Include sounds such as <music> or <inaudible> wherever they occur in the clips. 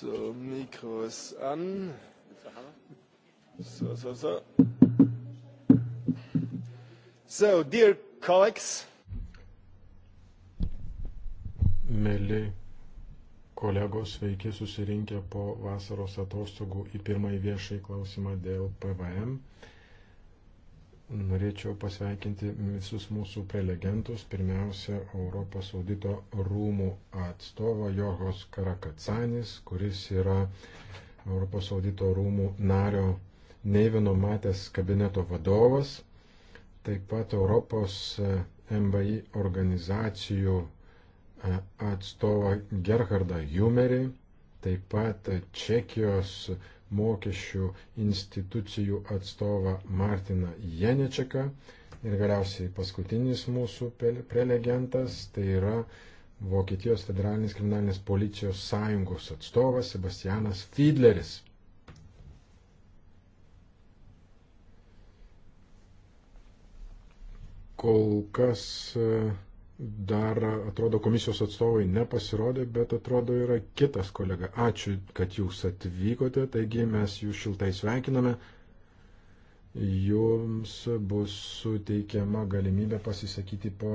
So, Mikro ist an. So, so, so. So, dear colleagues. Mėly kolegos, sveiki susirinkę po vasaros atostogų į pirmąjį viešai klausimą dėl PVM. Norėčiau pasveikinti visus mūsų prelegentus, pirmiausia, Europos audito rūmų atstovą Johos Karakacanis, kuris yra Europos audito rūmų nario Neivino Matės kabineto vadovas, taip pat Europos e, MBI organizacijų e, atstovą Gerhardą Jumerį, taip pat Čekijos mokesčių institucijų atstovą Martiną Jenečiaką ir galiausiai paskutinis mūsų prelegentas, tai yra Vokietijos federalinis kriminalinės policijos sąjungos atstovas Sebastianas Fiedleris. Kol kas uh, dar atrodo komisijos atstovai nepasirodė, bet atrodo yra kitas kolega. Ačiū, kad jūs atvykote, taigi mes jūs šiltai sveikiname. Jums bus suteikiama galimybė pasisakyti po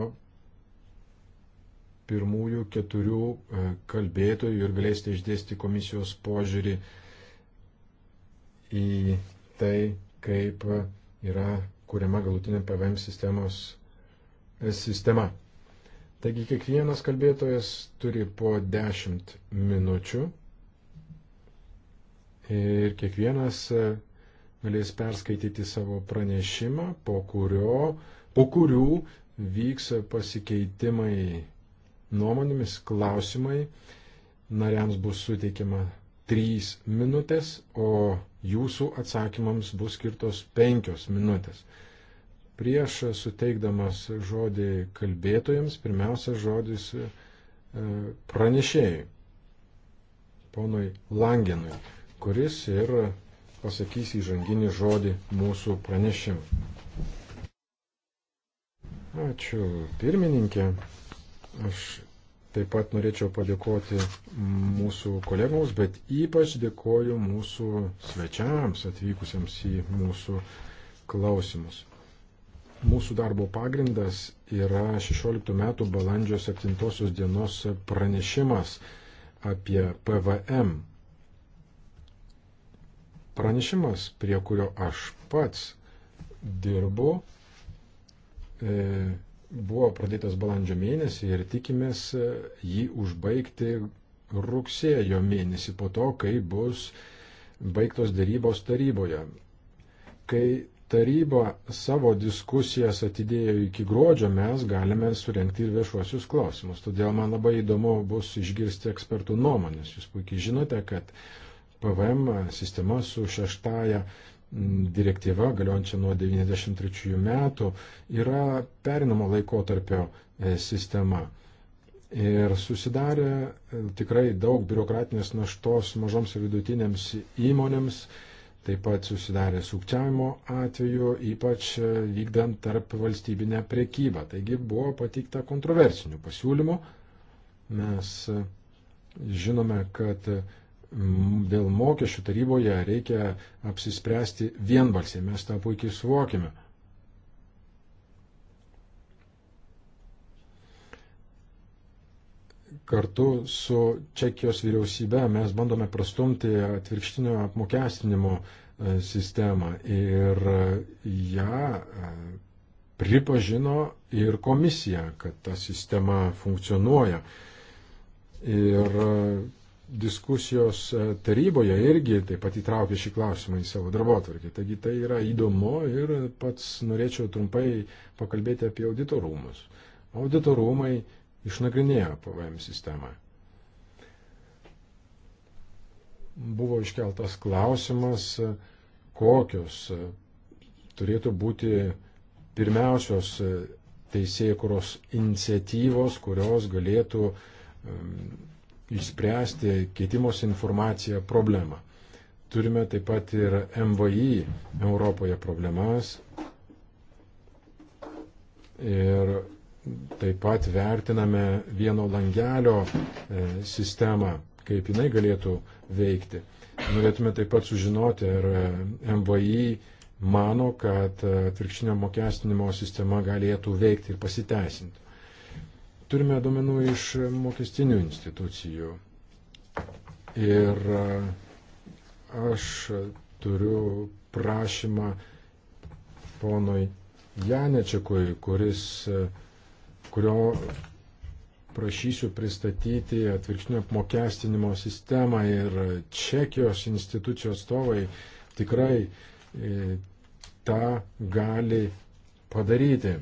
pirmųjų keturių e, kalbėtojų ir galėsite išdėsti komisijos požiūrį į tai, kaip yra kuriama galutinė PVM sistemos e, sistema. Taigi kiekvienas kalbėtojas turi po 10 minučių ir kiekvienas e, galės perskaityti savo pranešimą, po, kurio, po kurių vyks pasikeitimai nuomonėmis, klausimai. Nariams bus suteikiama 3 minutės, o jūsų atsakymams bus skirtos 5 minutės. Prieš suteikdamas žodį kalbėtojams, pirmiausia žodis e, pranešėjai, ponui Langenui, kuris ir pasakys įžanginį žodį mūsų pranešimui. Ačiū pirmininkė. Aš taip pat norėčiau padėkoti mūsų kolegoms, bet ypač dėkoju mūsų svečiams atvykusiems į mūsų klausimus. Mūsų darbo pagrindas yra 16 metų balandžio 7 dienos pranešimas apie PVM. Pranešimas, prie kurio aš pats dirbu, e, buvo pradėtas balandžio mėnesį ir tikimės e, jį užbaigti rugsėjo mėnesį po to, kai bus baigtos dėrybos taryboje. Kai taryba savo diskusijas atidėjo iki gruodžio, mes galime surenkti ir viešuosius klausimus. Todėl man labai įdomu bus išgirsti ekspertų nuomonės. Jūs puikiai žinote, kad PVM sistema su šeštaja direktyva, galiojančia nuo 1993 metų, yra perinamo laikotarpio e, sistema. Ir susidarė e, tikrai daug biurokratinės naštos mažoms ir vidutinėms įmonėms, Taip pat susidarė sukčiavimo atveju, ypač e, vykdant tarp valstybinę priekybą. Taigi buvo pateikta kontroversinių pasiūlymų. Mes e, žinome, kad dėl mokesčių taryboje reikia apsispręsti vienbalsiai. Mes tą puikiai suvokime. kartu su Čekijos vyriausybe mes bandome prastumti atvirkštinio apmokestinimo e, sistemą ir e, ją e, pripažino ir komisija, kad ta sistema funkcionuoja. Ir diskusijos taryboje irgi taip pat įtraukė šį klausimą į savo darbotvarkį. Taigi tai yra įdomu ir pats norėčiau trumpai pakalbėti apie auditorumus. Auditorumai išnagrinėjo PVM sistemą. Buvo iškeltas klausimas, kokios turėtų būti pirmiausios teisėkuros iniciatyvos, kurios galėtų išspręsti keitimos informaciją problemą. Turime taip pat ir MVI Europoje problemas ir Taip pat vertiname vieno langelio e, sistemą, kaip jinai galėtų veikti. Norėtume taip pat sužinoti, ar e, MVI mano, kad e, atvirkštinio mokestinimo sistema galėtų veikti ir pasiteisinti. Turime duomenų iš mokestinių institucijų. Ir aš turiu prašymą ponui Janečekui, kuris kurio prašysiu pristatyti atvirkštinio apmokestinimo sistemą ir Čekijos institucijų atstovai tikrai e, tą gali padaryti,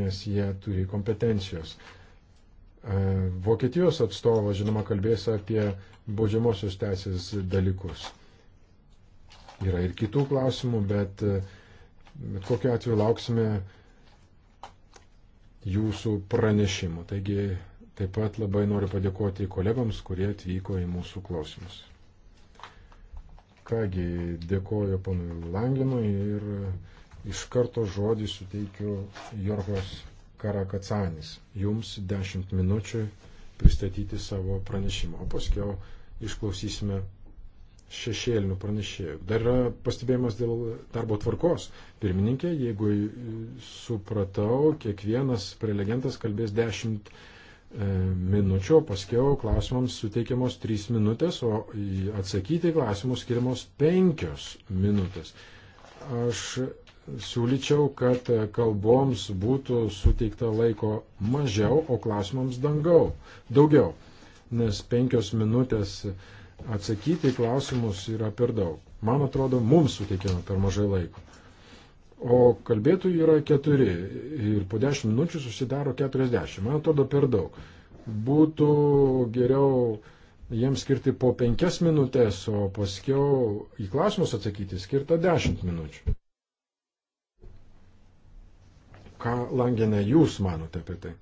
nes jie turi kompetencijos. E, Vokietijos atstovas, žinoma, kalbės apie baudžiamosios teisės dalykus. Yra ir kitų klausimų, bet, e, bet kokiu atveju lauksime jūsų pranešimų. Taigi taip pat labai noriu padėkoti kolegoms, kurie atvyko į mūsų klausimus. Kągi, dėkoju ponui Langinui ir iš karto žodį suteikiu Jorgos Karakacanis. Jums 10 minučių pristatyti savo pranešimą, o paskui išklausysime šešėlinių pranešėjų. Dar yra pastebėjimas dėl darbo tvarkos. Pirmininkė, jeigu supratau, kiekvienas prelegentas kalbės 10 e, minučių, paskiau klausimams suteikiamos 3 minutės, o atsakyti klausimus skiriamos 5 minutės. Aš siūlyčiau, kad kalboms būtų suteikta laiko mažiau, o klausimams dangau, daugiau, nes 5 minutės atsakyti į klausimus yra per daug. Man atrodo, mums suteikiama per mažai laiko. O kalbėtojų yra keturi ir po dešimt minučių susidaro keturiasdešimt. Man atrodo, per daug. Būtų geriau jiems skirti po penkias minutės, o paskiau į klausimus atsakyti skirta dešimt minučių. Ką Langenė jūs manote apie tai?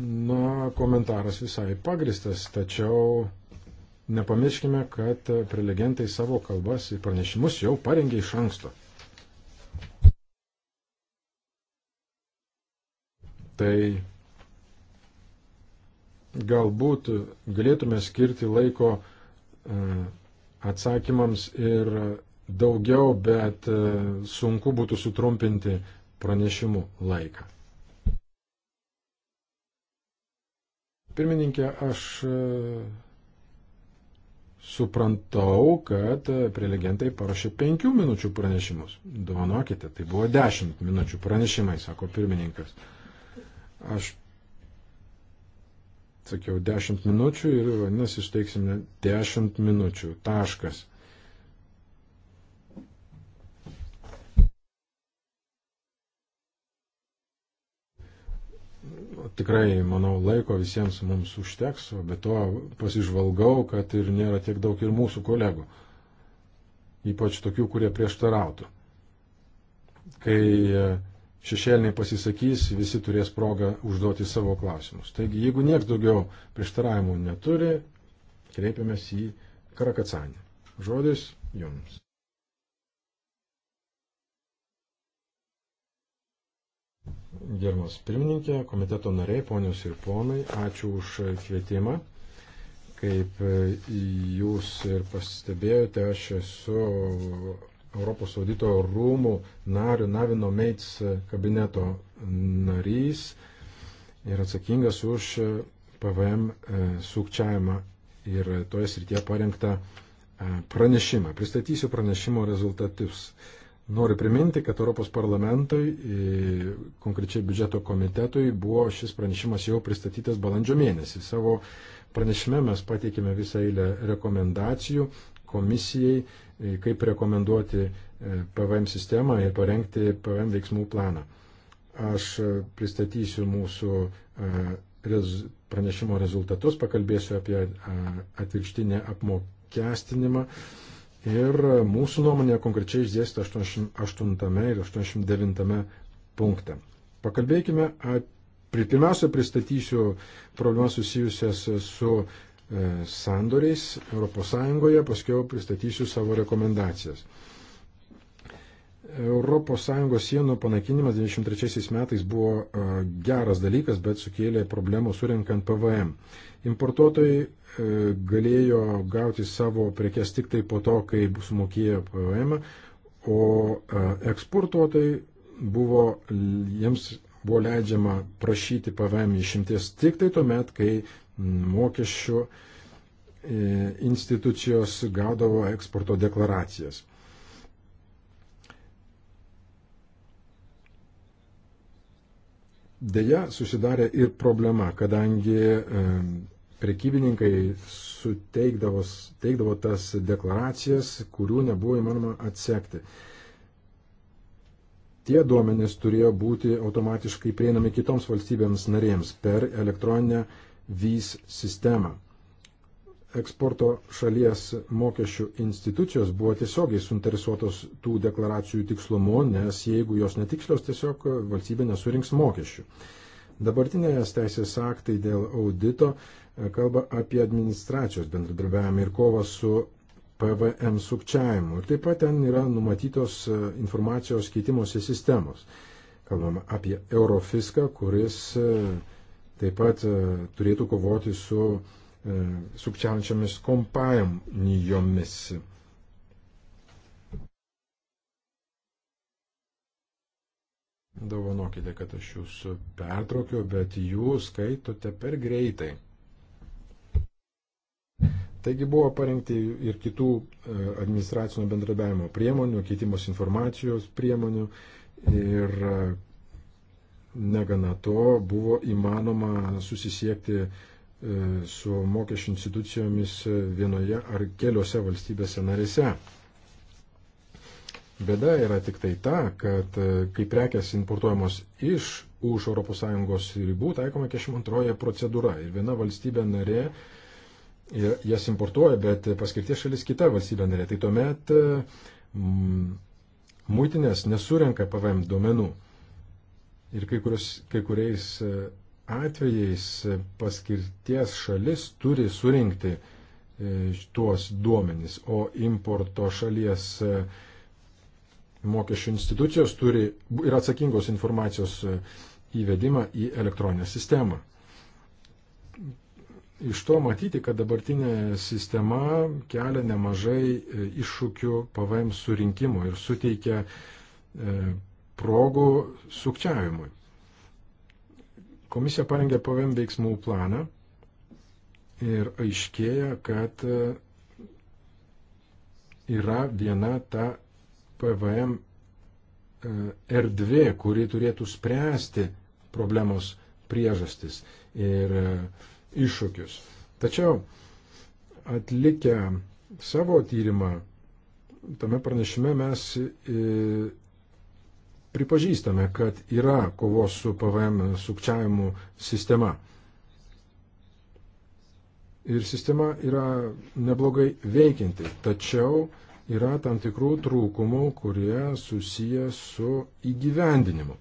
Na, komentaras visai pagristas, tačiau nepamirškime, kad prelegentai savo kalbas ir pranešimus jau parengė iš anksto. Tai galbūt galėtume skirti laiko e, atsakymams ir daugiau, bet e, sunku būtų sutrumpinti pranešimų laiką. Pirmininkė, aš e, suprantau, kad e, prelegentai parašė penkių minučių pranešimus. Duonokite, tai buvo dešimt minučių pranešimai, sako pirmininkas. Aš sakiau dešimt minučių ir vadinasi, išteiksime dešimt minučių. Taškas. tikrai, manau, laiko visiems mums užteks, o be to pasižvalgau, kad ir nėra tiek daug ir mūsų kolegų, ypač tokių, kurie prieštarautų. Kai e, šešėliniai pasisakys, visi turės progą užduoti savo klausimus. Taigi, jeigu niekas daugiau prieštaravimų neturi, kreipiamės į Karakacanį. Žodis jums. Gerbiamas pirmininkė, komiteto nariai, ponios ir ponai, ačiū už kvietimą. Kaip jūs ir pastebėjote, aš esu Europos audito rūmų nario Navino Meits kabineto narys ir atsakingas už PVM e, sukčiavimą ir toje srityje parengtą e, pranešimą. Pristatysiu pranešimo rezultatus. Noriu priminti, kad Europos parlamentui, e, konkrečiai biudžeto komitetui, buvo šis pranešimas jau pristatytas balandžio mėnesį. Savo pranešime mes pateikėme visą eilę rekomendacijų komisijai, e, kaip rekomenduoti e, PVM sistemą ir parengti PVM veiksmų planą. Aš pristatysiu mūsų pranešimo rezultatus, pakalbėsiu apie atvirkštinę apmokestinimą Ir mūsų nuomonė konkrečiai išdėstė 88 ir 89 punkte. Pakalbėkime, apie, pirmiausia, pristatysiu problemas susijusias su e, sandoriais ES, paskui pristatysiu savo rekomendacijas. ES sienų panaikinimas 93 metais buvo e, geras dalykas, bet sukėlė problemų surinkant PVM. Importuotojai e, galėjo gauti savo prekes tik tai po to, kai sumokėjo PVM, o e, eksportuotojai buvo, jiems buvo leidžiama prašyti PVM išimties tik tai tuomet, kai mokesčių institucijos gaudavo eksporto deklaracijas. Deja, susidarė ir problema, kadangi prekybininkai suteikdavo tas deklaracijas, kurių nebuvo įmanoma atsekti. Tie duomenys turėjo būti automatiškai prieinami kitoms valstybėms narėms per elektroninę VIS sistemą eksporto šalies mokesčių institucijos buvo tiesiogiai suinteresuotos tų deklaracijų tikslumu, nes jeigu jos netikslios, tiesiog valstybė nesurinks mokesčių. Dabartinės teisės aktai dėl audito e, kalba apie administracijos bendradarbiavimą ir kovą su PVM sukčiavimu. Ir taip pat ten yra numatytos e, informacijos keitimosi sistemos. Kalbama apie Eurofiską, kuris e, taip pat turėtų kovoti su E, sukčiaujančiomis kompanijomis. Dovanokite, kad aš jūs pertraukiu, bet jūs skaitote per greitai. Taigi buvo parengti ir kitų e, administracinio bendradarbiavimo priemonių, keitimos informacijos priemonių ir e, negana to buvo įmanoma susisiekti E, su mokesčių institucijomis e, vienoje ar keliose valstybėse narėse. Bėda yra tik tai ta, kad e, kai prekės importuojamos iš už ES ribų, taikoma 42 procedūra ir viena valstybė narė jas importuoja, bet paskirties šalis kita valstybė narė. Tai tuomet mm, muitinės nesurenka PVM duomenų. Ir kai, kurios, kai kuriais atvejais paskirties šalis turi surinkti e, tuos duomenys, o importo šalies e, mokesčių institucijos turi ir atsakingos informacijos e, įvedimą į elektroninę sistemą. Iš to matyti, kad dabartinė sistema kelia nemažai iššūkių PVM surinkimo ir suteikia progų sukčiavimui. Komisija parengė PVM veiksmų planą ir aiškėja, kad e, yra viena ta PVM e, erdvė, kuri turėtų spręsti problemos priežastis ir e, iššūkius. Tačiau atlikę savo tyrimą, tame pranešime mes pripažįstame, kad yra kovos su PVM sukčiavimu sistema. Ir sistema yra neblogai veikianti, tačiau yra tam tikrų trūkumų, kurie susiję su įgyvendinimu.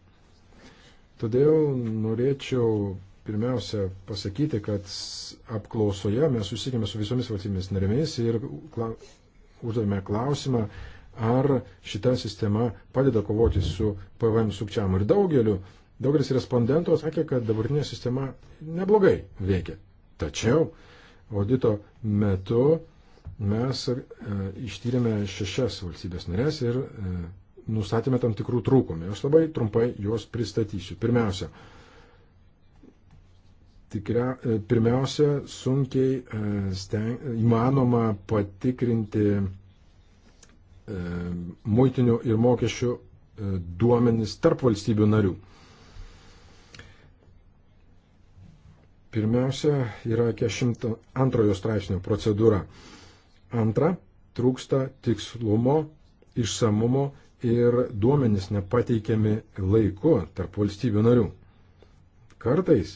Todėl norėčiau pirmiausia pasakyti, kad apklausoje mes susikėmė su visomis valstybėmis narėmis ir kla... uždavėme klausimą, ar šita sistema padeda kovoti su PVM sukčiavimu. Ir daugeliu, daugelis respondentų atsakė, kad dabartinė sistema neblogai veikia. Tačiau audito metu mes e, ištyrėme šešias valstybės narės ir e, nustatėme tam tikrų trūkumų. Aš labai trumpai juos pristatysiu. Pirmiausia, tikria, e, pirmiausia sunkiai e, steng, įmanoma patikrinti E, muitinių ir mokesčių e, duomenys tarp valstybių narių. Pirmiausia yra 102 straipsnio procedūra. Antra, trūksta tikslumo, išsamumo ir duomenys nepateikiami laiku tarp valstybių narių. Kartais,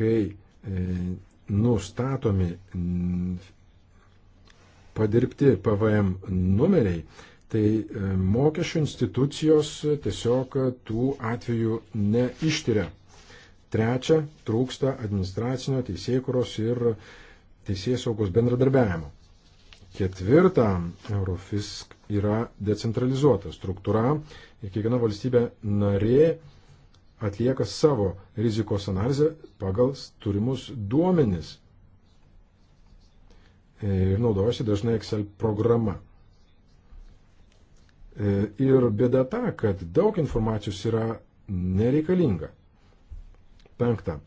kai e, nustatomi padirbti PVM numeriai, tai e, mokesčių institucijos tiesiog tų atvejų neištiria. Trečia, trūksta administracinio teisėkuros ir teisės saugos bendradarbiavimo. Ketvirta, Eurofisk yra decentralizuota struktūra ir kiekviena valstybė narė atlieka savo rizikos analizę pagal turimus duomenis E, ir naudojasi dažnai Excel programa. E, ir bėda ta, kad daug informacijos yra nereikalinga. Penkta.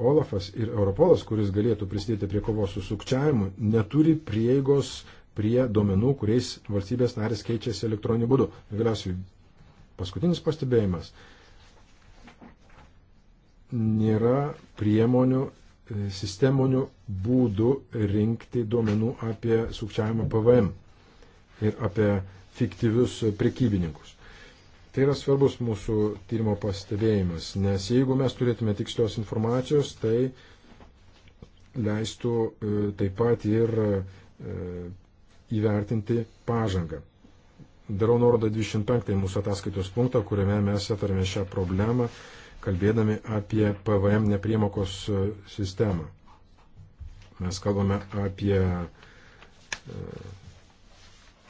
Olafas ir Europolas, kuris galėtų prisidėti prie kovos su sukčiavimu, neturi prieigos prie duomenų, kuriais valstybės narės keičiasi elektroniniu būdu. Ir galiausiai paskutinis pastebėjimas. Nėra priemonių sisteminių būdų rinkti duomenų apie sukčiavimą PVM ir apie fiktyvius prekybininkus. Tai yra svarbus mūsų tyrimo pastebėjimas, nes jeigu mes turėtume tikslios informacijos, tai leistų e, taip pat ir e, įvertinti pažangą. Darau nuorodą 25 mūsų ataskaitos punktą, kuriame mes atarėme šią problemą kalbėdami apie PVM nepriemokos e, sistemą. Mes kalbame apie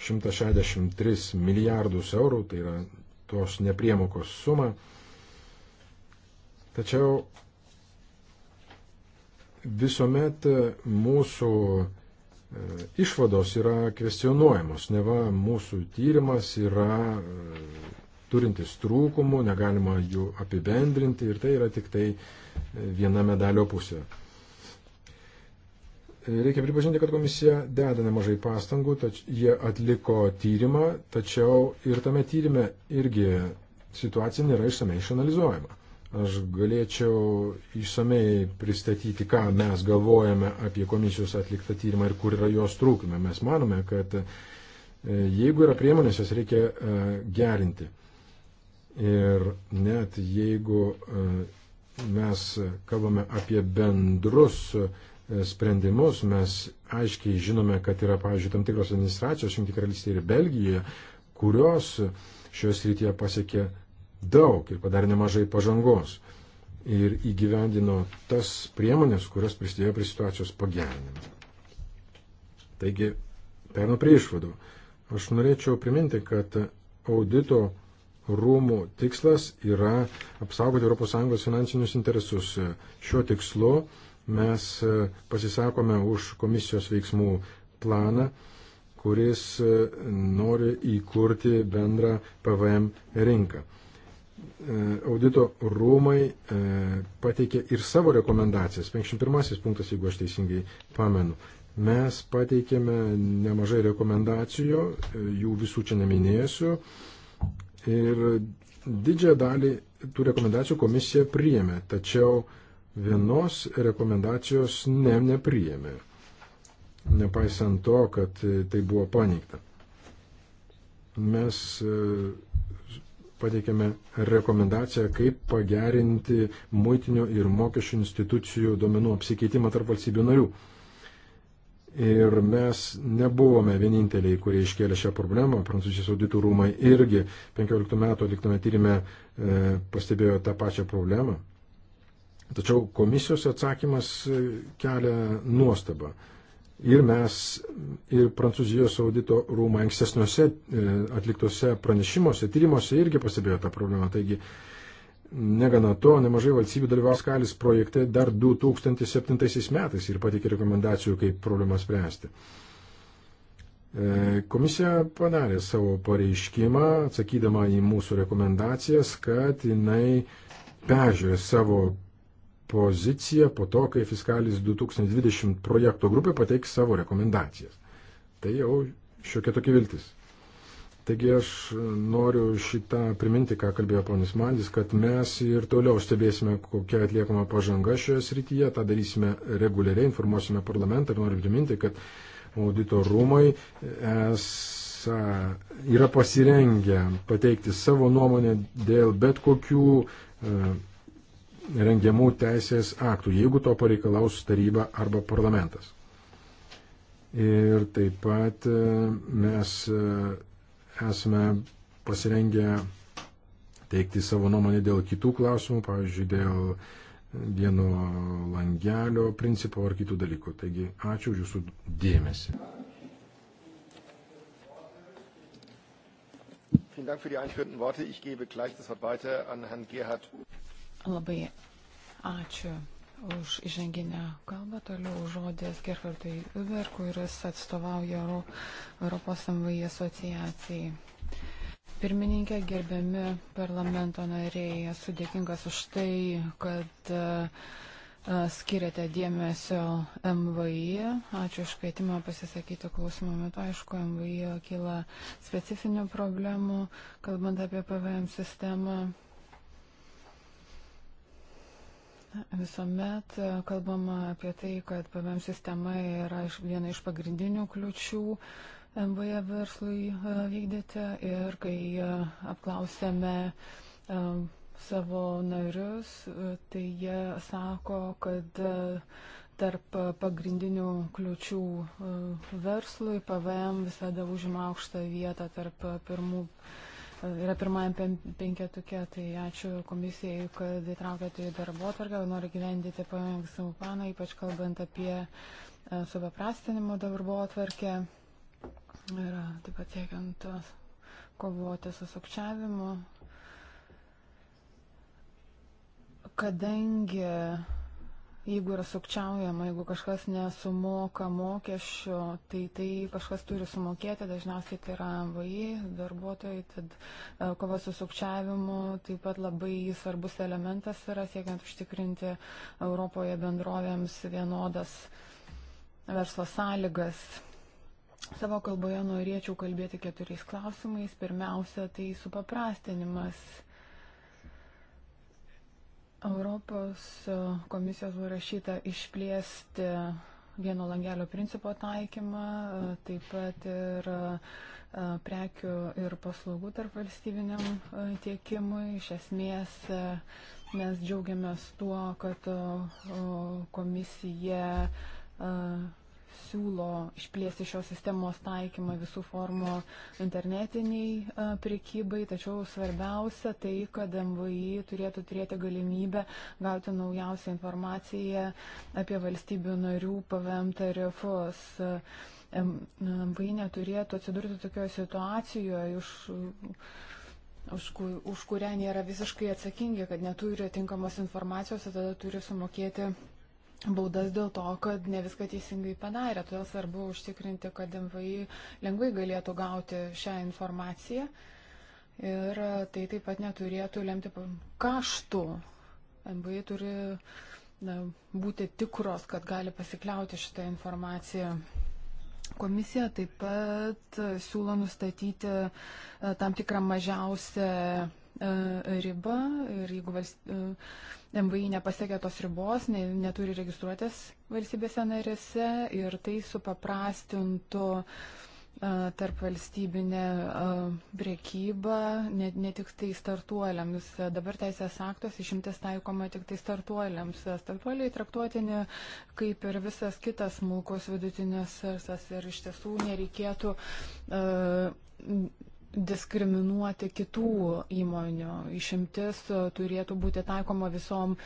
163 e, milijardus eurų, tai yra tos nepriemokos suma. Tačiau visuomet mūsų e, išvados yra kvestionuojamos, neva mūsų tyrimas yra turintis trūkumų, negalima jų apibendrinti ir tai yra tik tai e, viena medalio pusė. Reikia pripažinti, kad komisija deda nemažai pastangų, tač, jie atliko tyrimą, tačiau ir tame tyrime irgi situacija nėra išsamei išanalizuojama. Aš galėčiau išsamei pristatyti, ką mes galvojame apie komisijos atliktą tyrimą ir kur yra jos trūkumai. Mes manome, kad e, jeigu yra priemonės, jas reikia e, gerinti. Ir net jeigu e, mes kalbame apie bendrus e, sprendimus, mes aiškiai žinome, kad yra, pavyzdžiui, tam tikros administracijos, Junktinė karalystė ir Belgija, kurios šios rytyje pasiekė daug ir padarė nemažai pažangos ir įgyvendino tas priemonės, kurios prisidėjo prie situacijos pagerinimo. Taigi, pernu prie išvadų. Aš norėčiau priminti, kad audito rūmų tikslas yra apsaugoti ES finansinius interesus. Šiuo tikslu mes e, pasisakome už komisijos veiksmų planą, kuris e, nori įkurti bendrą PVM rinką. E, audito rūmai pateikė ir savo rekomendacijas. 51 punktas, jeigu aš teisingai pamenu. Mes pateikėme nemažai rekomendacijų, jų visų čia neminėsiu Ir didžiąją dalį tų rekomendacijų komisija priėmė, tačiau vienos rekomendacijos ne, nepriėmė, nepaisant to, kad tai buvo paneigta. Mes e, pateikėme rekomendaciją, kaip pagerinti muitinių ir mokesčių institucijų duomenų apsikeitimą tarp valstybių narių. Ir mes nebuvome vieninteliai, kurie iškėlė šią problemą. Prancūzijos auditų rūmai irgi 15 metų atliktame tyrimė e, pastebėjo tą pačią problemą. Tačiau komisijos atsakymas e, kelia nuostabą. Ir mes, ir Prancūzijos audito rūmai ankstesniuose e, atliktose pranešimuose, tyrimuose irgi pastebėjo tą problemą. Taigi Negana to, nemažai valstybių dalyvaus kalis projekte dar 2007 metais ir patikė rekomendacijų, kaip problemą spręsti. E, komisija padarė savo pareiškimą, atsakydama į mūsų rekomendacijas, kad jinai peržiūrė savo poziciją po to, kai Fiskalis 2020 projekto grupė pateiks savo rekomendacijas. Tai jau šiokia tokia viltis. Taigi aš noriu šitą priminti, ką kalbėjo ponis Mandis, kad mes ir toliau stebėsime, kokia atliekama pažanga šioje srityje, tą darysime reguliariai, informuosime parlamentą ir noriu priminti, kad audito rūmai esą yra pasirengę pateikti savo nuomonę dėl bet kokių e, rengiamų teisės aktų, jeigu to pareikalaus taryba arba parlamentas. Ir taip pat e, mes e, esame pasirengę teikti savo nuomonę dėl kitų klausimų, pavyzdžiui, dėl vieno langelio principo ar kitų dalykų. Taigi, ačiū už jūsų dėmesį. Labai ačiū už įženginę kalbą. Toliau žodis Gerhardui Uber, kuris atstovauja Europos MVI asociacijai. Pirmininkė, gerbiami parlamento nariai, esu dėkingas už tai, kad e, skiriate dėmesio MVI. Ačiū už kvietimą pasisakyti klausimų metu. Aišku, MVI kyla specifinių problemų, kalbant apie PVM sistemą Visuomet e, kalbama apie tai, kad PVM sistema yra viena iš pagrindinių kliučių MVE verslui e, vykdyti ir kai e, apklausėme savo narius, tai jie sako, kad tarp pagrindinių kliučių verslui PVM visada užima aukštą vietą tarp pirmų yra pirmajam penketuke, tai ačiū komisijai, kad įtraukėte į darbo atvargą, noriu gyvendyti savo planą, ypač kalbant apie e, supaprastinimo darbo atvarkę ir e, taip pat siekiant e, kovoti su sukčiavimu. Kadangi jeigu yra sukčiaujama, jeigu kažkas nesumoka mokesčio, tai tai kažkas turi sumokėti, dažniausiai tai yra MVI, darbuotojai, tad e, kova su sukčiavimu taip pat labai svarbus elementas yra siekiant užtikrinti Europoje bendrovėms vienodas verslo sąlygas. Savo kalboje norėčiau kalbėti keturiais klausimais. Pirmiausia, tai supaprastinimas Europos e, komisijos buvo rašyta išplėsti vieno langelio principo taikymą, e, taip pat ir e, prekių ir paslaugų tarp valstybiniam tiekimui. Iš esmės mes džiaugiamės tuo, kad komisija siūlo išplėsti šios sistemos taikymą visų formų internetiniai e, priekybai, tačiau svarbiausia tai, kad MVI turėtų turėti galimybę gauti naujausią informaciją apie valstybių narių PVM tarifus. E, MVI neturėtų atsidurti tokioje situacijoje iš už, už kurią nėra visiškai atsakingi, kad neturi tinkamos informacijos, tada turi sumokėti baudas dėl to, kad ne viską teisingai padarė. Todėl svarbu užtikrinti, kad MVI lengvai galėtų gauti šią informaciją. Ir tai taip pat neturėtų lemti kaštų. MVI turi na, būti tikros, kad gali pasikliauti šitą informaciją. Komisija taip pat siūlo nustatyti e, tam tikrą mažiausią E, riba ir jeigu valst... E, MVI nepasiekia tos ribos, ne, neturi registruotis valstybėse narėse ir tai supaprastintų e, tarp valstybinę priekybą, ne, ne tik tai startuoliams. Dabar teisės aktos išimtis taikoma tik tai startuoliams. Startuoliai traktuotini kaip ir visas kitas smulkos vidutinės verslas ir iš tiesų nereikėtų uh, diskriminuoti kitų įmonių. Išimtis e, turėtų būti taikoma visom e,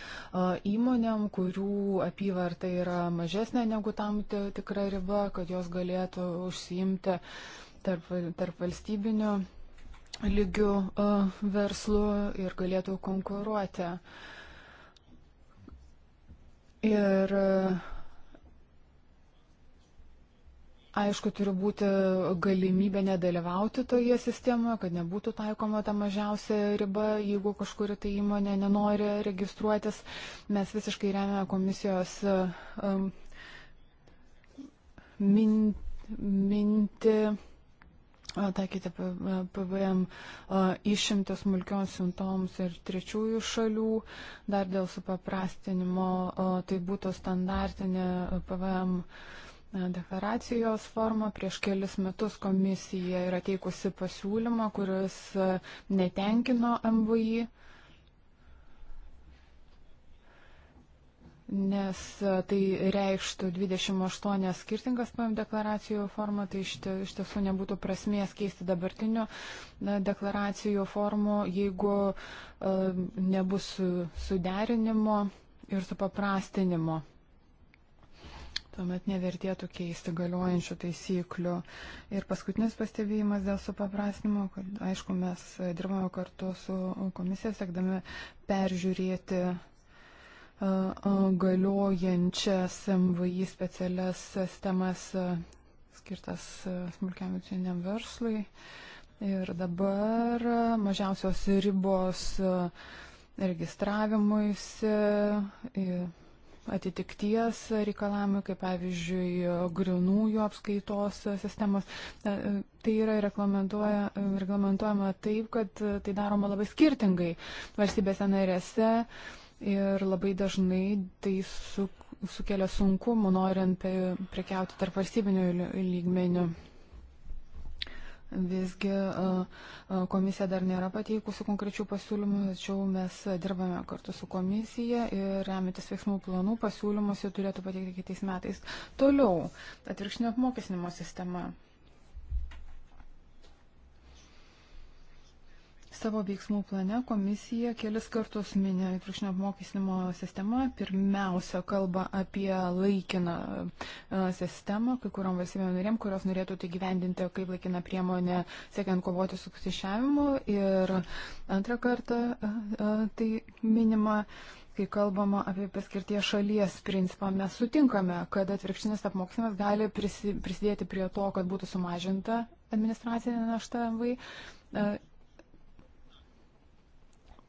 įmonėm, kurių apyvarta yra mažesnė negu tam tikra riba, kad jos galėtų užsiimti tarp, tarp valstybinių lygių e, verslų ir galėtų konkuruoti. Ir uh, Aišku, turi būti galimybė nedalyvauti toje sistemoje, kad nebūtų taikoma ta mažiausia riba, jeigu kažkuri tai įmonė nenori registruotis. Mes visiškai remiame komisijos um, min, minti taikyti PVM išimtis smulkioms siuntoms ir trečiųjų šalių, dar dėl supaprastinimo, tai būtų standartinė PVM deklaracijos formą. Prieš kelis metus komisija yra teikusi pasiūlymą, kuris e, netenkino MVI. nes e, tai reikštų 28 skirtingas PAM deklaracijų formą, tai iš tiesų nebūtų prasmės keisti dabartinių deklaracijų formų, jeigu e, nebus suderinimo ir supaprastinimo. Tuomet nevertėtų keisti galiojančių taisyklių. Ir paskutinis pastebėjimas dėl supaprasnimo, kad aišku, mes dirbame kartu su komisija, siekdami peržiūrėti galiojančias MVI specialias sistemas skirtas smulkiam vidutiniam verslui. Ir dabar mažiausios ribos registravimuisi atitikties reikalavimai, kaip pavyzdžiui, grinųjų apskaitos sistemos. Tai yra reglamentuojama taip, kad tai daroma labai skirtingai valstybėse narėse ir labai dažnai tai su, sukelia sunkumų norint prekiauti tarp valstybinių lygmenių. Ly Visgi komisija dar nėra pateikusi konkrečių pasiūlymų, tačiau mes dirbame kartu su komisija ir remiantis veiksmų planų pasiūlymus jau turėtų pateikti kitais metais. Toliau, atvirkštinio apmokesnimo sistema. Savo veiksmų plane komisija kelis kartus minė įtrukšnio apmokestinimo sistemą. Pirmiausia, kalba apie laikiną e, sistemą, kai kuriam valstybėm narėm, kurios norėtų tai gyvendinti kaip laikiną priemonę siekiant kovoti su kusišiavimu. Ir antrą kartą e, e, tai minima kai kalbama apie paskirties šalies principą, mes sutinkame, kad atvirkštinis apmokslimas gali prisidėti prie to, kad būtų sumažinta administracinė našta MVI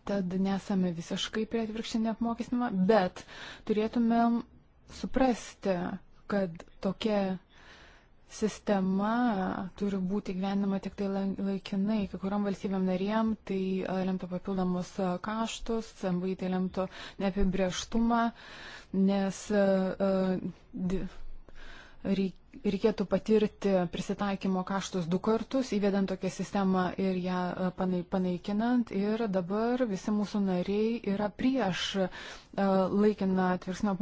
tad nesame visiškai prie atvirkštinio apmokestinimo, bet turėtumėm suprasti, kad tokia sistema turi būti gyvenama tik tai laikinai, kai kuriam valstybėm narėm tai lemtų papildomus kaštus, MVI tai lemtų neapibrieštumą, nes reikėtų patirti prisitaikymo kaštus du kartus, įvedant tokią sistemą ir ją e, panaikinant. Ir dabar visi mūsų nariai yra prieš e, laikiną atvirsnio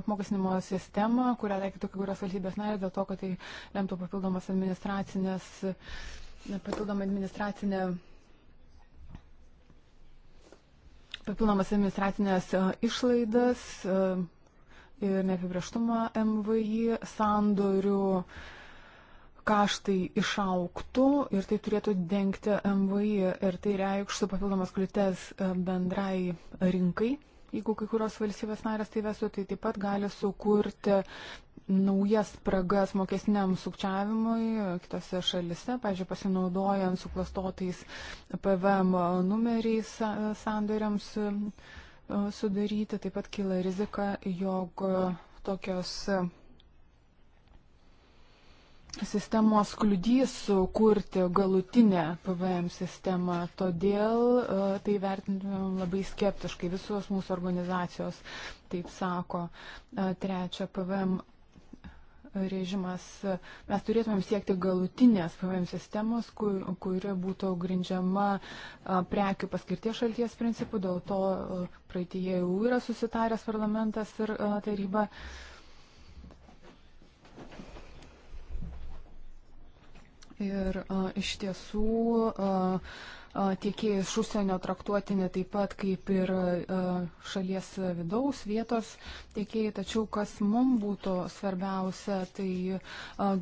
apmokestinimo sistemą, kurią taikytų kai kurios valstybės narės dėl to, kad tai lemtų papildomas administracinės, e, papildomą administracinę papildomas administracinės išlaidas, ir neapibrieštumą MVI sandorių kaštai išauktų ir tai turėtų dengti MVI ir tai reikštų papildomas kliūtes e, bendrai rinkai. Jeigu kai kurios valstybės narės tai vesų, tai taip pat gali sukurti naujas spragas mokesniam sukčiavimui kitose šalise, pažiūrėjau, pasinaudojant suklastotais PVM numeriais e, sandoriams E, sudaryti. Taip pat kyla rizika, jog e, tokios e, sistemos kliudys kurti galutinę PVM sistemą, todėl tai vertintumėm labai skeptiškai. Visos mūsų organizacijos taip sako. Trečia, PVM režimas. Mes turėtumėm siekti galutinės PVM sistemos, kur, kuri būtų grindžiama prekių paskirties šalties principų, dėl to praeitie jau yra susitaręs parlamentas ir taryba. Ir a, iš tiesų a, tiekėjai iš užsienio traktuotini taip pat kaip ir šalies vidaus vietos tiekėjai, tačiau kas mums būtų svarbiausia, tai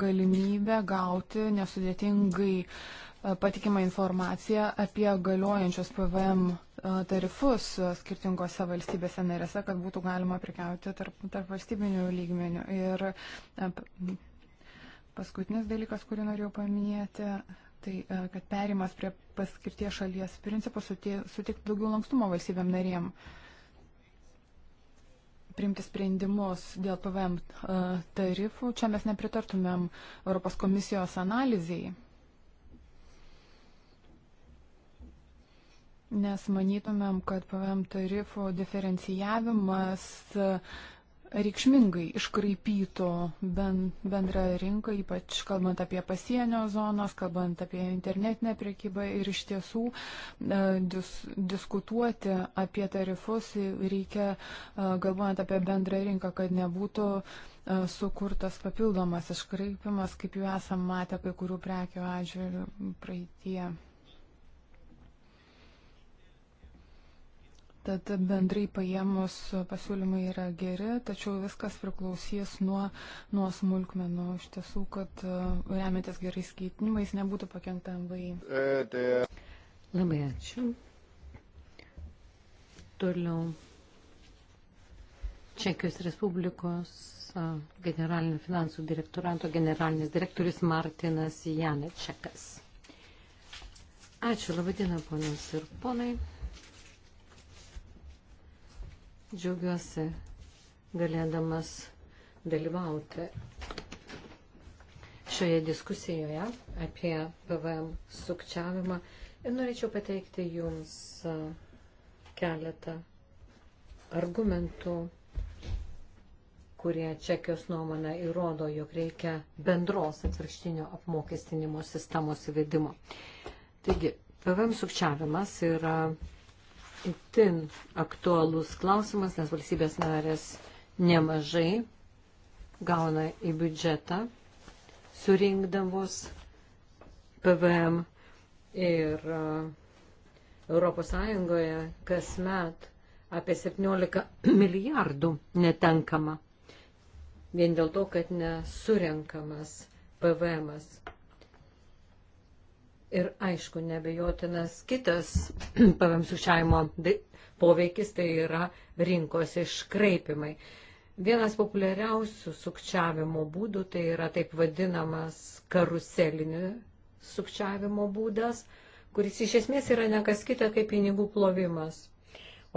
galimybė gauti nesudėtingai patikimą informaciją apie galiojančius PVM tarifus skirtingose valstybėse narėse, kad būtų galima prikiauti tarp, tarp valstybinių lygmenių. Ir paskutinis dalykas, kurį norėjau paminėti, tai e, kad perimas prie paskirties šalies principų suteiktų daugiau lankstumo valstybėm narėm priimti sprendimus dėl PVM e, tarifų. Čia mes nepritartumėm Europos komisijos analizai, nes manytumėm, kad PVM tarifų diferencijavimas reikšmingai iškraipytų ben, bendrą rinką, ypač kalbant apie pasienio zonas, kalbant apie internetinę priekybą ir iš tiesų e, dis, diskutuoti apie tarifus reikia, e, galvojant apie bendrą rinką, kad nebūtų e, sukurtas papildomas iškraipimas, kaip jau esam matę kai kurių prekių atžvilgių praeitie. Tad bendrai paėmus pasiūlymai yra geri, tačiau viskas priklausys nuo, nuo smulkmenų. Iš tiesų, kad e, remiantis gerais keitinimais nebūtų pakengta MVI. E, tai, e. Labai ačiū. Toliau. Čekijos Respublikos generalinio finansų direktorato generalinis direktorius Martinas Janečekas. Ačiū, labai diena, ponios ir ponai. Džiaugiuosi galėdamas dalyvauti šioje diskusijoje apie PVM sukčiavimą ir norėčiau pateikti Jums keletą argumentų, kurie Čekijos nuomonę įrodo, jog reikia bendros atvirkštinio apmokestinimo sistemos įvedimo. Taigi, PVM sukčiavimas yra itin aktualus klausimas, nes valstybės narės nemažai gauna į biudžetą surinkdamos PVM ir Europos Sąjungoje kasmet apie 17 <clears throat> milijardų netenkama vien dėl to, kad nesurenkamas PVM. -as. Ir aišku, nebejotinas kitas <clears throat> PVM sušiavimo poveikis tai yra rinkos iškraipimai. Vienas populiariausių sukčiavimo būdų tai yra taip vadinamas karuselinių sukčiavimo būdas, kuris iš esmės yra nekas kita kaip pinigų plovimas.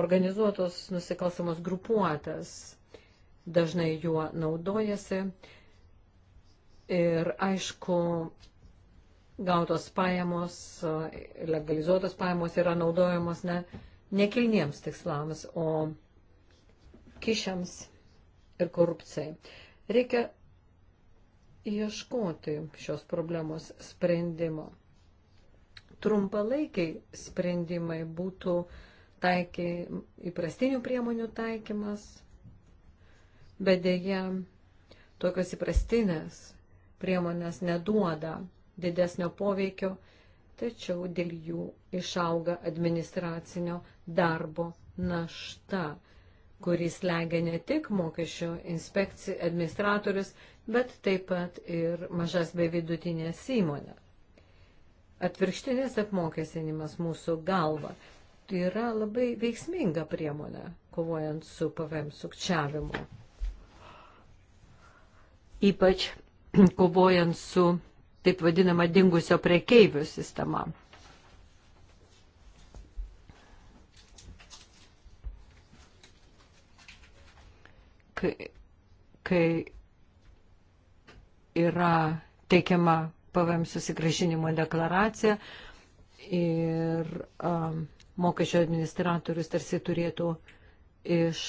Organizuotos nusikalstamos grupuotas dažnai juo naudojasi ir aišku, gautos pajamos, legalizuotos pajamos yra naudojamos ne, nekilniems tikslams, o kišiams ir korupcijai. Reikia ieškoti šios problemos sprendimo. Trumpalaikiai sprendimai būtų taiky, įprastinių priemonių taikymas, bet dėja tokios įprastinės priemonės neduoda didesnio poveikio, tačiau dėl jų išauga administracinio darbo našta, kuris legia ne tik mokesčio inspekcijų administratorius, bet taip pat ir mažas bei vidutinės įmonė. Atvirkštinis apmokestinimas mūsų galva yra labai veiksminga priemonė, kovojant su PVM sukčiavimu. Ypač kovojant su taip vadinama dingusio prekeivių sistema. Kai, kai yra teikiama PVM susigražinimo deklaracija ir um, mokesčio administratorius tarsi turėtų iš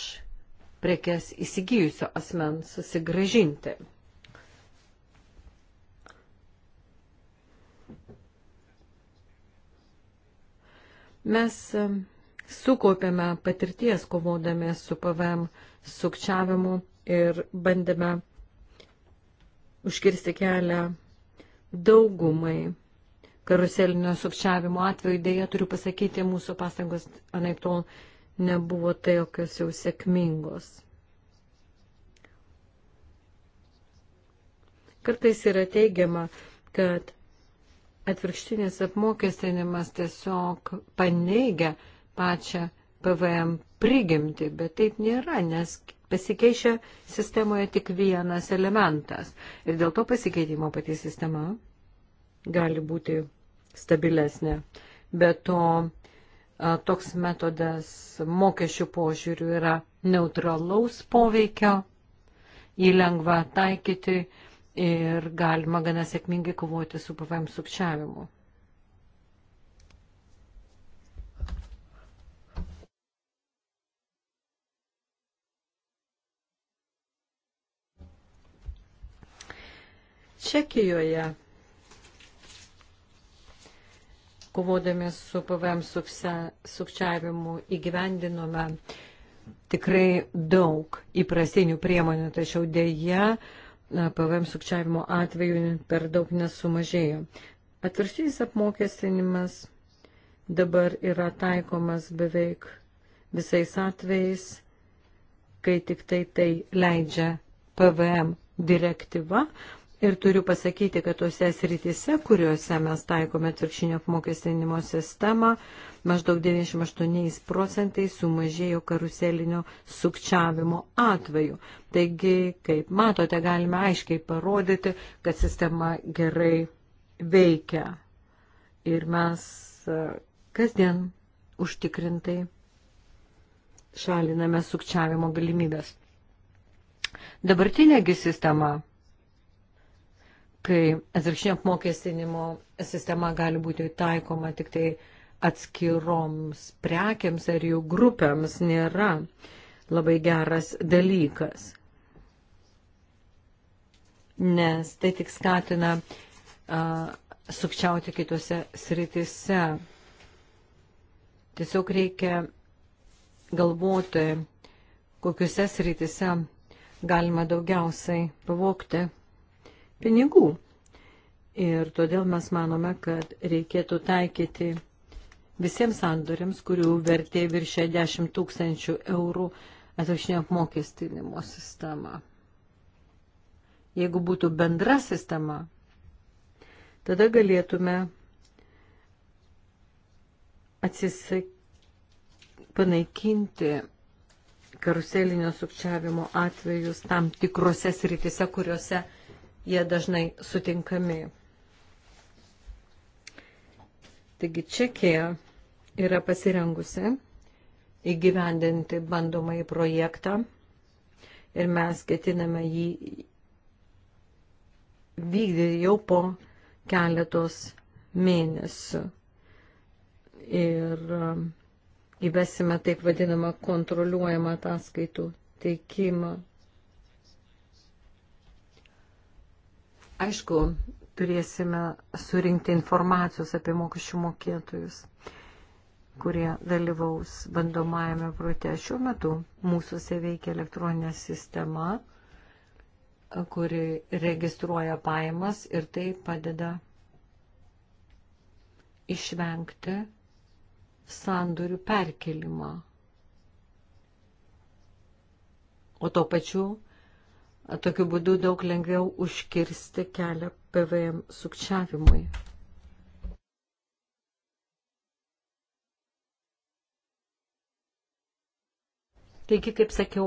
prekes įsigijusio asmens susigražinti Mes e, sukaupėme patirties kovodami su PVM sukčiavimu ir bandėme užkirsti kelią daugumai karuselinio sukčiavimo atveju. Dėja, turiu pasakyti, mūsų pastangos anaip tol nebuvo tai jokios jau sėkmingos. Kartais yra teigiama, kad atvirkštinis apmokestinimas tiesiog paneigia pačią PVM prigimti, bet taip nėra, nes pasikeičia sistemoje tik vienas elementas. Ir dėl to pasikeitimo pati sistema gali būti stabilesnė. Be to, toks metodas mokesčių požiūrių yra neutralaus poveikio, jį lengva taikyti, ir galima gana sėkmingai kovoti su PVM sukčiavimu. Čekijoje kovodami su PVM sukčiavimu įgyvendinome tikrai daug įprastinių priemonių, tačiau dėja PVM sukčiavimo atveju per daug nesumažėjo. Atviršinis apmokestinimas dabar yra taikomas beveik visais atvejais, kai tik tai tai leidžia PVM direktyva. Ir turiu pasakyti, kad tose srityse, kuriuose mes taikome atvirkštinio apmokestinimo sistemą, uh, maždaug 98 procentais sumažėjo karuselinio sukčiavimo atveju. Taigi, kaip matote, galime aiškiai parodyti, kad sistema gerai veikia. Ir mes e, kasdien užtikrintai šaliname sukčiavimo galimybės. Dabartinėgi sistema, kai atvirkštinio apmokestinimo sistema gali būti taikoma tik tai uh, atskiroms prekiams ar jų grupėms nėra labai geras dalykas, nes tai tik skatina uh, sukčiauti kitose sritise. Tiesiog reikia galvoti, kokiuose sritise galima daugiausiai pavokti pinigų. Ir todėl mes manome, kad reikėtų taikyti visiems sandoriams, kurių vertė viršė 10 tūkstančių eurų atvirkštinio apmokestinimo sistema. Jeigu būtų bendra sistema, tada galėtume atsisak... panaikinti karuselinio sukčiavimo atvejus tam tikrose sritise, kuriuose jie dažnai sutinkami. Taigi Čekija yra pasirengusi įgyvendinti bandomąjį projektą ir mes ketiname jį vykdyti jau po keletos mėnesių. Ir um, įvesime taip vadinamą kontroliuojamą ataskaitų teikimą. Aišku, turėsime surinkti informacijos apie mokesčių mokėtojus kurie dalyvaus bandomajame protė. Šiuo metu mūsųse veikia elektroninė sistema, kuri registruoja pajamas ir tai padeda išvengti sandorių perkelimą. O to pačiu, tokiu būdu daug lengviau užkirsti kelią PVM sukčiavimui. Taigi, kaip sakiau,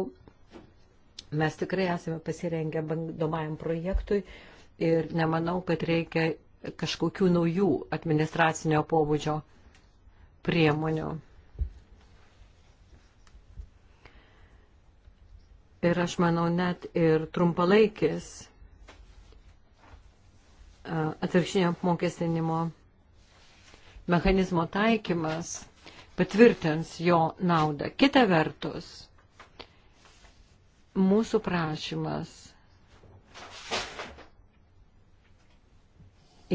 mes tikrai esame pasirengę bandomajam projektui ir nemanau, kad reikia kažkokių naujų administracinio pobūdžio priemonių. Ir aš manau, net ir trumpalaikis atvirkštinio apmokestinimo mechanizmo taikymas patvirtins jo naudą. Kita vertus, mūsų prašymas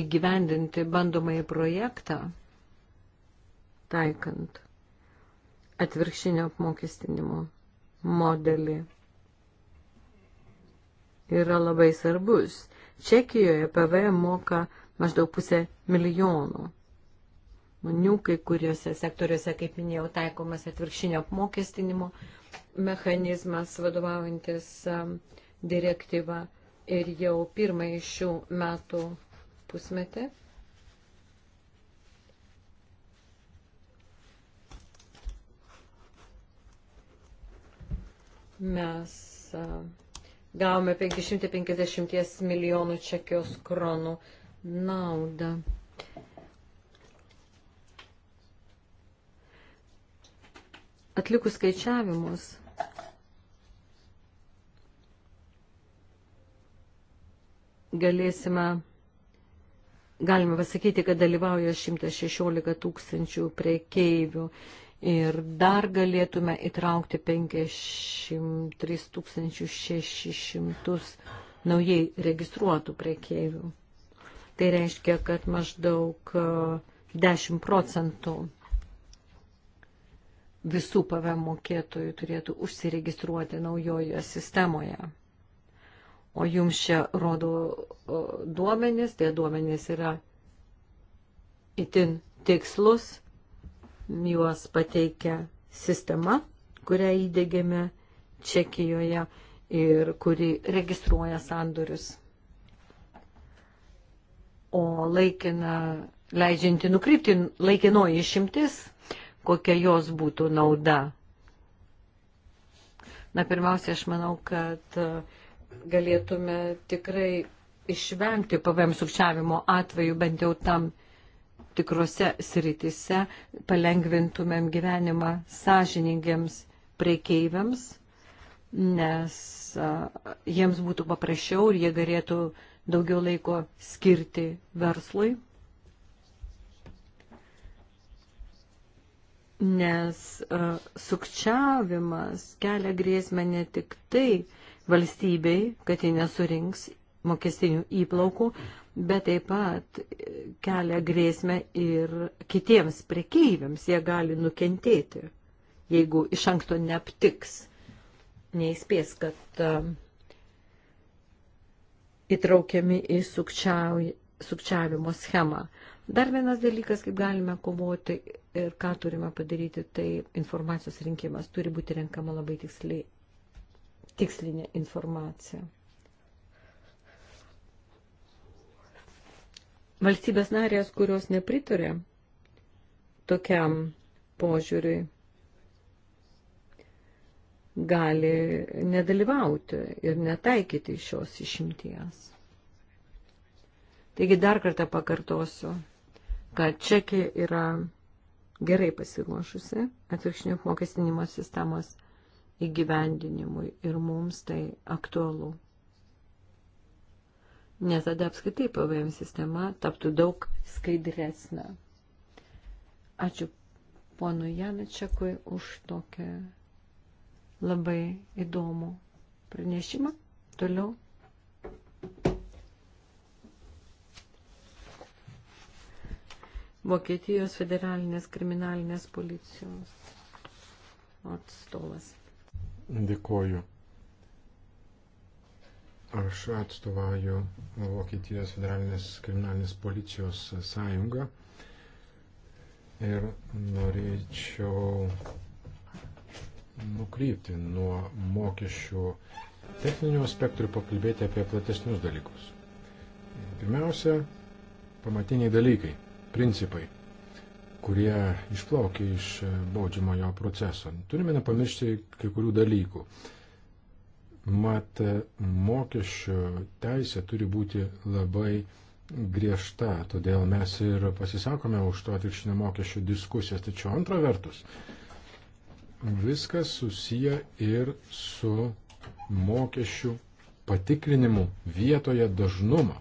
įgyvendinti bandomąjį projektą, taikant atvirkštinio apmokestinimo modelį, yra labai svarbus. Čekijoje PVM moka maždaug pusę milijonų įmonių, kai kuriuose sektoriuose, kaip minėjau, taikomas atvirkštinio apmokestinimo mechanizmas vadovaujantis um, direktyva ir jau pirmąjį šių metų pusmetį. Mes um, gavome 550 milijonų čekijos kronų naudą. atlikus skaičiavimus, galėsime, galime pasakyti, kad dalyvauja 116 tūkstančių priekeivių ir dar galėtume įtraukti 53 600 naujai registruotų priekeivių. Tai reiškia, kad maždaug 10 e, procentų visų PVM mokėtojų turėtų užsiregistruoti naujojoje sistemoje. O jums čia rodo duomenys, tie duomenys yra itin tikslus, juos pateikia sistema, kurią įdėgėme Čekijoje ir kuri registruoja sandorius. O laikina, leidžianti nukrypti, laikinoji išimtis kokia jos būtų nauda. Na, pirmiausia, aš manau, kad e, galėtume tikrai išvengti PVM sukčiavimo atveju bent jau tam tikrose sritise, palengvintumėm gyvenimą sąžiningiems prekeiviams, nes e, jiems būtų paprasčiau ir jie galėtų daugiau laiko skirti verslui nes e, sukčiavimas kelia grėsmę ne tik tai valstybei, kad ji nesurinks mokestinių įplaukų, bet taip pat kelia grėsmę ir kitiems prekeiviams. Jie gali nukentėti, jeigu iš anksto neaptiks, neįspės, kad e, įtraukiami į sukčiavimo schemą. Dar vienas dalykas, kaip galime kovoti ir ką turime padaryti, tai informacijos rinkimas turi būti renkama labai tiksliai, tikslinė informacija. Valstybės narės, kurios nepritarė tokiam požiūriui, gali nedalyvauti ir netaikyti šios išimties. Taigi dar kartą pakartosiu kad Čekija yra gerai pasiruošusi atvirkštinio apmokestinimo sistemos įgyvendinimui ir mums tai aktualu. Nes tada apskaitai PVM sistema taptų daug skaidresnė. Ačiū ponui Janačiakui už tokią labai įdomų pranešimą. Toliau Vokietijos federalinės kriminalinės policijos atstovas. Dėkoju. Aš atstovauju Vokietijos federalinės kriminalinės policijos sąjungą ir norėčiau nukrypti nuo mokesčių techninių aspektų ir pakalbėti apie platesnius dalykus. Pirmiausia, pamatiniai dalykai – principai, kurie išplaukia iš e, baudžiamojo proceso. Turime nepamiršti kai kurių dalykų. Mat, e, mokesčio teisė turi būti labai griežta, todėl mes ir pasisakome už to atvirkštinio mokesčio diskusijas. Tačiau antra vertus, viskas susiję ir su mokesčių patikrinimu vietoje dažnumą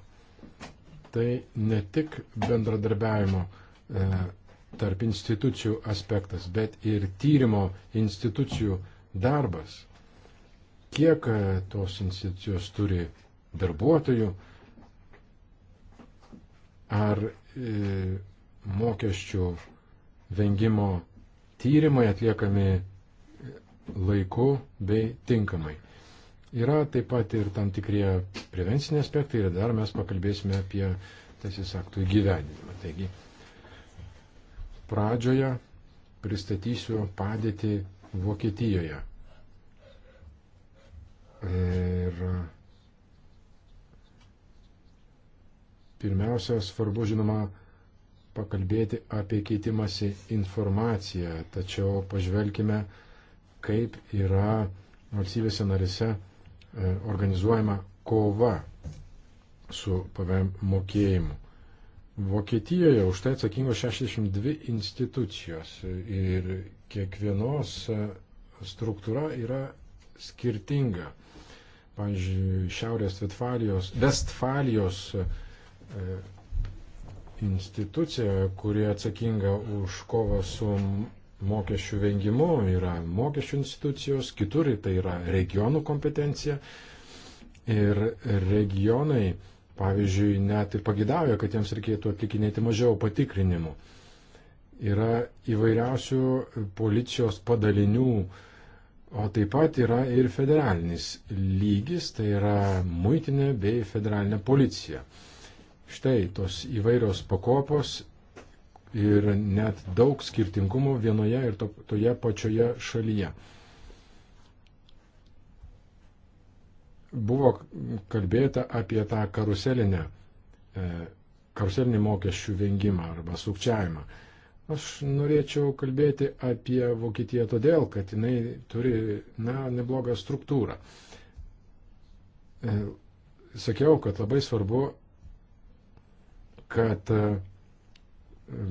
tai ne tik bendradarbiavimo e, tarp institucijų aspektas, bet ir tyrimo institucijų darbas. Kiek e, tos institucijos turi darbuotojų, ar e, mokesčių vengimo tyrimai atliekami laiku bei tinkamai. Yra taip pat ir tam tikrie prevenciniai aspektai ir dar mes pakalbėsime apie teisės aktų įgyvendinimą. Taigi, pradžioje pristatysiu padėtį Vokietijoje. Ir pirmiausia, svarbu, žinoma, pakalbėti apie keitimąsi informaciją, tačiau pažvelkime, kaip yra valstybėse narise E, organizuojama kova su PVM mokėjimu. Vokietijoje už tai atsakingos 62 institucijos ir kiekvienos e, struktūra yra skirtinga. Pavyzdžiui, Šiaurės Vitfalijos, Vestfalijos e, institucija, kuri atsakinga už kovą su mokesčių vengimu, yra mokesčių institucijos, kitur tai yra regionų kompetencija. Ir regionai, pavyzdžiui, net ir pagidauja, kad jiems reikėtų atlikinėti mažiau patikrinimų. Yra įvairiausių policijos padalinių, o taip pat yra ir federalinis lygis, tai yra muitinė bei federalinė policija. Štai tos įvairios pakopos ir net daug skirtingumų vienoje ir to, toje pačioje šalyje. Buvo kalbėta apie tą karuselinę, e, karuselinį mokesčių vengimą arba sukčiavimą. Aš norėčiau kalbėti apie Vokietiją todėl, kad jinai turi na, neblogą struktūrą. E, sakiau, kad labai svarbu, kad e,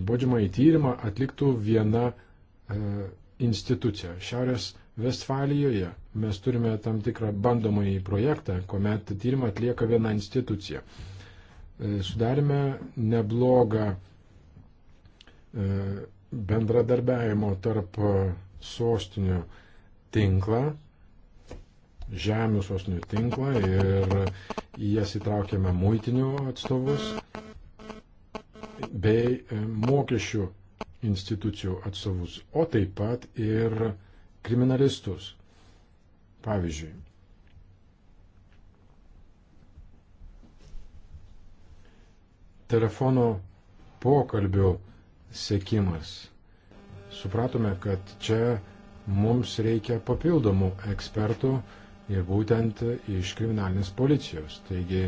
baudžiamą į tyrimą atliktų viena e, institucija. Šiaurės Vestfalijoje mes turime tam tikrą bandomąjį projektą, kuomet tyrimą atlieka viena institucija. E, sudarėme neblogą e, bendradarbiavimo tarp e, sostinių tinklą, žemių sostinių tinklą ir į jas įtraukėme muitinių atstovus bei e, mokesčių institucijų atstovus, o taip pat ir kriminalistus. Pavyzdžiui, telefono pokalbių sėkimas. Supratome, kad čia mums reikia papildomų ekspertų ir būtent iš kriminalinės policijos. Taigi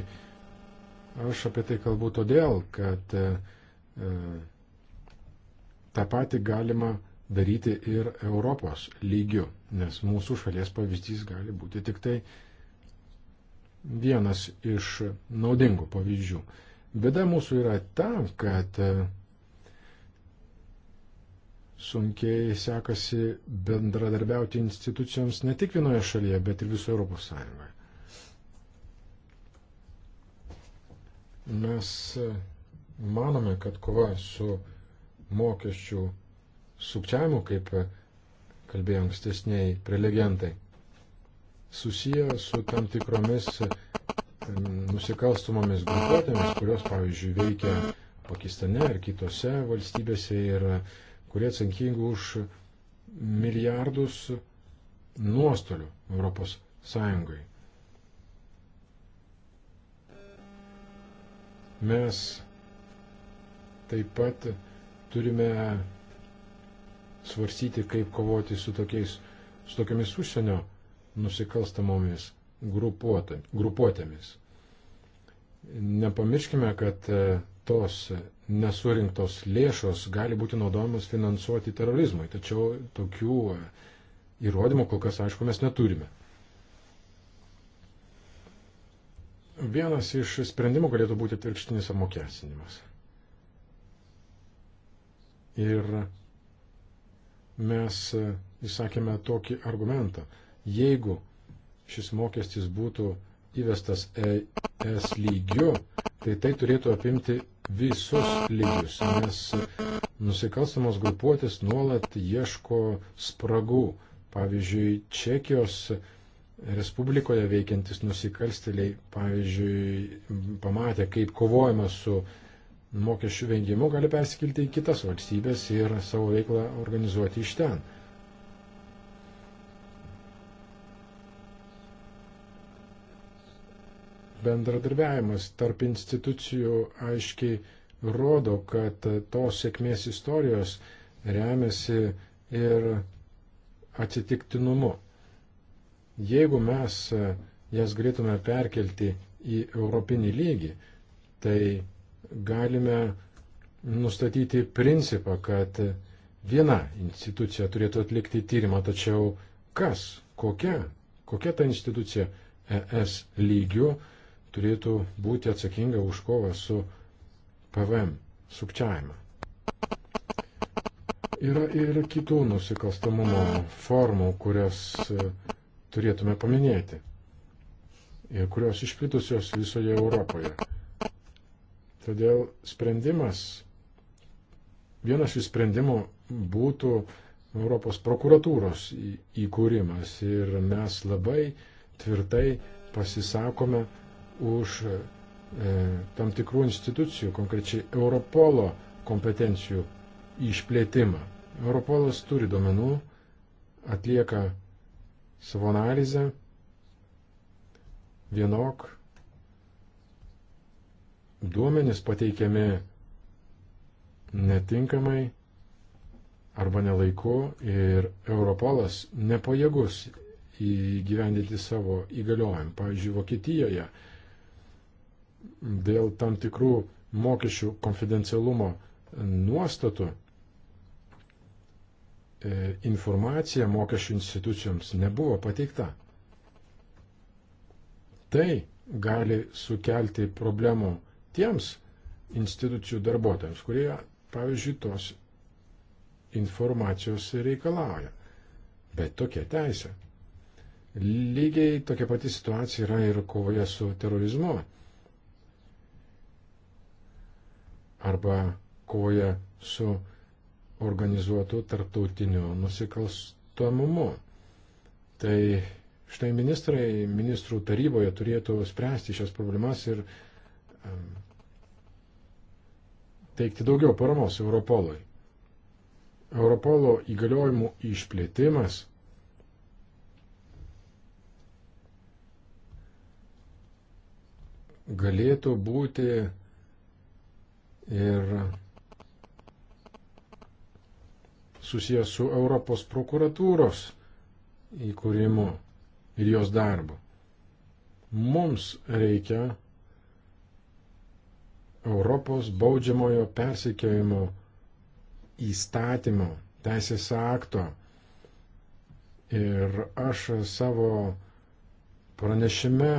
Aš apie tai kalbu todėl, kad e, e, tą patį galima daryti ir Europos lygiu, nes mūsų šalies pavyzdys gali būti tik tai vienas iš naudingų pavyzdžių. Bėda mūsų yra ta, kad e, sunkiai sekasi bendradarbiauti institucijoms ne tik vienoje šalyje, bet ir visoje Europos Sąjungoje. Mes manome, kad kova su mokesčių sukčiavimu, kaip kalbėjo ankstesniai prelegentai, susiję su tam tikromis nusikalstumomis grupuotėmis, kurios, pavyzdžiui, veikia Pakistane ar kitose valstybėse ir kurie atsakingi už milijardus nuostolių Europos Sąjungai. Mes taip pat turime svarstyti, kaip kovoti su, tokiais, su tokiamis užsienio nusikalstamomis grupuotėmis. Nepamirškime, kad e, tos nesurinktos lėšos gali būti naudojamos finansuoti terorizmui, tačiau tokių e, įrodymų kol kas, aišku, mes neturime. Vienas iš sprendimų galėtų būti atvirkštinis apmokestinimas. Ir mes įsakėme tokį argumentą. Jeigu šis mokestis būtų įvestas ES lygiu, tai tai turėtų apimti visus lygius, nes nusikalstamos grupuotės nuolat ieško spragų. Pavyzdžiui, Čekijos Respublikoje veikiantis nusikalstėliai, pavyzdžiui, pamatė, kaip kovojama su mokesčių vengimu, gali persikilti į kitas valstybės ir savo veiklą organizuoti iš ten. Bendradarbiavimas tarp institucijų aiškiai rodo, kad tos sėkmės istorijos remiasi ir atsitiktinumu. Jeigu mes e, jas galėtume perkelti į europinį lygį, tai galime nustatyti principą, kad viena institucija turėtų atlikti tyrimą, tačiau kas, kokia, kokia ta institucija ES lygių turėtų būti atsakinga už kovą su PVM sukčiavimą. Yra ir kitų nusikalstamumo formų, kurias e, turėtume paminėti ir kurios išplitusios visoje Europoje. Todėl sprendimas, vienas iš sprendimų būtų Europos prokuratūros įkūrimas ir mes labai tvirtai pasisakome už e, tam tikrų institucijų, konkrečiai Europolo kompetencijų išplėtimą. Europolas turi duomenų, atlieka savo analizę vienok duomenys pateikiami netinkamai arba nelaiku ir Europolas nepajėgus įgyvendinti savo įgaliojimą. Pavyzdžiui, Vokietijoje dėl tam tikrų mokesčių konfidencialumo nuostatų E, informacija mokesčių institucijoms nebuvo pateikta. Tai gali sukelti problemų tiems institucijų darbuotojams, kurie, pavyzdžiui, tos informacijos reikalauja. Bet tokia teisė. Lygiai tokia pati situacija yra ir kovoje su terorizmu. Arba kovoje su terorizmu organizuotų tarptautiniu nusikalstamumu. Tai štai ministrai ministrų taryboje turėtų spręsti šias problemas ir teikti daugiau paramos Europolui. Europolo įgaliojimų išplėtimas galėtų būti ir susijęs su Europos prokuratūros įkūrimu ir jos darbu. Mums reikia Europos baudžiamojo persikėjimo įstatymo, teisės akto. Ir aš savo pranešime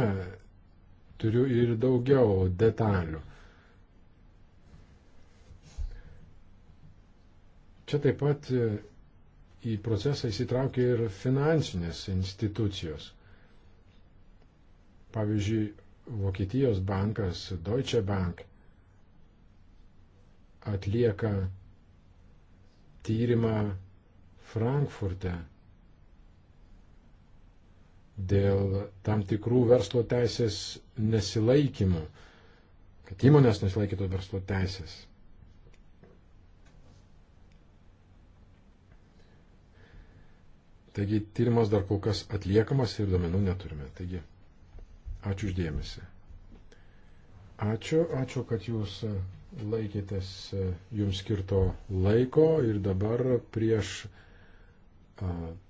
turiu ir daugiau detalių. Čia taip pat e, į procesą įsitraukia ir finansinės institucijos. Pavyzdžiui, Vokietijos bankas Deutsche Bank atlieka tyrimą Frankfurte dėl tam tikrų verslo teisės nesilaikymų, kad įmonės nesilaikytų verslo teisės. Taigi tyrimas dar kol kas atliekamas ir domenų neturime. Taigi, ačiū uždėmesi. Ačiū, ačiū, kad jūs e, laikytės e, jums skirto laiko ir dabar prieš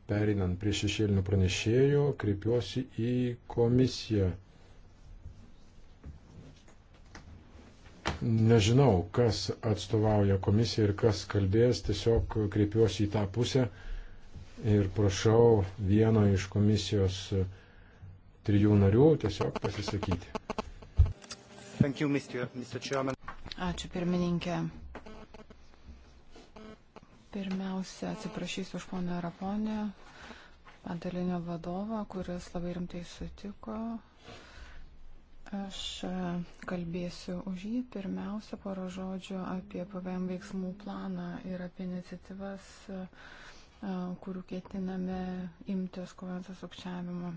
perinant prie šešėlinių pranešėjų kreipiuosi į komisiją. Nežinau, kas atstovauja komisiją ir kas kalbės, tiesiog kreipiuosi į tą pusę ir prašau vieno iš komisijos e, trijų narių tiesiog pasisakyti. Thank you, Mr. Mr. Chairman. Ačiū pirmininkė. Pirmiausia, atsiprašysiu už poną Raponį, padalinio vadovą, kuris labai rimtai sutiko. Aš e, kalbėsiu už jį pirmiausia porą žodžių apie PVM veiksmų planą ir apie iniciatyvas uh, kurių ketiname imtis kovant su sukčiavimu.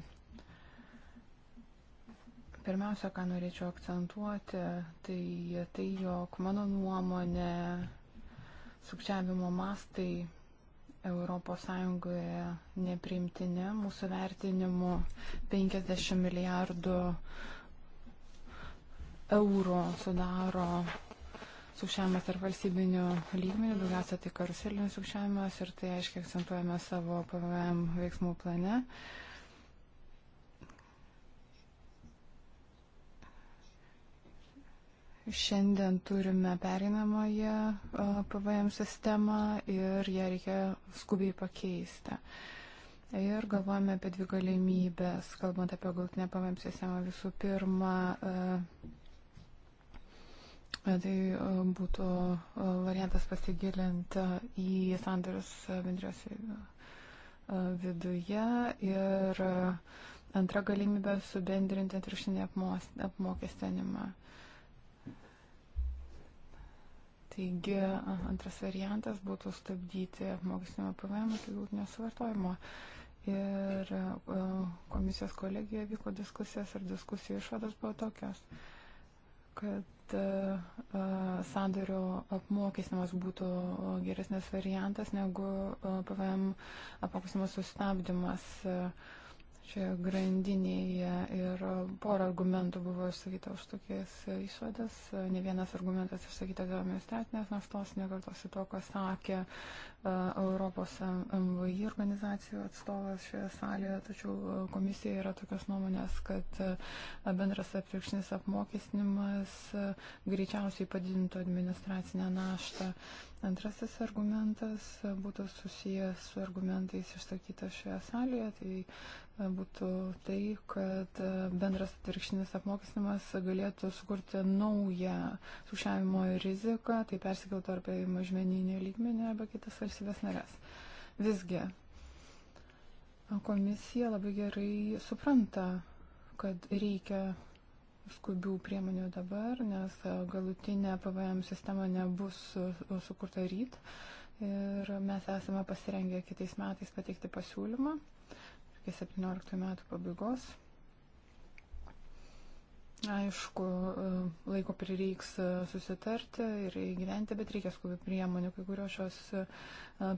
Pirmiausia, ką norėčiau akcentuoti, tai tai, jog mano nuomonė sukčiavimo mastai ES nepriimtini, mūsų vertinimu 50 milijardų eurų sudaro sukčiavimas tarp valstybinių lygmenių, daugiausia tai karuselinis sukčiavimas ir tai aiškiai akcentuojame savo PVM veiksmų plane. Šiandien turime perinamoje PVM sistemą ir ją reikia skubiai pakeisti. Ir galvojame apie dvi galimybės, kalbant apie galtinę PVM sistemą. Visų pirma, Tai e, būtų e, variantas pasigilinti į sandarius bendrijos e, viduje ir antra galimybė subendrinti atrišinį apmokestinimą. Taigi antras variantas būtų stabdyti apmokestinimą PVM iki galutinio suvartojimo. Ir komisijos kolegijoje vyko diskusijos ir diskusijų išvados buvo tokios, kad kad e, sandorių apmokestinimas būtų geresnis variantas negu e, PVM apmokestinimo sustabdymas. A, šioje grandinėje ir pora argumentų buvo išsakyta už tokias išvadas. Ne vienas argumentas išsakyta dėl administracinės naštos, nekartosi to, ką sakė e, Europos MVI organizacijų atstovas šioje salėje, tačiau e, komisija yra tokios nuomonės, kad e, bendras atvirkštinis apmokestinimas greičiausiai padidintų administracinę naštą. Antrasis argumentas būtų susijęs su argumentais išsakyta šioje salėje, tai būtų tai, kad e, bendras atvirkštinis apmokestinimas galėtų sukurti naują sušiavimo riziką, tai persikeltų arba į mažmeninį lygmenį arba kitas valstybės narės. Visgi, komisija labai gerai supranta, kad reikia skubių priemonių dabar, nes galutinė PVM sistema nebus sukurta ryt ir mes esame pasirengę kitais metais pateikti pasiūlymą iki 17 metų pabaigos. Aišku, e, laiko prireiks e, susitarti ir įgyventi, bet reikia skubių priemonių. Kai kurios šios e,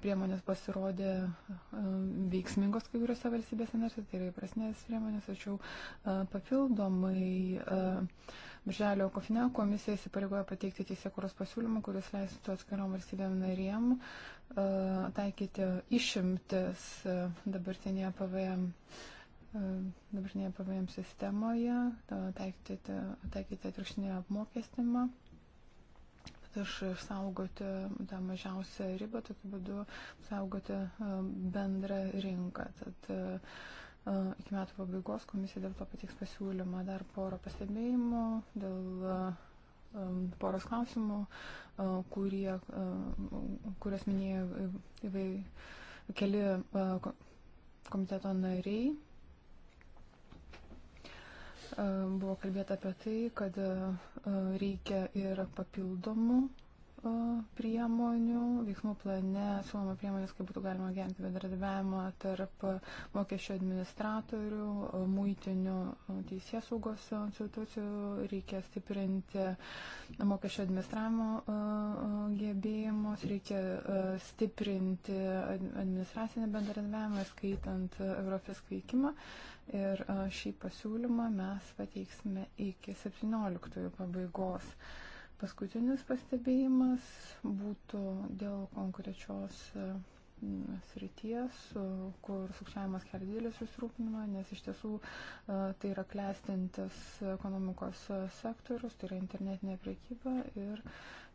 priemonės pasirodė veiksmingos kai kuriuose valstybėse narėse, tai yra įprasnės priemonės, tačiau papildomai. Uh, Birželio kofinė komisija įsipareigoja pateikti teisėkuros pasiūlymą, kuris leistų atskirom valstybėm narėm e, taikyti išimtis e, dabartinėje PVM e, dabartinėje PVM sistemoje, taikyti, taikyti atvirkštinį apmokestimą iš, išsaugoti tą mažiausią ribą, tokiu būdu saugoti bendrą rinką. Tad Iki metų pabaigos komisija dėl to patiks pasiūlymą dar porą pastebėjimų dėl poros klausimų, kurie, kurias minėjo įvai, keli komiteto nariai. Buvo kalbėta apie tai, kad reikia ir papildomų priemonių, veiksmų plane siūloma priemonės, kaip būtų galima gerinti bendradarbiavimą tarp mokesčio administratorių, muitinių teisės saugos institucijų, reikia stiprinti mokesčio administravimo e, e, gebėjimus, reikia e, stiprinti administracinį bendradarbiavimą, skaitant Europės veikimą. Ir šį pasiūlymą mes pateiksime iki 17 pabaigos. Paskutinis pastebėjimas būtų dėl konkrečios e, srities, e, kur sukčiavimas kelia didelį susirūpinimą, nes iš tiesų e, tai yra klestintis ekonomikos sektorius, tai yra internetinė priekyba ir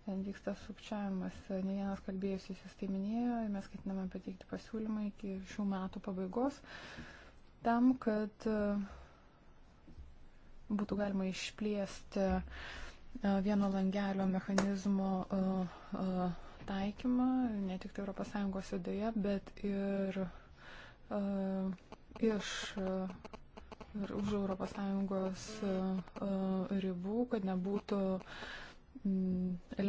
ten vyksta sukčiavimas. Ne vienas kalbėjusis jis tai minėjo, mes ketiname pateikti pasiūlymą iki šių metų pabaigos tam, kad būtų galima išplėsti uh, vieno langelio mechanizmo taikymą, ne tik tai ES viduje, bet ir iš ir už ES ribų, kad nebūtų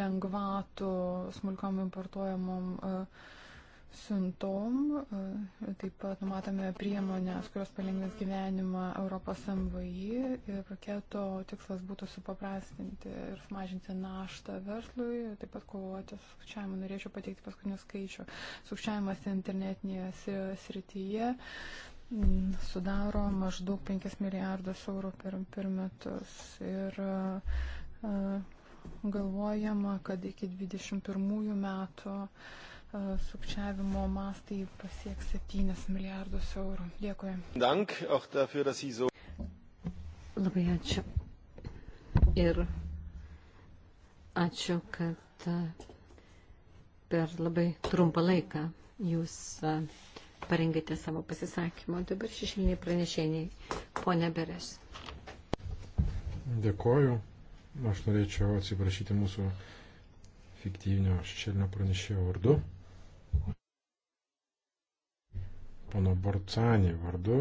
lengvatų smulkom importuojamom uh, siuntom. E, taip pat numatome priemonės, kurios palengvins gyvenimą Europos MVI ir raketo tikslas būtų supaprastinti ir sumažinti naštą verslui, taip pat kovoti su sukčiavimu. Norėčiau pateikti paskutinių skaičių. Sukčiavimas internetinėje srityje mm, sudaro maždaug 5 milijardus eurų per, per metus. Ir uh, galvojama, kad iki 21 metų uh, sukčiavimo mastai pasieks 7 milijardus eurų. Dėkui. Dank, auch dafür, dass Sie so. Labai ačiū. Ir ačiū, kad per labai trumpą laiką jūs parengėte savo pasisakymą. Dabar šešiliniai pranešėjai. Pone Beres. Dėkoju. Aš norėčiau atsiprašyti mūsų fiktyvinio šešėlinio pranešėjo vardu. Mm pono Borcanį vardu.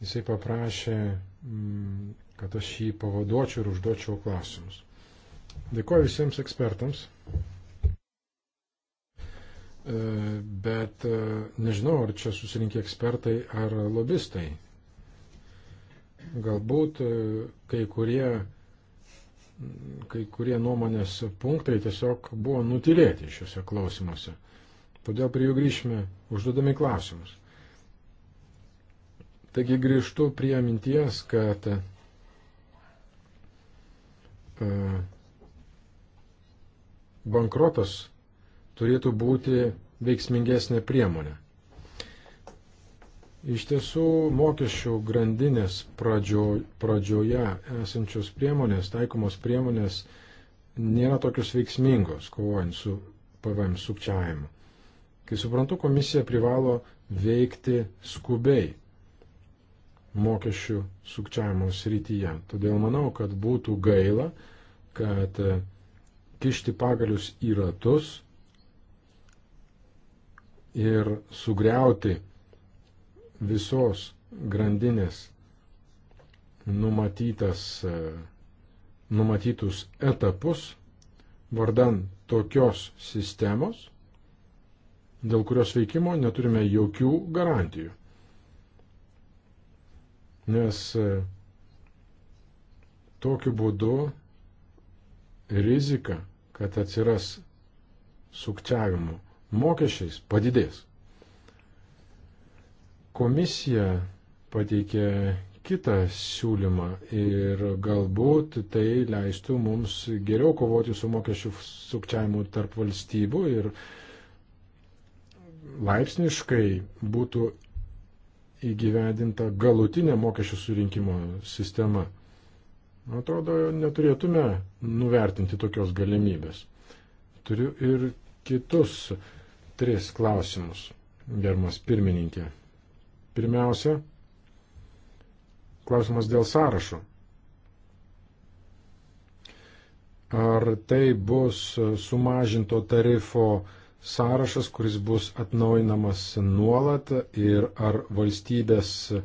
Jisai paprašė, mm, kad aš jį pavaduočiau ir užduočiau klausimus. Dėkuoju visiems ekspertams, e, bet e, nežinau, ar čia susirinkė ekspertai ar lobistai. Galbūt e, kai kurie, kai kurie nuomonės punktai tiesiog buvo nutilėti šiuose klausimuose. Todėl prie jų grįšime, užduodami klausimus. Taigi grįžtu prie minties, kad e, bankrotas turėtų būti veiksmingesnė priemonė. Iš tiesų, mokesčių grandinės pradžio, pradžioje esančios priemonės, taikomos priemonės, nėra tokios veiksmingos, kovojant su PVM sukčiavimu. Kai suprantu, komisija privalo veikti skubiai mokesčių sukčiavimo srityje. Todėl manau, kad būtų gaila, kad e, kišti pagalius į ratus ir sugriauti visos grandinės numatytas, e, numatytus etapus vardan tokios sistemos, dėl kurios veikimo neturime jokių garantijų. Nes e, tokiu būdu rizika, kad atsiras sukčiavimo mokesčiais, padidės. Komisija pateikė kitą siūlymą ir galbūt tai leistų mums geriau kovoti su mokesčių sukčiavimu tarp valstybių ir uh, laipsniškai būtų įgyvendinta galutinė mokesčių surinkimo sistema. Atrodo, neturėtume nuvertinti tokios galimybės. Turiu ir kitus tris klausimus, germas pirmininkė. Pirmiausia, klausimas dėl sąrašo. Ar tai bus sumažinto tarifo sąrašas, kuris bus atnaujinamas nuolat ir ar valstybės e,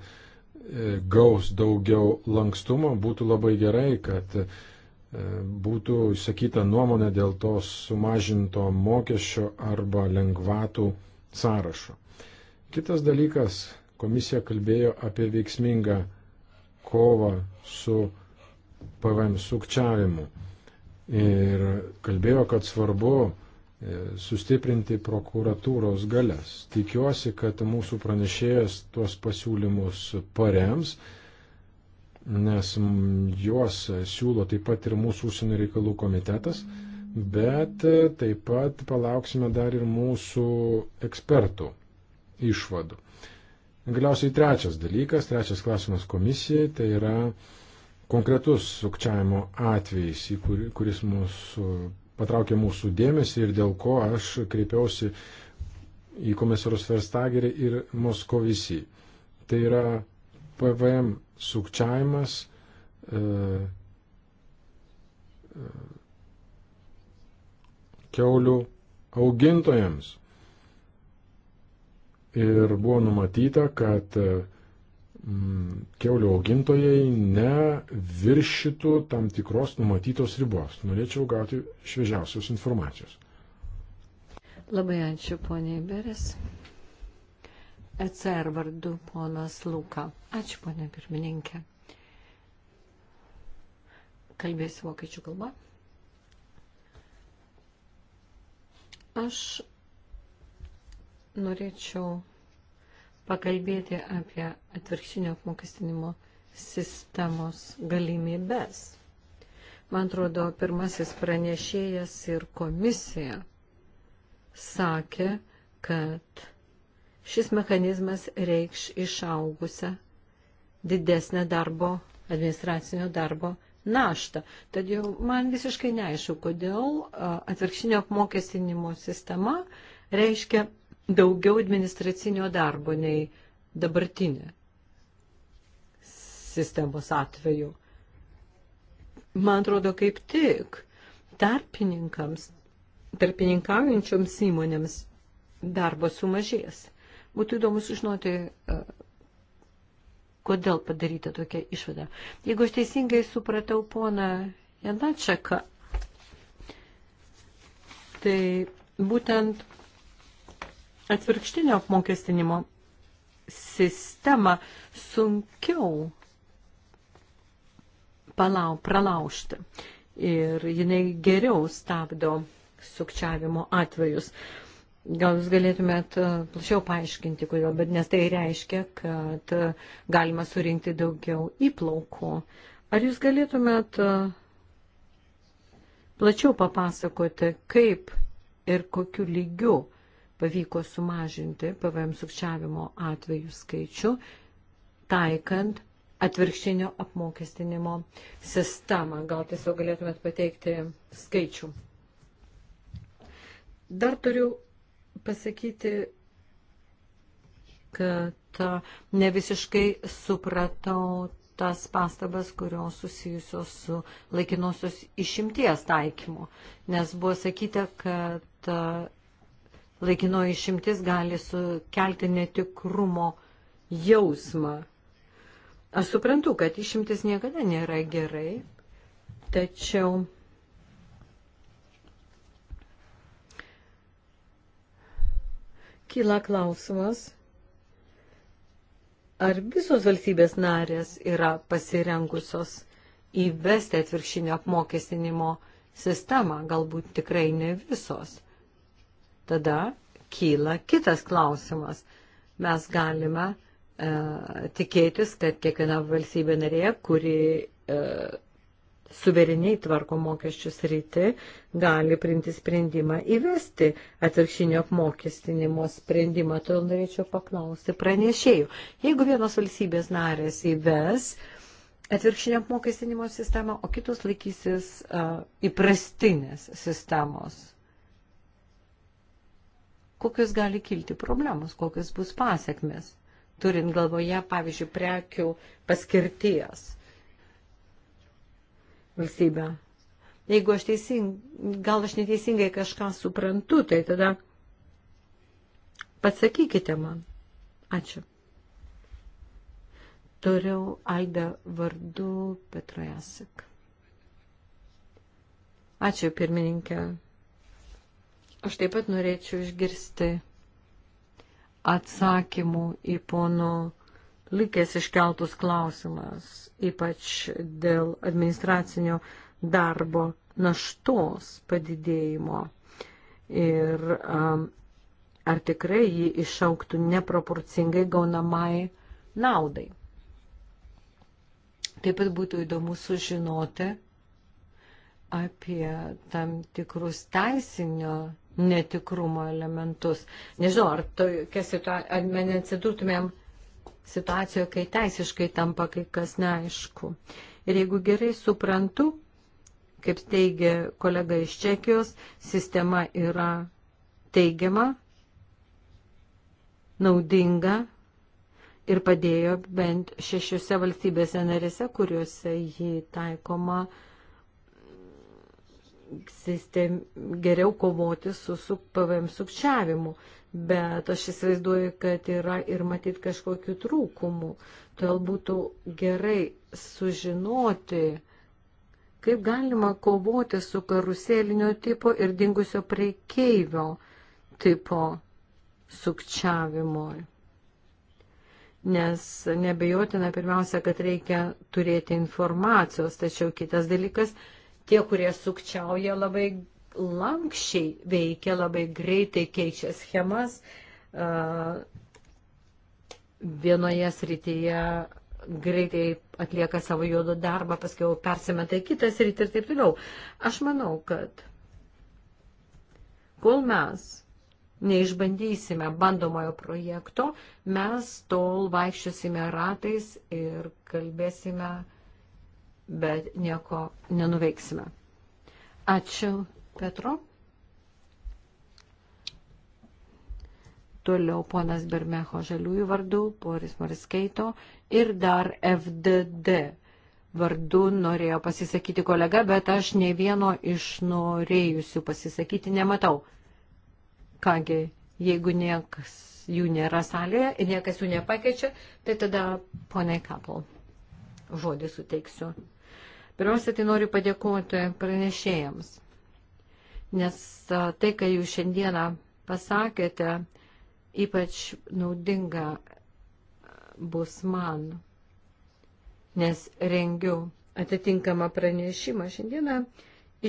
gaus daugiau lankstumo, būtų labai gerai, kad e, būtų išsakyta nuomonė dėl to sumažinto mokesčio arba lengvatų sąrašo. Kitas dalykas, komisija kalbėjo apie veiksmingą kovą su PVM sukčiavimu ir kalbėjo, kad svarbu E, sustiprinti prokuratūros galias. Tikiuosi, kad mūsų pranešėjas tuos pasiūlymus parems, nes juos siūlo taip pat ir mūsų užsienio reikalų komitetas, bet e, taip pat palauksime dar ir mūsų ekspertų išvadų. Galiausiai trečias dalykas, trečias klausimas komisijai, tai yra konkretus sukčiavimo atvejis, kuris mūsų patraukė mūsų dėmesį ir dėl ko aš kreipiausi į komisarus Verstagerį ir Moskovisį. Tai yra PVM sukčiavimas, e, e, keulių augintojams. Ir buvo numatyta, kad e, Mm, keulių augintojai neviršytų tam tikros numatytos ribos. Norėčiau gauti šviežiausios informacijos. Labai ačiū, poniai Beres. ECR vardu ponas Luka. Ačiū, ponė pirmininkė. Kalbėsiu vokiečių kalba. Aš norėčiau pakalbėti apie atvirkštinio apmokestinimo sistemos galimybes. Man atrodo, pirmasis pranešėjas ir komisija sakė, kad šis mechanizmas reikš išaugusią didesnę darbo, administracinio darbo naštą. Tad jau man visiškai neaišku, kodėl atvirkštinio apmokestinimo sistema reiškia daugiau administracinio darbo nei dabartinė sistemos atveju. Man atrodo, kaip tik tarpininkams, tarpininkaujančioms įmonėms darbo sumažės. Būtų įdomu sužinoti, e, kodėl padaryta tokia išvada. Jeigu aš teisingai supratau poną Janačaką, tai būtent atvirkštinio apmokestinimo sistemą sunkiau palau, pralaužti ir jinai geriau stabdo sukčiavimo atvejus. Gal jūs galėtumėt e, plačiau paaiškinti, kodėl, bet nes tai reiškia, kad e, galima surinkti daugiau įplaukų. Ar jūs galėtumėt e, plačiau papasakoti, kaip ir kokiu lygiu pavyko sumažinti PVM sukčiavimo atvejų skaičių, taikant atvirkštinio apmokestinimo sistemą. Gal tiesiog galėtumėt pateikti skaičių. Dar turiu pasakyti, kad ne visiškai supratau tas pastabas, kurios susijusios su laikinosios išimties taikymu, nes buvo sakyta, kad laikinoji išimtis gali sukelti netikrumo jausmą. Aš suprantu, kad išimtis niekada nėra gerai, tačiau kyla klausimas, ar visos valstybės narės yra pasirengusios įvesti atvirkštinio apmokestinimo sistemą, galbūt tikrai ne visos tada kyla kitas klausimas. Mes galime e, tikėtis, kad kiekviena valstybė narė, kuri e, suvereniai tvarko mokesčius ryti, gali priimti sprendimą įvesti atvirkštinio apmokestinimo sprendimą. Todėl norėčiau paklausti pranešėjų. Jeigu vienos valstybės narės įves atvirkštinio apmokestinimo sistemą, o kitos laikysis uh, įprastinės sistemos kokios gali kilti problemos, kokios bus pasiekmes, turint galvoje, pavyzdžiui, prekių paskirties valstybę. Jeigu aš teisingai, gal aš neteisingai kažką suprantu, tai tada pasakykite man. Ačiū. Turiu Aldę vardu Petrojasik. Ačiū pirmininkė. Aš taip pat norėčiau išgirsti atsakymų į pono likęs iškeltus klausimas, ypač dėl administracinio darbo naštos padidėjimo. Ir um, ar tikrai jį išauktų neproporcingai gaunamai naudai. Taip pat būtų įdomu sužinoti apie tam tikrus teisinio netikrumo elementus. Nežinau, ar, situa ar mes neatsidurtumėm situacijoje, kai teisiškai tampa kai kas neaišku. Ir jeigu gerai suprantu, kaip teigia kolega iš Čekijos, sistema yra teigiama, naudinga ir padėjo bent šešiose valstybėse narėse, kuriuose jį taikoma uh, sistem, geriau kovoti su, su PVM sukčiavimu. Bet aš įsivaizduoju, kad yra ir matyt kažkokių trūkumų. Todėl būtų gerai sužinoti, kaip galima kovoti su karuselinio tipo ir dingusio prekeivio tipo sukčiavimu. Nes nebejotina pirmiausia, kad reikia turėti informacijos, tačiau kitas dalykas, tie, kurie sukčiauja, labai lankščiai veikia, labai greitai keičia schemas. Vienoje srityje greitai atlieka savo juodo darbą, paskui persimeta į kitą sritį ir taip toliau. Aš manau, kad kol mes neišbandysime bandomojo projekto, mes tol vaikščiosime ratais ir kalbėsime bet nieko nenuveiksime. Ačiū, Petro. Toliau ponas Bermeho žaliųjų vardų, Poris Moriskeito ir dar FDD vardu norėjo pasisakyti kolega, bet aš ne vieno iš norėjusių pasisakyti nematau. Kągi, jeigu niekas jų nėra salėje ir niekas jų nepakeičia, tai tada poniai Kapel žodį suteiksiu. Pirmiausia, tai noriu padėkoti pranešėjams, nes tai, ką jūs šiandieną pasakėte, ypač naudinga bus man, nes rengiu atitinkamą pranešimą. Šiandieną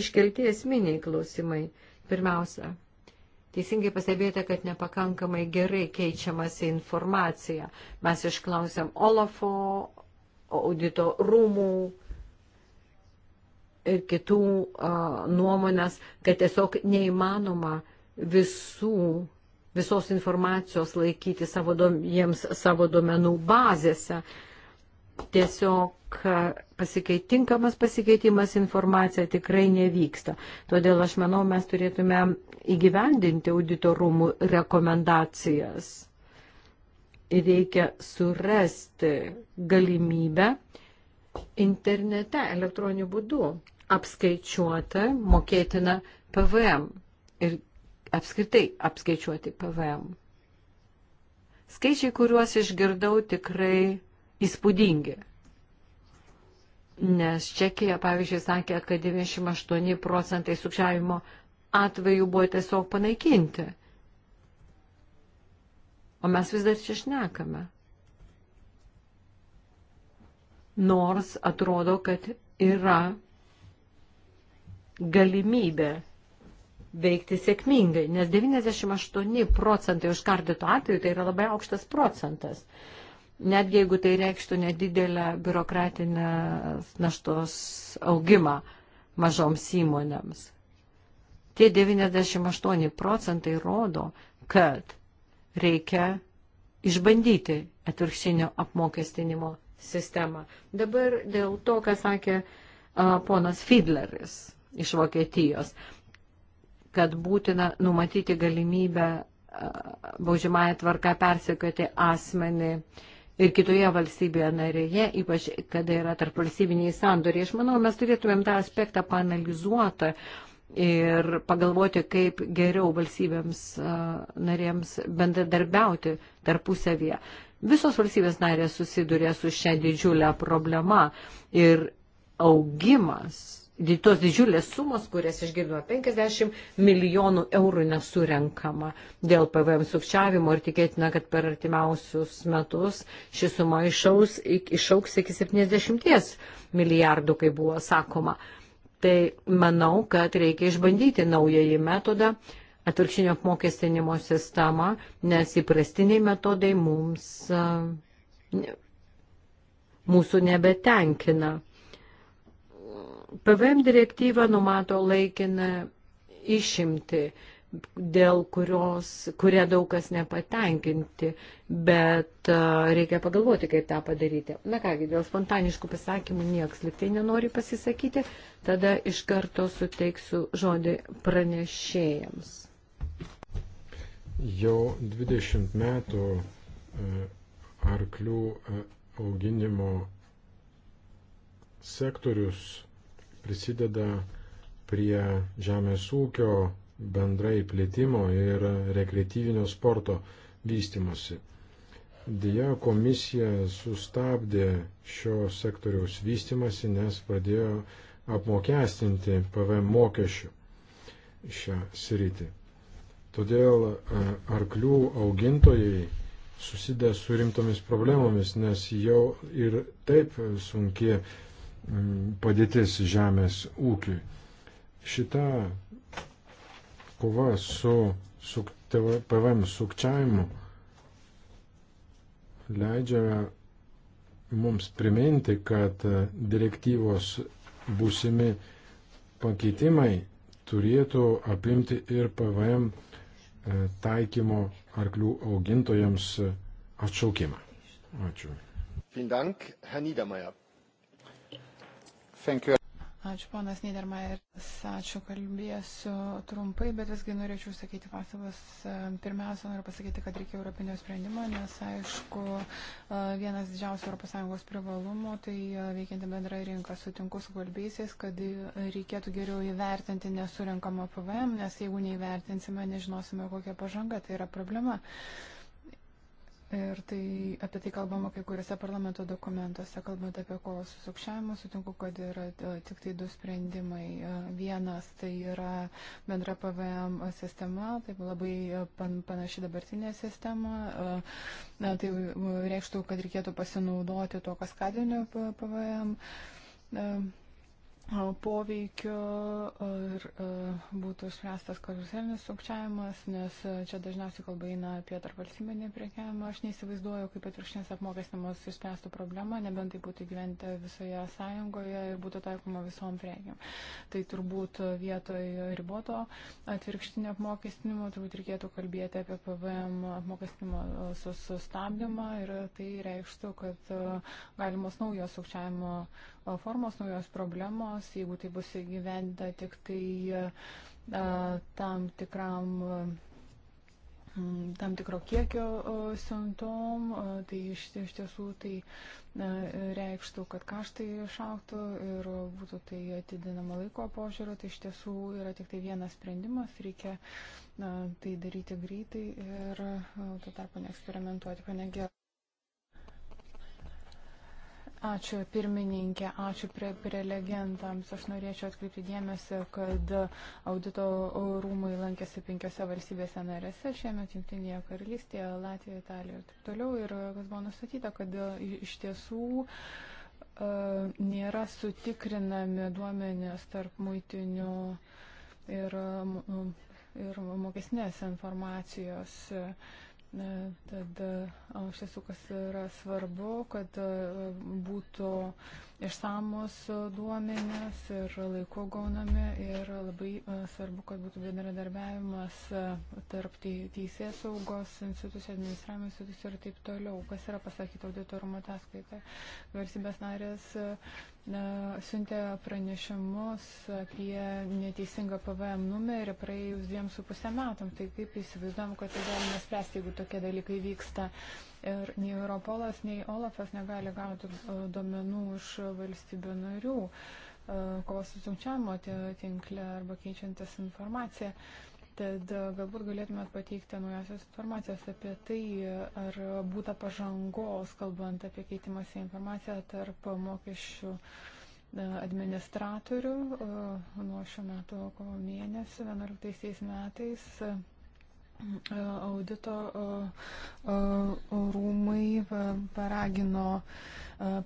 iškelti esminiai klausimai. Pirmiausia, Teisingai pastebėjote, kad nepakankamai gerai keičiamasi informacija. Mes išklausėm Olafo, audito rūmų, ir kitų a, nuomonės, kad tiesiog neįmanoma visų, visos informacijos laikyti savo, jiems savo duomenų bazėse. Tiesiog pasikeitinkamas pasikeitimas informacija tikrai nevyksta. Todėl aš manau, mes turėtume įgyvendinti auditorumų rekomendacijas. Ir reikia surasti galimybę internete elektroniniu būdu apskaičiuota mokėtina PVM ir apskritai apskaičiuoti PVM. Skaičiai, kuriuos išgirdau, tikrai įspūdingi. Nes Čekija, pavyzdžiui, sakė, kad 98 procentai sukčiavimo atvejų buvo tiesiog panaikinti. O mes vis dar čia šnekame. Nors atrodo, kad yra galimybę veikti sėkmingai, nes 98 procentai užkardytų atveju tai yra labai aukštas procentas. Netgi jeigu tai reikštų nedidelę biurokratinę naštos augimą mažoms įmonėms. Tie 98 procentai rodo, kad reikia išbandyti atvirkštinio apmokestinimo sistemą. Dabar dėl to, ką sakė a, ponas Fidleris iš Vokietijos, kad būtina numatyti galimybę baudžiamąją tvarką persekioti asmenį ir kitoje valstybėje narėje, ypač kada yra tarp valstybiniai sandoriai. Aš manau, mes turėtumėm tą aspektą panalizuotą ir pagalvoti, kaip geriau valstybėms narėms bendradarbiauti tarpusavyje. Visos valstybės narės susiduria su šią didžiulę problemą ir augimas tos didžiulės sumos, kurias išgirdome, 50 milijonų eurų nesurenkama dėl PVM sukčiavimo ir tikėtina, kad per artimiausius metus ši suma išaus, išauks iki 70 milijardų, kaip buvo sakoma. Tai manau, kad reikia išbandyti naująjį metodą atvirkštinio apmokestinimo sistemą, nes įprastiniai metodai mums, mūsų nebetenkina. PVM direktyva numato laikiną išimti, dėl kurios, kurie daug kas nepatenkinti, bet reikia pagalvoti, kaip tą padaryti. Na kągi, dėl spontaniškų pasakymų nieks liktai nenori pasisakyti, tada iš karto suteiksiu žodį pranešėjams. Jau 20 metų e, arklių e, auginimo sektorius prisideda prie žemės ūkio bendrai plėtimo ir rekreatyvinio sporto vystimosi. Deja, komisija sustabdė šio sektoriaus vystimasi, nes pradėjo apmokestinti PVM mokesčių šią sritį. Todėl e, arklių augintojai susidė su rimtomis problemomis, nes jau ir taip sunkiai padėtis žemės ūkiui. Šita kova su, su TV, PVM sukčiavimu leidžia mums priminti, kad direktyvos būsimi pakeitimai turėtų apimti ir PVM e, taikymo arklių augintojams atšaukimą. Ačiū. Vielen Dank, Herr Niedermayer. Ačiū, ponas Niedermayer. Ačiū, kalbėsiu trumpai, bet visgi norėčiau sakyti pastabas. Pirmiausia, noriu pasakyti, kad reikia europinio sprendimo, nes, aišku, vienas didžiausių ES privalumų, tai veikianti bendra rinka. Sutinku su kalbėsiais, kad reikėtų geriau įvertinti nesurinkamą PVM, nes jeigu neįvertinsime, nežinosime, kokia pažanga, tai yra problema. Uh, Ir tai apie tai kalbama kai kuriuose parlamento dokumentuose, kalbant apie kovą su sukčiavimu, sutinku, kad yra e, tik tai du sprendimai. E, vienas tai yra bendra PVM sistema, tai labai e, panaši dabartinė sistema. Na, tai reikštų, kad reikėtų pasinaudoti to kaskadiniu PVM poveikio ir būtų išspręstas karuselinis sukčiavimas, nes čia dažniausiai kalba eina apie tarpvalstybinį priekiavimą. Aš neįsivaizduoju, kaip atvirkštinės apmokestinimas išspręstų problemą, nebent tai būtų gyventi visoje sąjungoje ir būtų taikoma visom prekiam. Tai turbūt vietoje riboto atvirkštinio apmokestinimo turbūt reikėtų kalbėti apie PVM apmokestinimo sustabdymą ir tai reikštų, kad galimos naujos sukčiavimo formos, naujos problemos, jeigu tai bus įgyventa tik tai tam tikram tam tikro kiekio siuntom, tai iš, iš tiesų tai reikštų, kad kaštai išauktų ir būtų tai atidinama laiko požiūriu, tai iš tiesų yra tik tai vienas sprendimas, reikia na, tai daryti greitai ir tuo tarpu neeksperimentuoti, panegė. Ačiū pirmininkė, ačiū pre, prelegentams. Aš norėčiau atkreipti dėmesį, kad audito rūmai lankėsi penkiose valstybėse narėse, šiemet Junktinėje karalystėje, Latvijoje, Italijoje ir taip toliau. Ir kas buvo nustatyta, kad iš tiesų e, nėra sutikrinami duomenės tarp muitinių ir, ir mokesnės informacijos. Uh, Tad iš tiesų, kas yra svarbu, kad būtų uh, išsamus e, duomenės ir laiku gaunami ir labai e, svarbu, kad būtų bendradarbiavimas e, tarp teisės saugos institucijų, administravimo institucijų ir taip toliau, kas yra pasakyta auditorumo ataskaita. Varsybės narės siuntė pranešimus apie neteisingą PVM numerį praėjus dviem su pusę metam. Tai kaip įsivaizduom, kad tai galima spręsti, jeigu tokie dalykai vyksta. Ir nei Europolas, nei Olafas negali gauti e, duomenų iš valstybių narių e, kovos su sukčiavimo tinkle arba keičiantis informaciją. Tad e, galbūt galėtumėt pateikti naujasios informacijos apie tai, ar būta pažangos, kalbant apie keitimąsi informaciją tarp mokesčių administratorių nuo šių metų kovo mėnesio, 11 metais E, audito e, e, rūmai paragino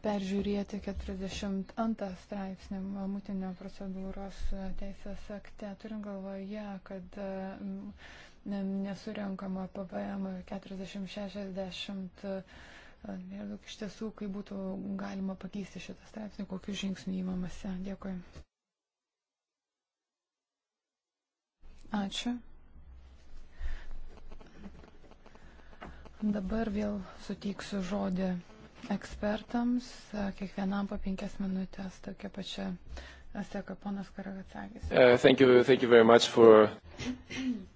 peržiūrėti 42 straipsnį mutinio procedūros teisės akte. Turim galvoje, kad nesurenkama PVM 40-60 ir daug iš tiesų, kai būtų galima pakeisti šitą straipsnį, kokius žingsnius įmamasi. Dėkui. Ačiū. Dabar vėl suteiksiu žodį ekspertams, kiekvienam po penkias minutės tokia pačia seka ponas Karagatsakis. Uh, e, thank you, thank you very much for.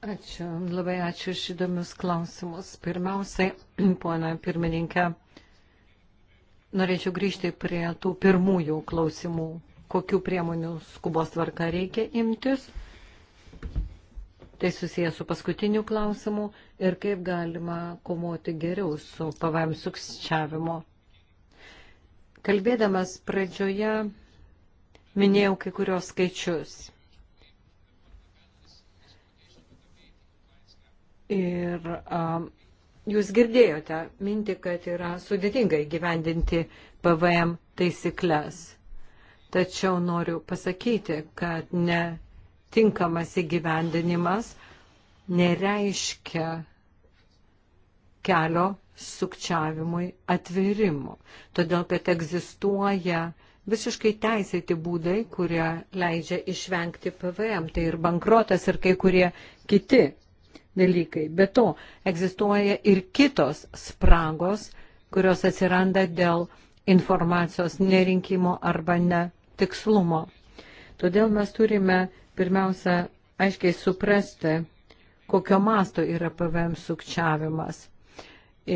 Ačiū, labai ačiū iš įdomius klausimus. Pirmiausiai, <clears throat> pona pirmininkė, norėčiau grįžti prie tų pirmųjų klausimų, kokių priemonių skubos tvarka reikia imtis Tai susijęs su paskutiniu klausimu ir kaip galima komuoti geriau su PVM sukčiavimo. Kalbėdamas pradžioje minėjau kai kurios skaičius. Ir um, jūs girdėjote mintį, kad yra sudėtinga įgyvendinti PVM taisyklės. Tačiau noriu pasakyti, kad ne tinkamas įgyvendinimas nereiškia kelio sukčiavimui atvirimu, todėl kad egzistuoja visiškai teisėti būdai, kurie leidžia išvengti PVM, tai ir bankrotas, ir kai kurie kiti dalykai. Be to, egzistuoja ir kitos spragos, kurios atsiranda dėl informacijos nerinkimo arba netikslumo. Todėl mes turime pirmiausia, aiškiai suprasti, kokio masto yra PVM sukčiavimas.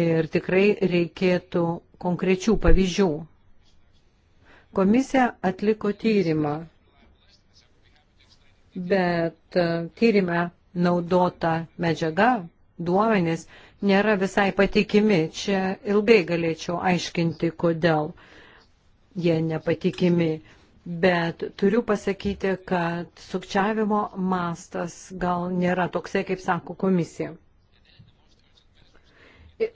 Ir tikrai reikėtų konkrečių pavyzdžių. Komisija atliko tyrimą, bet e, tyrime naudota medžiaga, duomenys nėra visai patikimi. Čia ilgai galėčiau aiškinti, kodėl jie nepatikimi bet turiu pasakyti, kad sukčiavimo mastas gal nėra toksai, kaip sako komisija.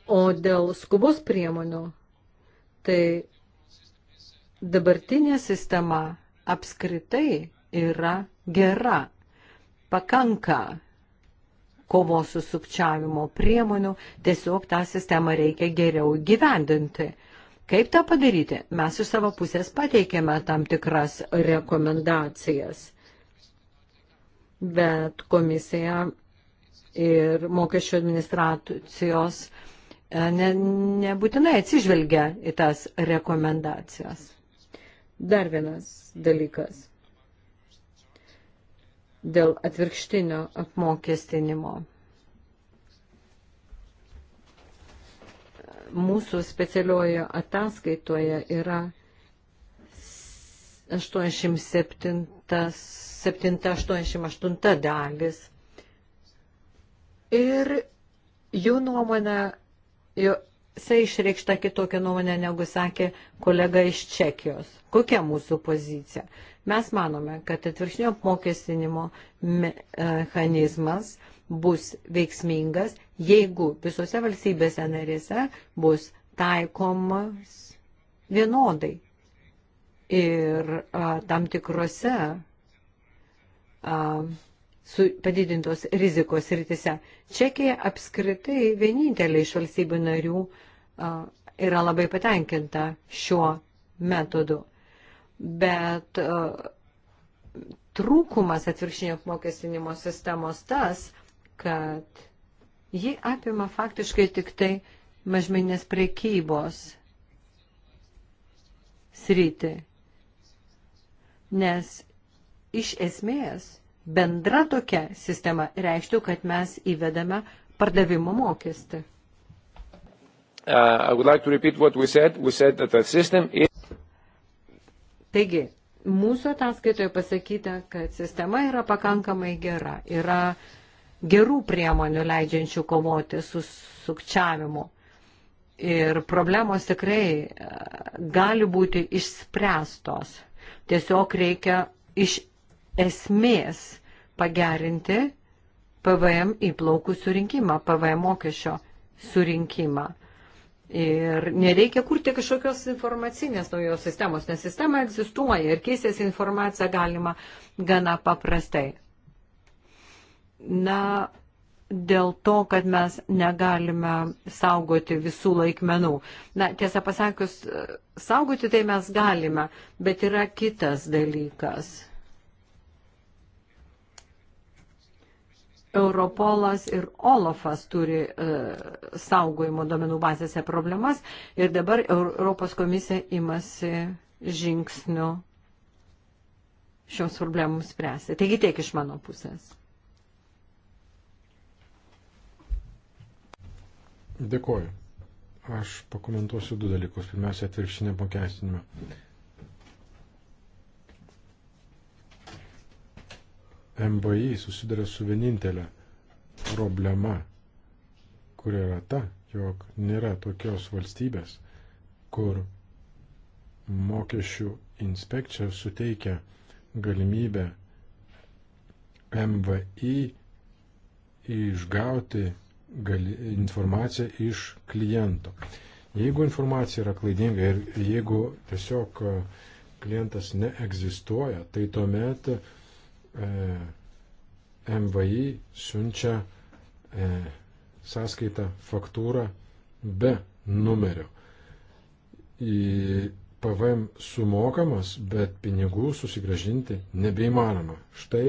O dėl skubos priemonių, tai dabartinė sistema apskritai yra gera. Pakanka kovos su sukčiavimo priemonių, tiesiog tą sistemą reikia geriau gyvendinti. Kaip tą padaryti? Mes iš savo pusės pateikėme tam tikras rekomendacijas, bet komisija ir mokesčių administracijos e, ne, nebūtinai atsižvelgia į tas rekomendacijas. Dar vienas dalykas dėl atvirkštinio apmokestinimo. mūsų specialioje ataskaitoje yra 87-88 dalis. Ir jų nuomonė, jisai išreikšta kitokią nuomonę, negu sakė kolega iš Čekijos. Kokia mūsų pozicija? Mes manome, kad atvirkšnio apmokestinimo e, mechanizmas bus veiksmingas jeigu visose valstybėse narėse bus taikomas vienodai ir a, tam tikrose a, su padidintos rizikos rytise. Čekija apskritai vienintelė iš valstybių narių a, yra labai patenkinta šiuo metodu. Bet a, trūkumas atvirkštinio apmokestinimo sistemos tas, kad Ji apima faktiškai tik tai mažmenės prekybos sritį, nes iš esmės bendra tokia sistema reikštų, kad mes įvedame pardavimo mokestį. Uh, like we said. We said is... Taigi, mūsų ataskaitoje pasakyta, kad sistema yra pakankamai gera. Yra uh, gerų priemonių leidžiančių kovoti su sukčiavimu. Ir problemos tikrai e, gali būti išspręstos. Tiesiog reikia iš esmės pagerinti PVM įplaukų surinkimą, PVM mokesčio surinkimą. Ir nereikia kurti kažkokios informacinės naujos sistemos, nes sistema egzistuoja ir keisės informaciją galima gana paprastai na, dėl to, kad mes negalime saugoti visų laikmenų. Na, tiesą pasakius, saugoti tai mes galime, bet yra kitas dalykas. Europolas ir Olafas turi e, saugojimo domenų bazėse problemas ir dabar Europos komisija imasi žingsnių šioms problemams spręsti. Taigi tiek iš mano pusės. Dėkoju. Aš pakomentuosiu du dalykus. Pirmiausia, atvirkštinė apmokestinimą. MBI susiduria su vienintelė problema, kuri yra ta, jog nėra tokios valstybės, kur mokesčių inspekcija suteikia galimybę MVI išgauti gali, informaciją iš kliento. Jeigu informacija yra klaidinga ir jeigu tiesiog e, klientas neegzistuoja, tai tuomet e, MVI siunčia e, sąskaitą faktūrą be numerio. Į PVM sumokamas, bet pinigų susigražinti nebeįmanoma. Štai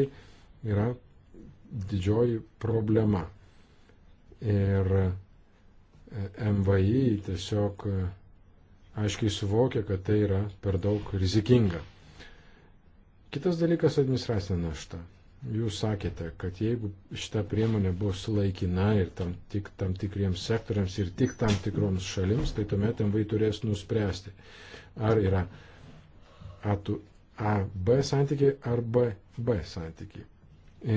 yra didžioji problema. Ir e, MVI tiesiog e, aiškiai suvokia, kad tai yra per daug rizikinga. Kitas dalykas - administracinė našta. Jūs sakėte, kad jeigu šita priemonė bus laikina ir tam, tik, tam tikriems sektoriams ir tik tam tikroms šalims, tai tuomet MVI turės nuspręsti, ar yra A, tu, A B santykiai ar B, B santykiai.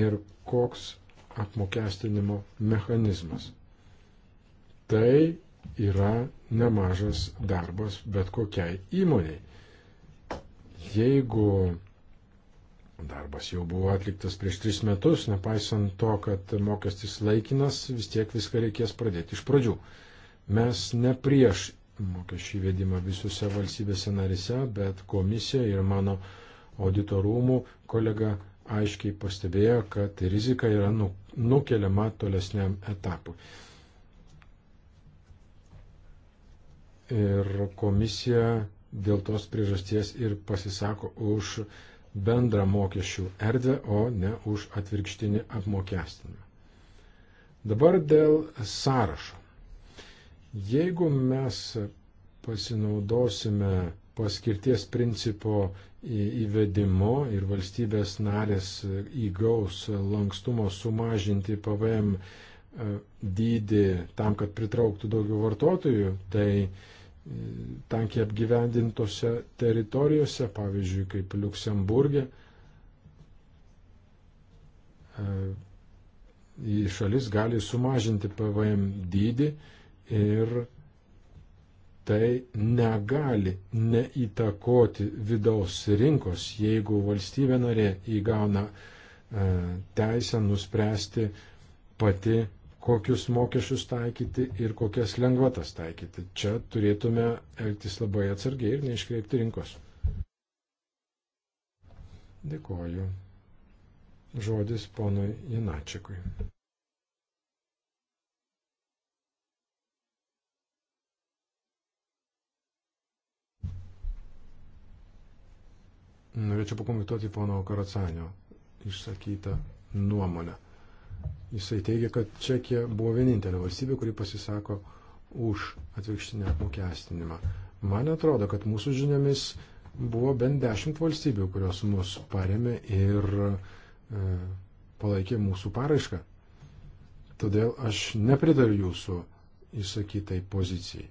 Ir koks apmokestinimo mechanizmas. Tai yra nemažas darbas bet kokiai įmoniai. Jeigu darbas jau buvo atliktas prieš tris metus, nepaisant to, kad mokestis laikinas, vis tiek viską reikės pradėti iš pradžių. Mes ne prieš mokesčių įvedimą visose valstybėse narise, bet komisija ir mano auditorumų kolega aiškiai pastebėjo, kad rizika yra nu, nukeliama tolesniam etapui. Ir komisija dėl tos priežasties ir pasisako už bendrą mokesčių erdvę, o ne už atvirkštinį apmokestinimą. Dabar dėl sąrašo. Jeigu mes pasinaudosime paskirties principo įvedimu ir valstybės narės įgaus lankstumo sumažinti PVM e, dydį tam, kad pritrauktų daugiau vartotojų, tai e, tankiai apgyvendintose teritorijose, pavyzdžiui, kaip Luksemburgė, e, į šalis gali sumažinti PVM dydį ir tai negali neįtakoti vidaus rinkos, jeigu valstybė narė įgauna e, teisę nuspręsti pati, kokius mokesčius taikyti ir kokias lengvatas taikyti. Čia turėtume elgtis labai atsargiai ir neiškreipti rinkos. Dėkoju. Žodis ponui Janačikui. Norėčiau pakomentuoti pono Karacanio išsakytą nuomonę. Jisai teigia, kad Čekija buvo vienintelė valstybė, kuri pasisako už atvirkštinę apmokestinimą. Man atrodo, kad mūsų žiniomis buvo bent dešimt valstybių, kurios mus paremė ir e, palaikė mūsų paraišką. Todėl aš nepritariu jūsų įsakytai pozicijai.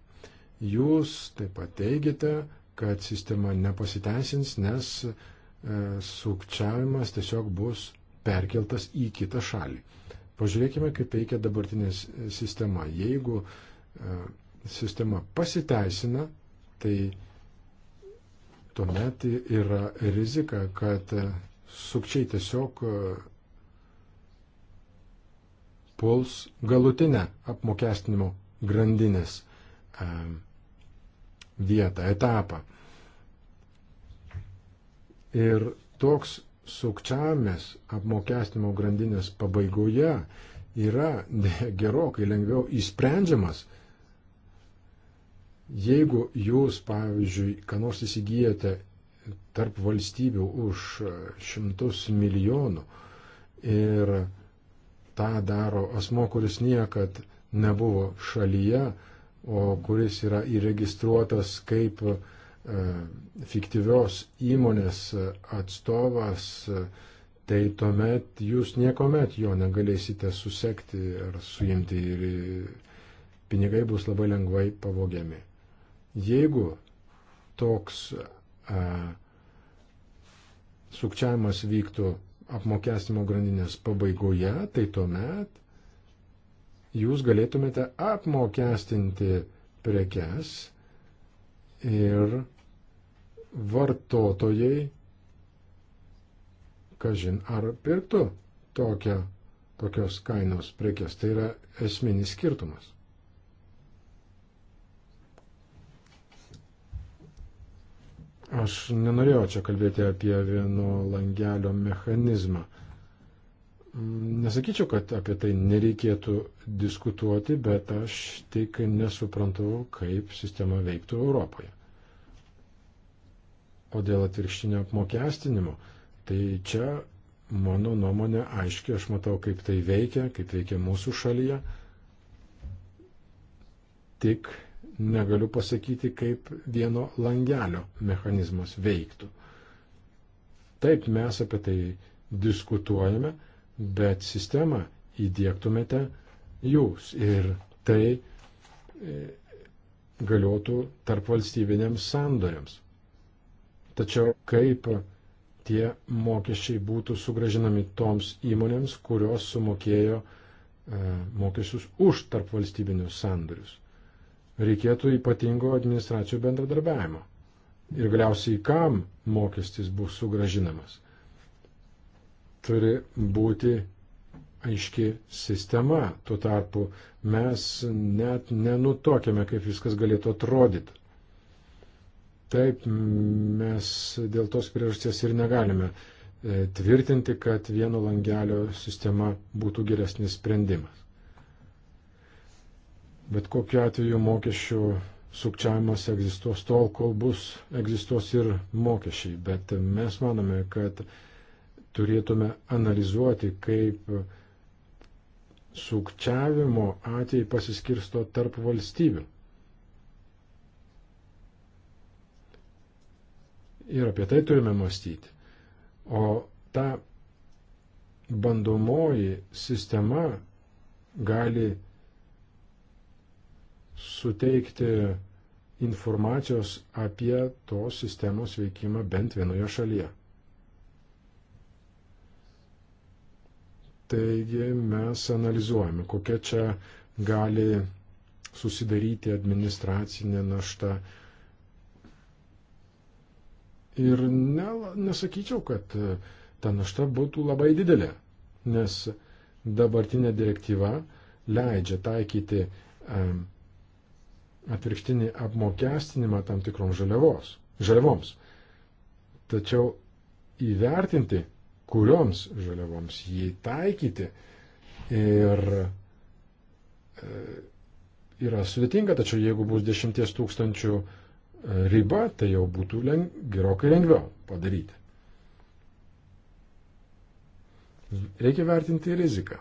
Jūs taip pat teigiate, kad sistema nepasiteisins, nes e, sukčiavimas tiesiog bus perkeltas į kitą šalį. Pažiūrėkime, kaip veikia dabartinė sistema. Jeigu e, sistema pasiteisina, tai tuomet yra rizika, kad e, sukčiai tiesiog puls galutinę apmokestinimo grandinės um, vietą, etapą. Ir toks sukčiavimas apmokestinimo grandinės pabaigoje yra gerokai lengviau įsprendžiamas, jeigu jūs, pavyzdžiui, ką nors įsigijate tarp valstybių už šimtus milijonų ir tą daro asmo, kuris niekad nebuvo šalyje, o kuris yra įregistruotas kaip e, fiktyvios įmonės e, atstovas, e, tai tuomet jūs niekuomet jo negalėsite susekti ar suimti ir pinigai bus labai lengvai pavogiami. Jeigu toks a, sukčiavimas vyktų apmokestimo grandinės pabaigoje, tai tuomet jūs galėtumėte apmokestinti prekes ir vartotojai, kažin ar pirktų tokią, tokios kainos prekes. Tai yra esminis skirtumas. Aš nenorėjau čia kalbėti apie vieno langelio mechanizmą nesakyčiau, kad apie tai nereikėtų diskutuoti, bet aš tik nesuprantu, kaip sistema veiktų Europoje. O dėl atvirkštinio apmokestinimo, tai čia mano nuomonė aiškiai, aš matau, kaip tai veikia, kaip veikia mūsų šalyje. Tik negaliu pasakyti, kaip vieno langelio mechanizmas veiktų. Taip mes apie tai diskutuojame, bet sistemą įdėktumėte jūs. Ir tai e, galiotų tarp valstybinėms sandoriams. Tačiau kaip tie mokesčiai būtų sugražinami toms įmonėms, kurios sumokėjo e, mokesčius už tarp valstybinius sandorius. Reikėtų ypatingo administracijų bendradarbiavimo. Ir galiausiai kam mokestis bus sugražinamas turi būti aiški sistema. Tuo tarpu mes net nenutokėme, kaip viskas galėtų atrodyti. Taip, mes dėl tos priežasties ir negalime e, tvirtinti, kad vieno langelio sistema būtų geresnis sprendimas. Bet kokiu atveju mokesčių sukčiavimas egzistuos tol, kol bus egzistuos ir mokesčiai. Bet mes manome, kad turėtume analizuoti, kaip sukčiavimo atvejai pasiskirsto tarp valstybių. Ir apie tai turime mąstyti. O ta bandomoji sistema gali suteikti informacijos apie tos sistemos veikimą bent vienoje šalyje. Taigi mes analizuojame, kokia čia gali susidaryti administracinė našta. Ir ne, nesakyčiau, kad e, ta našta būtų labai didelė, nes dabartinė direktyva leidžia taikyti e, atvirkštinį apmokestinimą tam tikrom žaliavos, žaliavoms. Tačiau įvertinti kurioms žaliavoms jį taikyti. Ir e, yra sudėtinga, tačiau jeigu bus 10 tūkstančių e, riba, tai jau būtų leng, gerokai lengviau padaryti. Reikia vertinti riziką.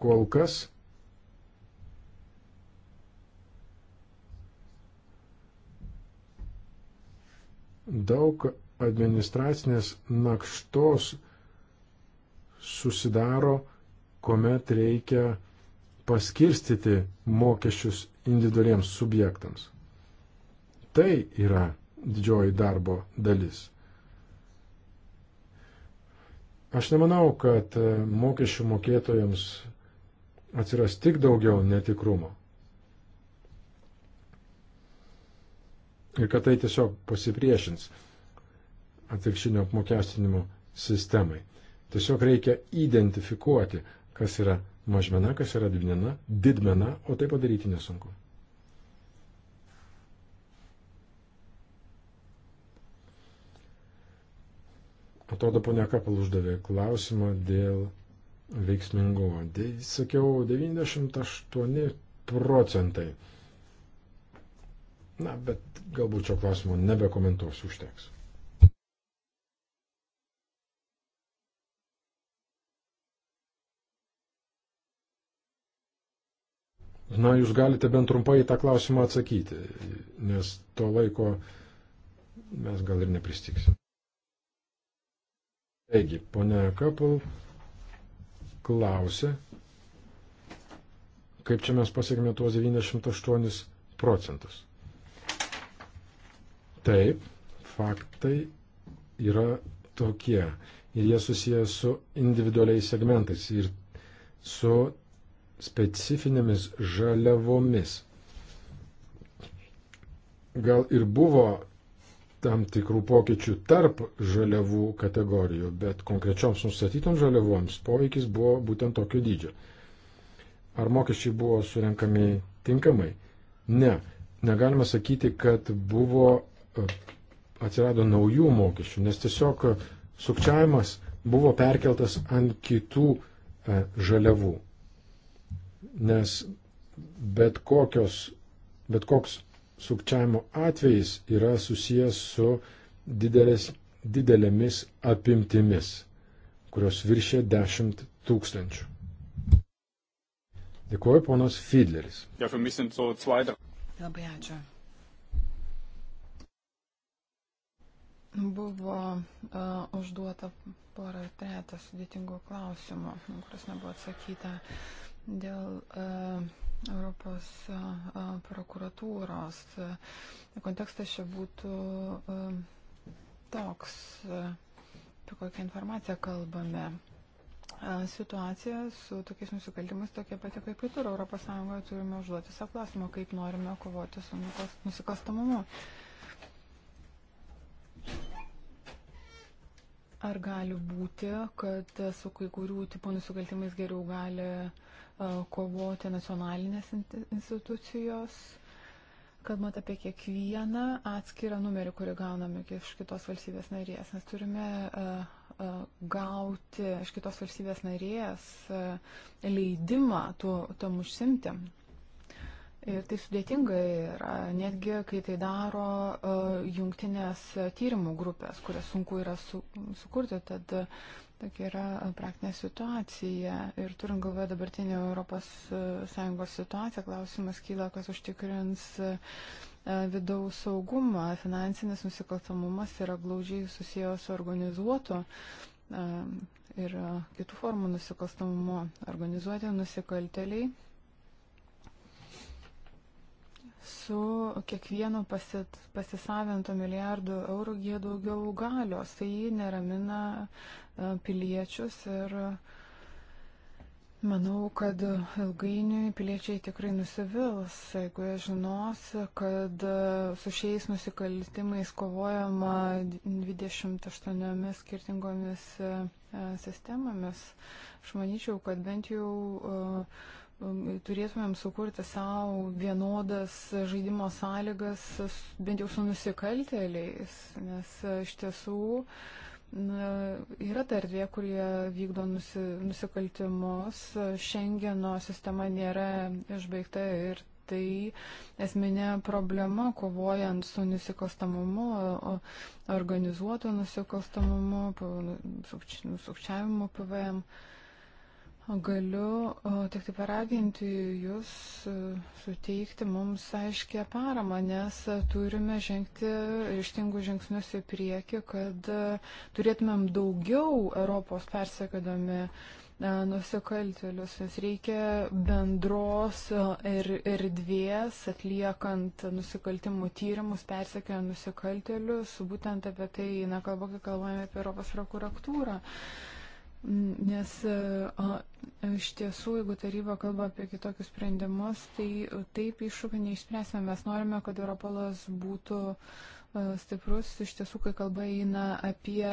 Kol kas daug administracinės nakštos susidaro, kuomet reikia paskirstyti mokesčius individualiems subjektams. Tai yra didžioji darbo dalis. Aš nemanau, kad mokesčių mokėtojams atsiras tik daugiau netikrumo. Ir kad tai tiesiog pasipriešins atvirkštinio apmokestinimo sistemai. Tiesiog reikia identifikuoti, kas yra mažmena, kas yra didmena, didmena, o tai padaryti nesunku. Atrodo, ponia Kapal uždavė klausimą dėl veiksmingumo. De, sakiau, 98 procentai. Na, bet galbūt šio klausimo nebekomentuosiu, užteks. Na, jūs galite bent trumpai tą klausimą atsakyti, nes to laiko mes gal ir nepristiksim. Taigi, ponia Kapul klausė, kaip čia mes pasiekime tuos 98 procentus. Taip, faktai yra tokie ir jie susiję su individualiais segmentais ir su specifinėmis žaliavomis. Gal ir buvo tam tikrų pokyčių tarp žaliavų kategorijų, bet konkrečioms nustatytoms žaliavoms poveikis buvo būtent tokio dydžio. Ar mokesčiai buvo surenkami tinkamai? Ne. Negalima sakyti, kad buvo e, atsirado naujų mokesčių, nes tiesiog sukčiavimas buvo perkeltas ant kitų e, žaliavų nes bet, kokios, bet koks sukčiavimo atvejis yra susijęs su didelės, didelėmis apimtimis, kurios viršė 10 tūkstančių. Dėkuoju, ponas Fidleris. Labai ačiū. Buvo uh, užduota pora tretą sudėtingų klausimų, kuris nebuvo atsakyta. Uh, dėl e, Europos e, e, prokuratūros. Kontekstas čia būtų toks, apie kokią informaciją kalbame situacija su tokiais nusikaltimais tokia pati kaip kitur Europos Sąjungoje turime užduoti savo klausimą, kaip norime kovoti su nusikalstamumu. Ar gali būti, kad su kai kurių tipų nusikaltimais geriau gali uh, kovoti nacionalinės institucijos, kalbant apie kiekvieną atskirą numerį, kurį gauname iš kitos valstybės narės. Mes turime gauti iš kitos valstybės narės leidimą tuom užsimti. Ir tai sudėtinga yra, netgi kai tai daro e, jungtinės tyrimų grupės, kurias sunku yra su, sukurti, tad e, tokia yra praktinė situacija. Ir turint galvoje dabartinį ES e, situaciją, klausimas kyla, kas užtikrins vidaus saugumą. Finansinis nusikaltamumas yra glaudžiai susijęs su organizuotu ir kitų formų nusikalstamumu. Organizuoti nusikalteliai su kiekvienu pasit, pasisavintu milijardu eurų jie daugiau galios. Tai neramina e, piliečius ir manau, kad ilgainiui piliečiai tikrai nusivils, jeigu jie žinos, kad e, su šiais nusikaltimais kovojama 28 skirtingomis e, sistemomis. Aš manyčiau, kad bent jau uh, Um, turėtumėm sukurti savo vienodas žaidimo sąlygas bent jau su nusikaltėliais, nes e, iš tiesų na, yra ta erdvė, kurie vykdo nusi, nusikaltimus, Šengeno sistema nėra išbaigta ir tai esminė problema kovojant su nusikostamumu, organizuotu nusikostamumu, nu, sukčiavimu PVM. Uh, Galiu tik tai paraginti jūs e, suteikti mums aiškę paramą, nes turime žengti ryštingus žingsnius į priekį, kad e, turėtumėm daugiau Europos persekėdami e, nusikaltėlius. Jis reikia bendros ir erdvės atliekant nusikaltimų tyrimus, persekiojant nusikaltėlius. Būtent apie tai, na, kalbu, kai kalbame apie Europos prokuratūrą. Uh, Nes iš tiesų, jeigu taryba kalba apie kitokius sprendimus, tai taip iššūkį neišspręsime. Mes norime, kad Europolas būtų stiprus. Iš tiesų, kai kalba eina apie.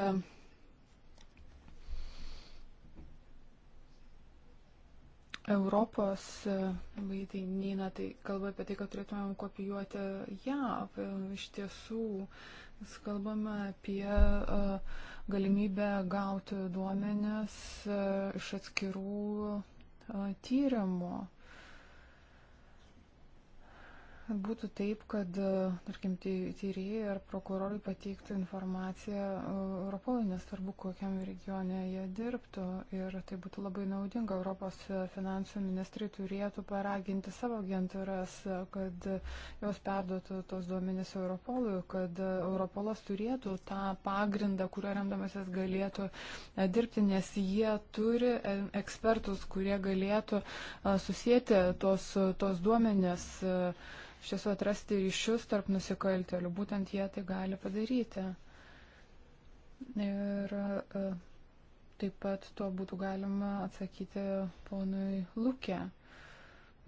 Europos, tai neina, tai kalba apie tai, kad turėtumėm kopijuoti JAV. Iš tiesų, uh, Mes kalbame apie e, galimybę gauti duomenis e, iš atskirų e, tyrimų būtų taip, kad, e, tarkim, tyrėjai ar prokurorai pateiktų informaciją e, Europolui, nesvarbu, kokiam regione jie dirbtų. Ir tai būtų labai naudinga. Europos e, finansų ministrai turėtų paraginti savo agentūras, kad jos perduotų tos duomenys Europolui, kad Europolas turėtų tą pagrindą, kurio remdamasis galėtų dirbti, nes jie turi ekspertus, kurie galėtų susijęti tos, tos duomenys. Uh, iš tiesų atrasti ryšius tarp nusikaltelių. Būtent jie tai gali padaryti. Ir e, taip pat tuo būtų galima atsakyti ponui Lukė.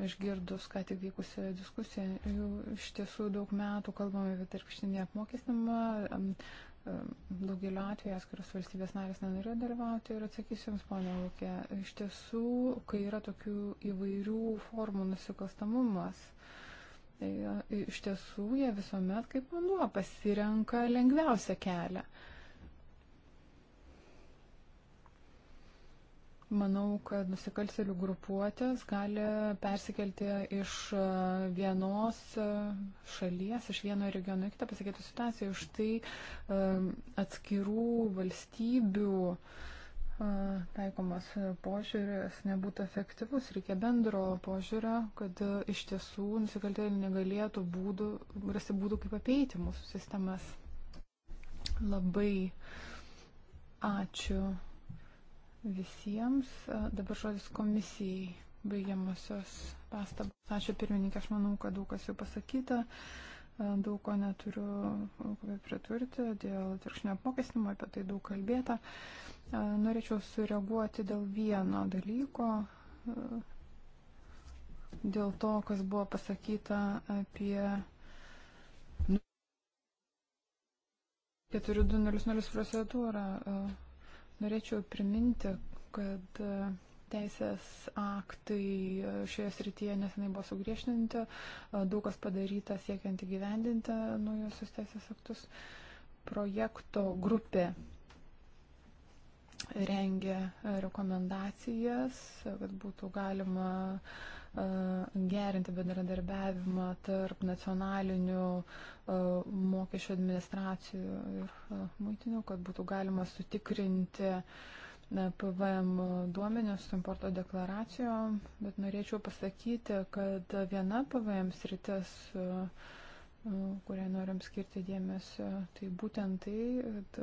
Išgirdus, ką tik vykusią diskusiją, jau iš tiesų daug metų kalbame apie tarpštinį apmokestinimą, daugelio atveju atskiros valstybės narės nenorėjo dalyvauti ir atsakysiu Jums, ponia Lukė, iš tiesų, kai yra tokių įvairių formų nusikalstamumas, uh, Iš tiesų, jie visuomet kaip vanduo pasirenka lengviausią kelią. Manau, kad nusikalselių grupuotės gali persikelti iš e, vienos e, šalies, iš vieno regiono į kitą pasikeitų situaciją. Už tai e, atskirų valstybių uh, taikomas požiūris nebūtų efektyvus. Reikia bendro požiūrio, kad iš tiesų nusikaltėliai negalėtų būdų, rasti būdų, kaip apeiti mūsų sistemas. Labai ačiū visiems. Dabar žodis komisijai baigiamosios pastabos. Ačiū pirmininkė, aš manau, kad daug kas jau pasakyta daug ko neturiu pritvirti dėl tirkšnio apmokestinimo, apie tai daug kalbėta. Norėčiau sureaguoti dėl vieno dalyko, dėl to, kas buvo pasakyta apie 4200 procedūrą. Norėčiau priminti, kad teisės aktai šioje srityje nesenai buvo sugriešninti, daug kas padaryta siekiant įgyvendinti naujosius teisės aktus. Projekto grupė rengia rekomendacijas, kad būtų galima e, gerinti bendradarbiavimą tarp nacionalinių e, mokesčių administracijų ir e, muitinių, kad būtų galima sutikrinti PVM duomenis su importo deklaracijom, bet norėčiau pasakyti, kad viena PVM sritis, kuriai norim skirti dėmesio, tai būtent tai, kad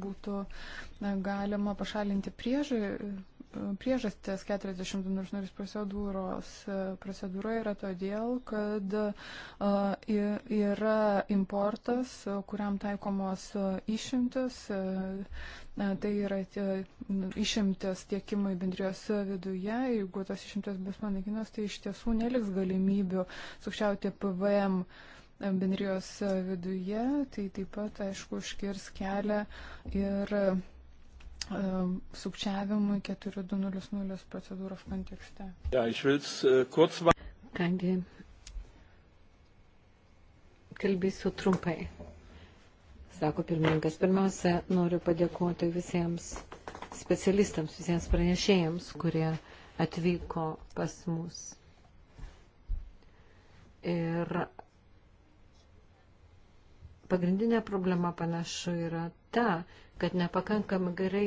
būtų galima pašalinti priežą, priežastis 40.00 procedūros procedūra yra todėl, kad yra importas, kuriam taikomos išimtis, tai yra išimtis tiekimai bendrijos viduje, jeigu tas išimtis bus panaikinas, tai iš tiesų neliks galimybių sukčiauti PVM bendrijos viduje, tai taip pat, aišku, užkirs kelią ir e, sukčiavimui 4200 procedūros kontekste. Ja, äh, Kągi, kalbėsiu trumpai, sako pirmininkas. Pirmiausia, noriu padėkoti visiems specialistams, visiems pranešėjams, kurie atvyko pas mus. Ir Pagrindinė problema panašu yra ta, kad nepakankamai gerai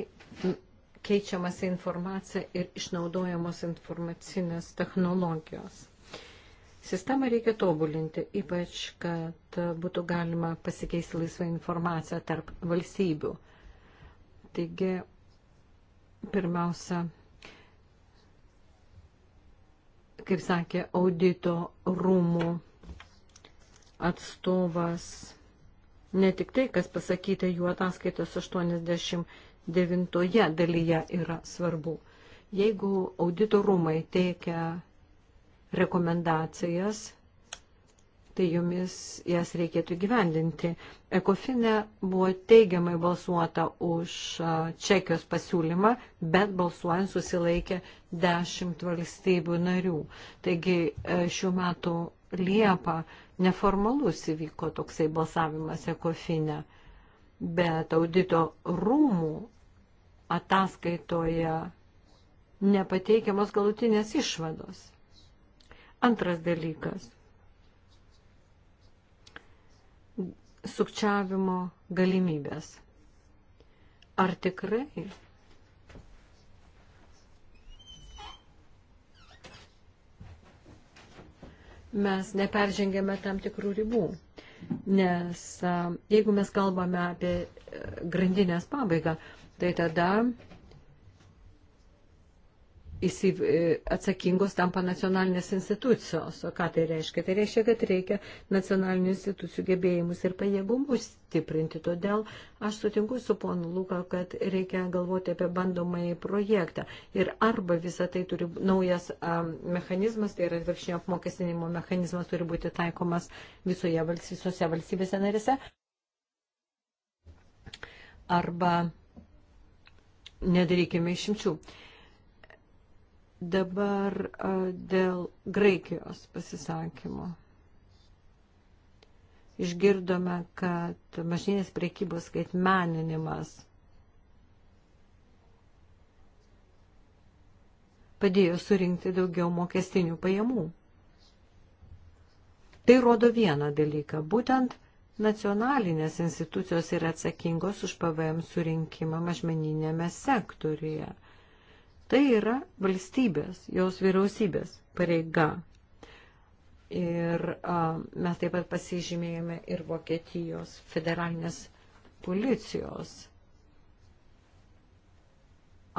keičiamasi informacija ir išnaudojamos informacinės technologijos. Sistemą reikia tobulinti, ypač, kad būtų galima pasikeisti laisvą informaciją tarp valstybių. Taigi, pirmiausia, kaip sakė audito rūmų atstovas, ne tik tai, kas pasakyta jų ataskaitos 89 dalyje yra svarbu. Jeigu auditorumai teikia rekomendacijas, tai jomis jas reikėtų gyvendinti. Ekofine buvo teigiamai balsuota už Čekijos pasiūlymą, bet balsuojant susilaikė dešimt valstybių narių. Taigi e, šių metų Liepa neformalus įvyko toksai balsavimas ekofine, bet audito rūmų ataskaitoje nepateikiamos galutinės išvados. Antras dalykas. Sukčiavimo galimybės. Ar tikrai mes neperžengėme tam tikrų ribų. Nes jeigu mes kalbame apie e, grandinės pabaigą, tai tada įsiv... atsakingos tampa nacionalinės institucijos. O ką tai reiškia? Tai reiškia, kad reikia nacionalinių institucijų gebėjimus ir pajėgumus stiprinti. Todėl aš sutinku su ponu Luka, kad reikia galvoti apie bandomąjį projektą. Ir arba visą tai turi naujas um, mechanizmas, tai yra viršinio apmokestinimo mechanizmas turi būti taikomas visoje valstybėse, visose valstybėse narėse. Arba nedarykime išimčių. Uh, Dabar dėl Graikijos pasisakymo. Išgirdome, kad mažinės priekybos skaitmeninimas padėjo surinkti daugiau mokestinių pajamų. Tai rodo vieną dalyką. Būtent nacionalinės institucijos yra atsakingos už PVM surinkimą mažmeninėme sektoriuje – Tai yra valstybės, jos vyriausybės pareiga. Ir a, mes taip pat pasižymėjome ir Vokietijos federalinės policijos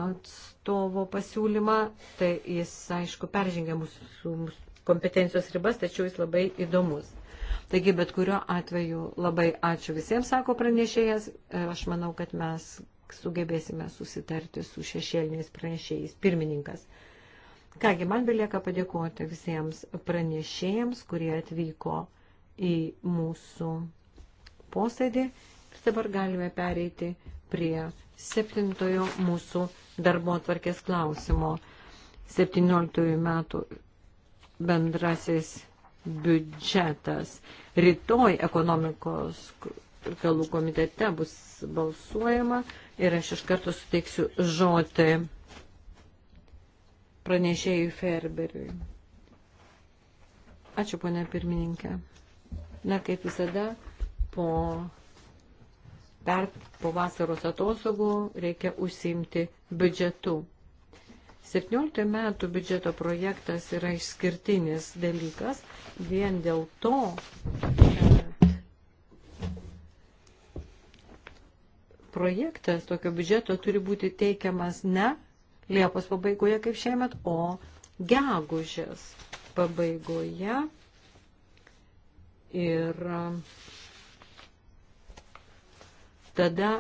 atstovo pasiūlymą, tai jis, aišku, peržengia mūsų kompetencijos ribas, tačiau jis labai įdomus. Taigi, bet kurio atveju labai ačiū visiems, sako pranešėjas. E, aš manau, kad mes sugebėsime susitarti su šešėliniais pranešėjais. Pirmininkas. Kągi, man belieka padėkoti visiems pranešėjams, kurie atvyko į mūsų posėdį. Ir dabar galime pereiti prie septintojo mūsų darbo atvarkės klausimo. 17 metų bendrasis biudžetas. Rytoj ekonomikos kalų komitete bus balsuojama. Ir aš iš karto suteiksiu žodį pranešėjui Ferberiui. Ačiū, ponė pirmininkė. Na, kaip visada, po, per, po vasaros atostogų reikia užsimti biudžetu. 17 metų biudžeto projektas yra išskirtinis dalykas vien dėl to, projektas tokio biudžeto turi būti teikiamas ne Liepos pabaigoje kaip šiemet, o gegužės pabaigoje. Ir um, tada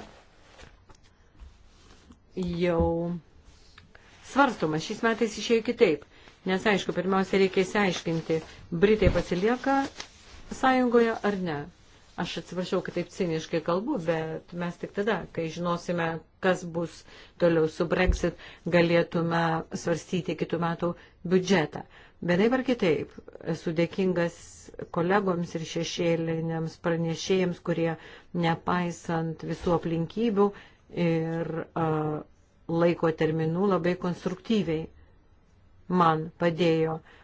jau svarstomas. Šiais metais išėjo kitaip. Nes, aišku, pirmiausia, reikia įsiaiškinti, Britai pasilieka sąjungoje ar ne. Aš atsiprašau, kad taip ciniškai kalbu, bet mes tik tada, kai žinosime, kas bus toliau su Brexit, galėtume svarstyti kitų metų biudžetą. Vienaip ar kitaip, esu dėkingas kolegoms ir šešėliniams pranešėjams, kurie nepaisant visų aplinkybių ir uh, laiko terminų labai konstruktyviai man padėjo uh,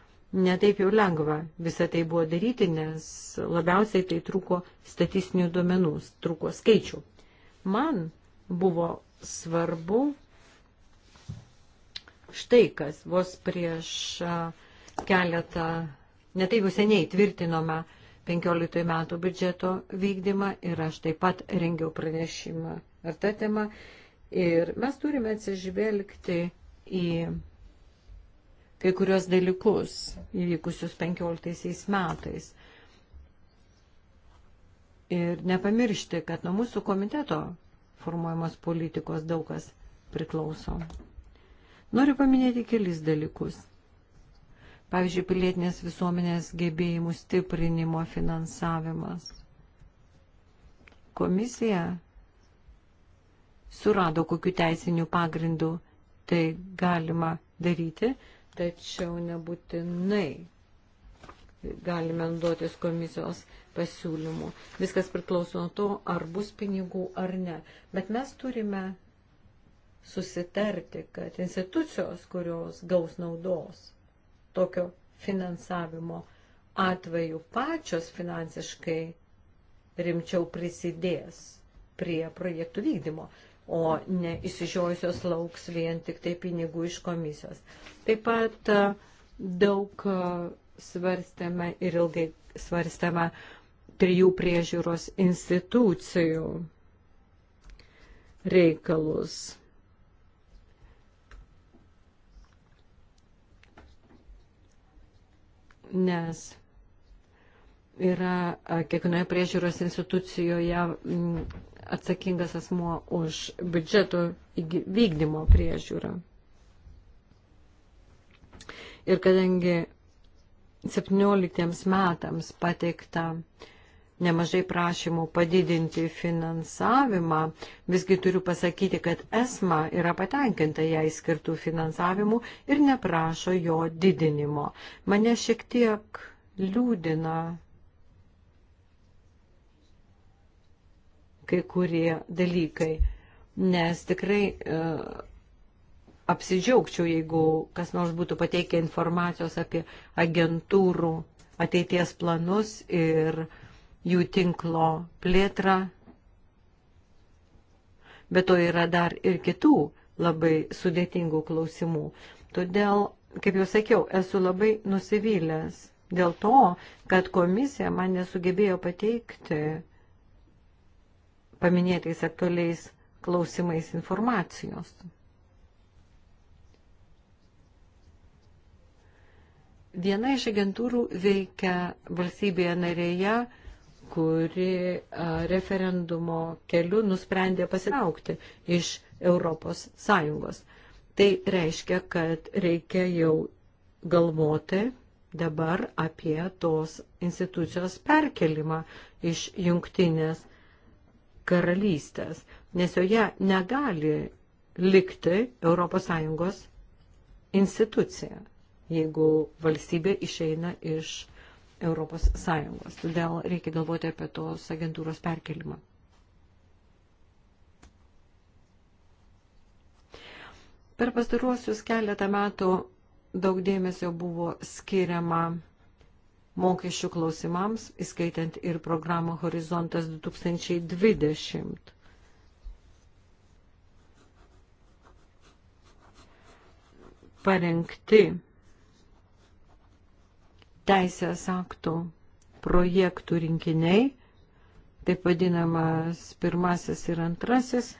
netaip jau lengva visą tai buvo daryti, nes labiausiai tai trūko statistinių duomenų, trūko skaičių. Man buvo svarbu štai kas, vos prieš keletą, netaip jau seniai tvirtinome 15 metų biudžeto vykdymą ir aš taip pat rengiau pranešimą ar tą temą. Ir mes turime atsižvelgti į kai kurios dalykus įvykusius 15 metais. Ir nepamiršti, kad nuo mūsų komiteto formuojamos politikos daug kas priklauso. Noriu paminėti kelis dalykus. Pavyzdžiui, pilietinės visuomenės gebėjimų stiprinimo finansavimas. Komisija surado, kokiu teisiniu pagrindu tai galima daryti, tačiau nebūtinai galime duotis komisijos pasiūlymų. Viskas priklauso nuo to, ar bus pinigų ar ne. Bet mes turime susitarti, kad institucijos, kurios gaus naudos tokio finansavimo atveju, pačios finansiškai rimčiau prisidės prie projektų vykdymo o ne įsižiojusios lauks vien tik tai pinigų iš komisijos. Taip pat e, daug e, svarstėme ir ilgai svarstėme trijų priežiūros institucijų reikalus. Nes yra e, kiekvienoje priežiūros institucijoje atsakingas asmuo už biudžeto vykdymo priežiūrą. Ir kadangi 17 metams pateikta nemažai prašymų padidinti finansavimą, visgi turiu pasakyti, kad ESMA yra patenkinta jai skirtų finansavimų ir neprašo jo didinimo. Mane šiek tiek liūdina kai kurie dalykai, nes tikrai e, apsidžiaugčiau, jeigu kas nors būtų pateikę informacijos apie agentūrų ateities planus ir jų tinklo plėtrą. Bet to yra dar ir kitų labai sudėtingų klausimų. Todėl, kaip jau sakiau, esu labai nusivylęs dėl to, kad komisija man nesugebėjo pateikti paminėtais aktualiais klausimais informacijos. Viena iš agentūrų veikia valstybėje narėje, kuri referendumo keliu nusprendė pasitraukti iš Europos Sąjungos. Tai reiškia, kad reikia jau galvoti dabar apie tos institucijos perkelimą iš jungtinės karalystės, nes joje negali likti ES institucija, jeigu valstybė išeina iš ES. Todėl reikia galvoti apie tos agentūros perkelimą. Per pastaruosius keletą metų daug dėmesio buvo skiriama mokesčių klausimams, įskaitant ir programą Horizontas 2020. Parengti teisės aktų projektų rinkiniai, taip vadinamas pirmasis ir antrasis,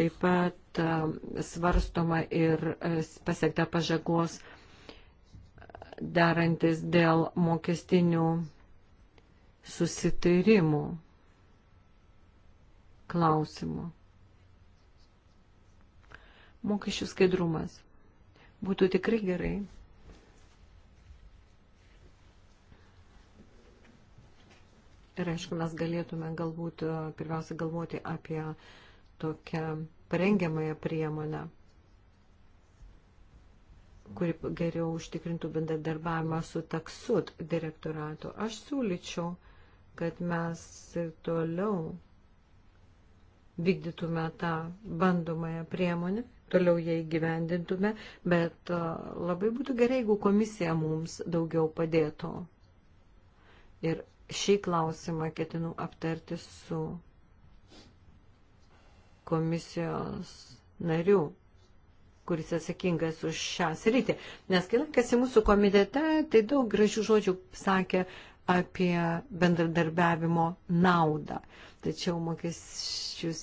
taip pat svarstoma ir pasiekta pažagos darantis dėl mokestinių susitarimų klausimų. Mokesčių skaidrumas. Būtų tikrai gerai. Ir aišku, mes galėtume galbūt pirmiausia galvoti apie tokią parengiamąją priemonę kuri geriau užtikrintų bendradarbiavimą su taksut direktoratu. Aš siūlyčiau, kad mes ir toliau vykdytume tą bandomąją priemonę, toliau ją įgyvendintume, bet labai būtų gerai, jeigu komisija mums daugiau padėtų. Ir šį klausimą ketinu aptarti su komisijos narių kuris atsakingas už šią sritį. Nes kai lankėsi mūsų komitete, tai daug gražių žodžių sakė apie bendradarbiavimo naudą. Tačiau mokesčius,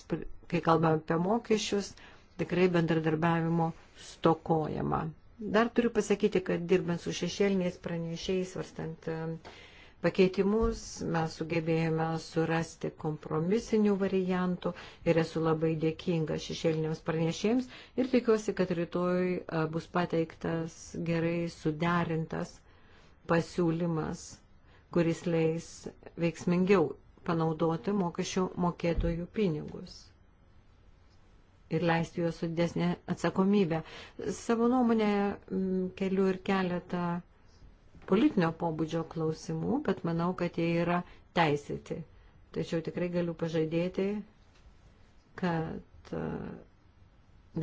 kai kalbame apie mokesčius, tikrai bendradarbiavimo stokojama. Dar turiu pasakyti, kad dirbant su šešėliniais pranešėjais, varstant uh, pakeitimus, mes sugebėjome surasti kompromisinių variantų ir esu labai dėkinga šešėliniams pranešėjams ir tikiuosi, kad rytoj bus pateiktas gerai suderintas pasiūlymas, kuris leis veiksmingiau panaudoti mokesčių mokėtojų pinigus ir leisti juos su didesnė atsakomybė. Savo nuomonę keliu ir keletą politinio pobūdžio klausimų, bet manau, kad jie yra teisėti. Tačiau tikrai galiu pažadėti, kad e,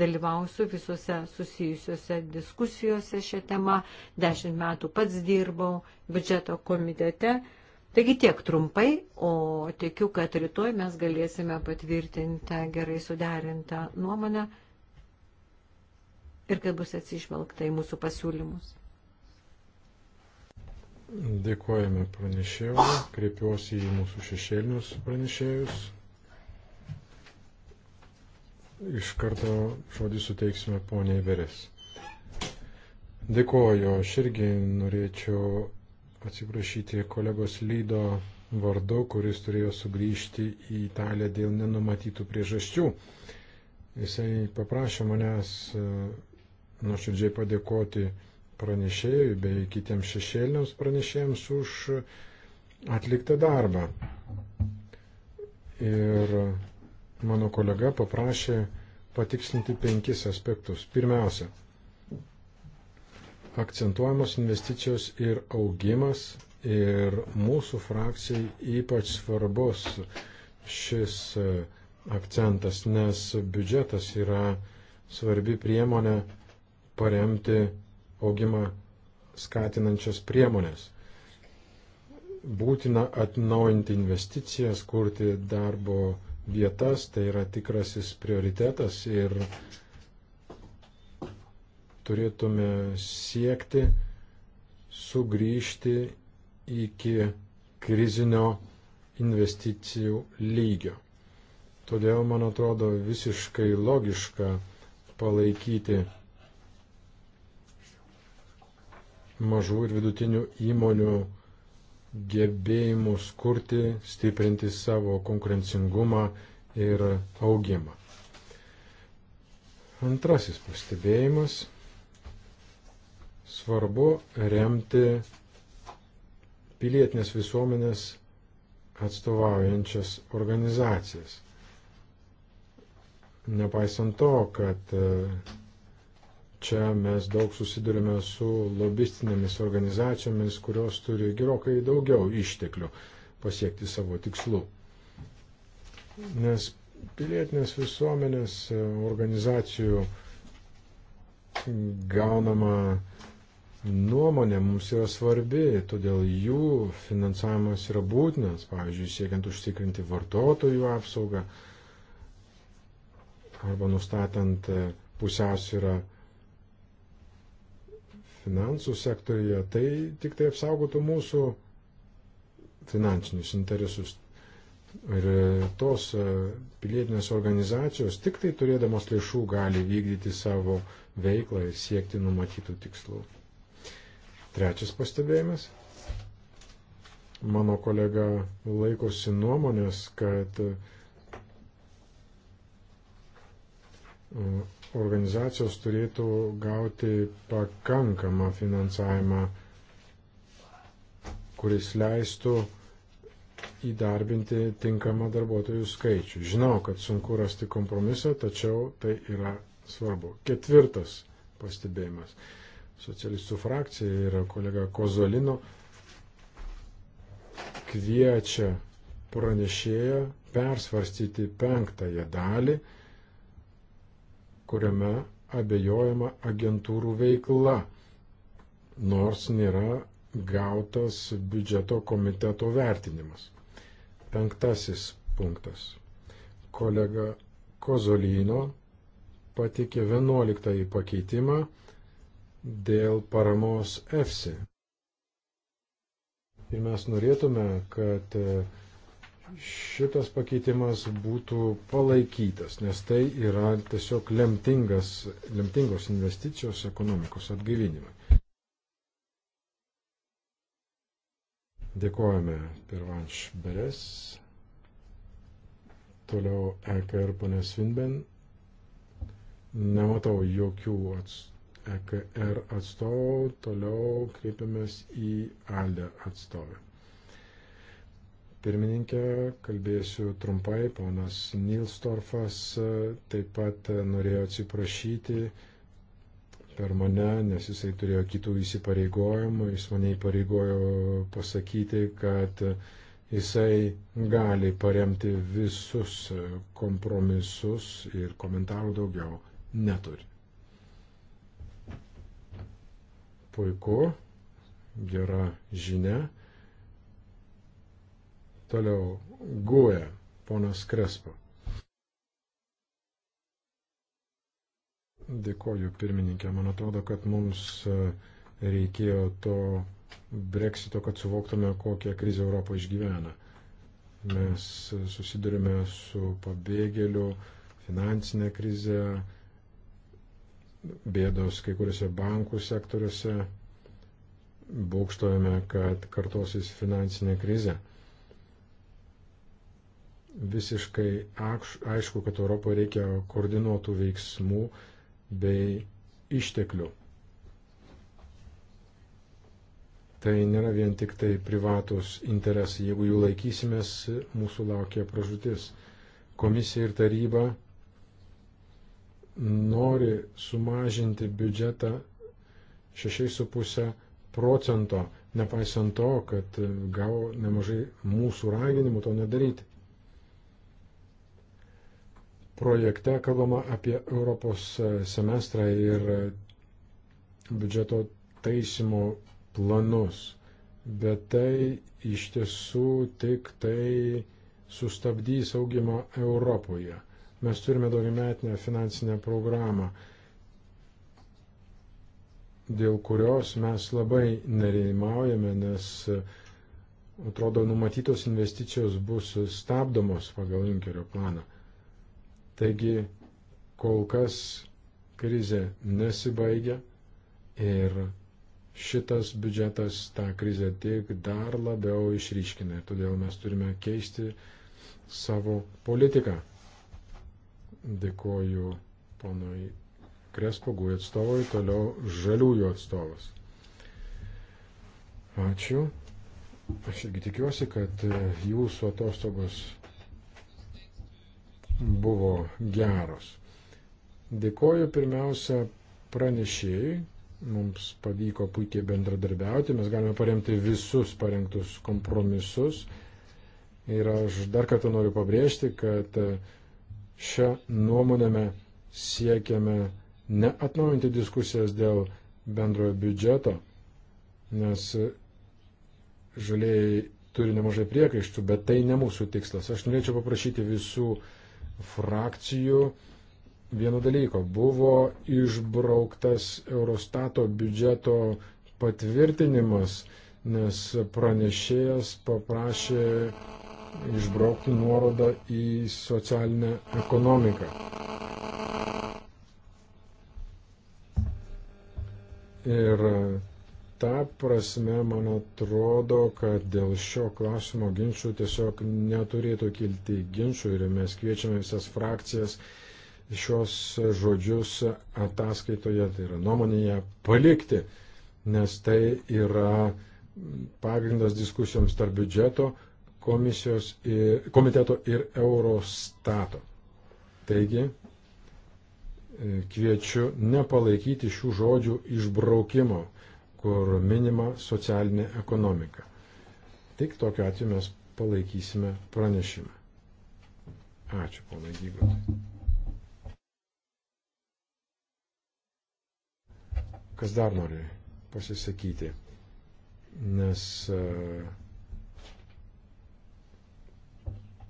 dalyvausiu visose susijusiuose diskusijose šią temą. Dešimt metų pats dirbau biudžeto komitete. Taigi tiek trumpai, o tikiu, kad rytoj mes galėsime patvirtinti gerai suderintą nuomonę ir kad bus atsižvelgta į mūsų pasiūlymus. Dėkojame pranešėjui, kreipiuosi į mūsų šešėlinius pranešėjus. Iš karto žodį suteiksime poniai Veres. Dėkoju, aš irgi norėčiau atsiprašyti kolegos Lydo vardu, kuris turėjo sugrįžti į Italiją dėl nenumatytų priežasčių. Jisai paprašė manęs e, nuoširdžiai padėkoti pranešėjui bei kitiems šešėliniams pranešėjams už atliktą darbą. Ir mano kolega paprašė patikslinti penkis aspektus. Pirmiausia, akcentuojamos investicijos ir augimas ir mūsų frakcijai ypač svarbus šis akcentas, nes biudžetas yra svarbi priemonė paremti augimą skatinančias priemonės. Būtina atnaujinti investicijas, kurti darbo vietas, tai yra tikrasis prioritetas ir turėtume siekti sugrįžti iki krizinio investicijų lygio. Todėl, man atrodo, visiškai logiška palaikyti mažų ir vidutinių įmonių gebėjimus kurti, stiprinti savo konkurencingumą ir augimą. Antrasis pastebėjimas. Svarbu remti pilietinės visuomenės atstovaujančias organizacijas. Nepaisant to, kad Čia mes daug susidurime su lobistinėmis organizacijomis, kurios turi gerokai daugiau išteklių pasiekti savo tikslų. Nes pilietinės visuomenės e, organizacijų gaunama nuomonė mums yra svarbi, todėl jų finansavimas yra būtinas, pavyzdžiui, siekiant užtikrinti vartotojų apsaugą arba nustatant e, pusiausvyrą finansų sektorija, tai tik tai apsaugotų mūsų finansinius interesus. Ir tos e, pilietinės organizacijos tik tai turėdamos lėšų gali vykdyti savo veiklą ir siekti numatytų tikslų. Trečias pastebėjimas. Mano kolega laikosi nuomonės, kad organizacijos turėtų gauti pakankamą finansavimą, kuris leistų įdarbinti tinkamą darbuotojų skaičių. Žinau, kad sunku rasti kompromisą, tačiau tai yra svarbu. Ketvirtas pastebėjimas. Socialistų frakcija ir kolega Kozolino kviečia pranešėją persvarstyti penktąją dalį kuriame abejojama agentūrų veikla, nors nėra gautas biudžeto komiteto vertinimas. Penktasis punktas. Kolega Kozolino patikė vienuoliktąjį pakeitimą dėl paramos EFSI. Ir mes norėtume, kad šitas pakeitimas būtų palaikytas, nes tai yra tiesiog lemtingas, lemtingos investicijos ekonomikos atgyvinimai. Dėkojame Pirvanš Beres, toliau EKR ponė Svinben. Nematau jokių atstovų. EKR atstovų, toliau kreipiamės į ALDE atstovę pirmininkė, kalbėsiu trumpai, ponas Nilstorfas e, taip pat e, norėjo atsiprašyti per mane, nes jisai turėjo kitų įsipareigojimų, jis mane įpareigojo pasakyti, kad e, jisai gali paremti visus kompromisus ir komentarų daugiau neturi. Puiku, gera žinia Toliau guoja ponas Krespo. Dėkoju pirmininkė, man atrodo, kad mums e, reikėjo to breksito, kad suvoktume, kokią krizę Europą išgyvena. Mes e, susidurime su pabėgėliu, finansinė krize, bėdos kai kuriuose bankų sektoriuose, būkštojame, kad kartosis finansinė krize visiškai aišku, kad Europoje reikia koordinuotų veiksmų bei išteklių. Tai nėra vien tik tai privatus interesai. Jeigu jų laikysimės, mūsų laukia pražutis. Komisija ir taryba nori sumažinti biudžetą 6,5 procento, nepaisant to, kad gavo nemažai mūsų raginimų to nedaryti projekte kalbama apie Europos semestrą ir biudžeto taisymo planus, bet tai iš tiesų tik tai sustabdys augimą Europoje. Mes turime daugiametinę finansinę programą, dėl kurios mes labai nereimaujame, nes atrodo numatytos investicijos bus stabdomos pagal Junkerio planą. Taigi kol kas krizė nesibaigia ir šitas biudžetas tą krizę tik dar labiau išryškina. Ir todėl mes turime keisti savo politiką. Dėkoju ponui Krespogui atstovui, toliau žaliųjų atstovas. Ačiū. Aš irgi tikiuosi, kad jūsų atostogos buvo geros. Dėkoju pirmiausia pranešėjai, mums pavyko puikiai bendradarbiauti, mes galime paremti visus parengtus kompromisus. Ir aš dar kartą noriu pabrėžti, kad šią nuomonę mes siekiame neatnaujinti diskusijas dėl bendrojo biudžeto, nes žalieji turi nemažai priekaištų, bet tai ne mūsų tikslas. Aš norėčiau paprašyti visų frakcijų vieno dalyko. Buvo išbrauktas Eurostato biudžeto patvirtinimas, nes pranešėjas paprašė išbraukti nuorodą į socialinę ekonomiką. Ir Ta prasme, man atrodo, kad dėl šio klausimo ginčių tiesiog neturėtų kilti ginčių ir mes kviečiame visas frakcijas šios žodžius ataskaitoje, tai yra nuomonėje, palikti, nes tai yra pagrindas diskusijoms tarp biudžeto komisijos, ir, komiteto ir Eurostato. Taigi, e, kviečiu nepalaikyti šių žodžių išbraukimo kur minima socialinė ekonomika. Tik tokiu atveju mes palaikysime pranešimą. Ačiū, ponai Gygotai. Kas dar nori pasisakyti? Nes e,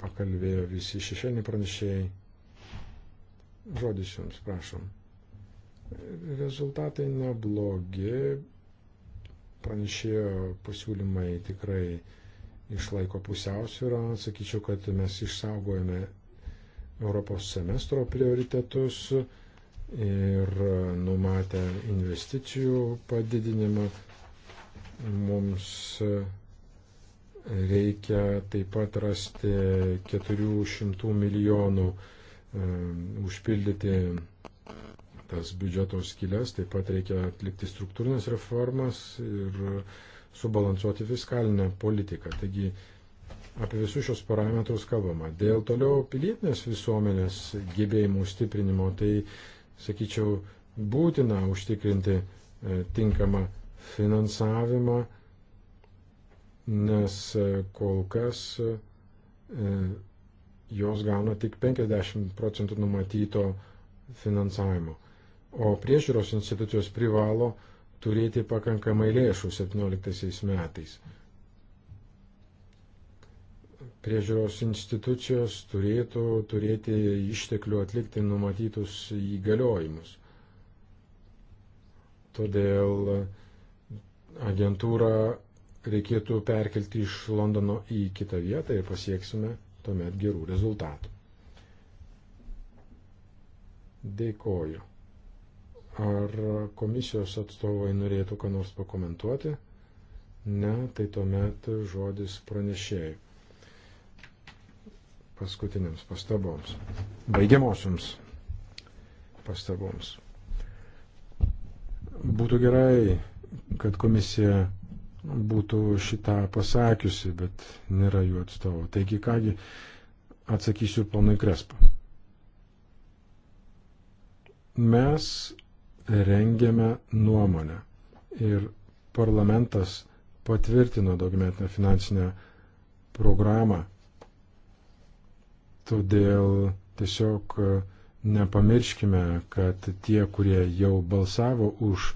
pakalbėjo visi šešėliniai pranešėjai. Žodis jums, prašom rezultatai neblogi, pranešėjo pasiūlymai tikrai išlaiko pusiausvyrą. Sakyčiau, kad mes išsaugojame Europos semestro prioritetus ir numatę investicijų padidinimą mums reikia taip pat rasti 400 milijonų um, užpildyti tas biudžeto skilės, taip pat reikia atlikti struktūrinės reformas ir subalansuoti fiskalinę politiką. Taigi apie visus šios parametrus kalbama. Dėl toliau pilietinės visuomenės gebėjimų stiprinimo, tai, sakyčiau, būtina užtikrinti e, tinkamą finansavimą, nes e, kol kas e, jos gauna tik 50 procentų numatyto finansavimo o priežiūros institucijos privalo turėti pakankamai lėšų 17 metais. Priežiūros institucijos turėtų turėti išteklių atlikti numatytus įgaliojimus. Todėl agentūrą reikėtų perkelti iš Londono į kitą vietą ir pasieksime tuomet gerų rezultatų. Dėkoju. Ar komisijos atstovai norėtų ką nors pakomentuoti? Ne, tai tuomet žodis pranešėjai. Paskutiniams pastaboms. Baigiamosioms pastaboms. Būtų gerai, kad komisija būtų šitą pasakiusi, bet nėra jų atstovų. Taigi, kągi, atsakysiu ponui Krespą. Mes rengiame nuomonę. Ir parlamentas patvirtino dokumentinę finansinę programą. Todėl tiesiog e, nepamirškime, kad tie, kurie jau balsavo už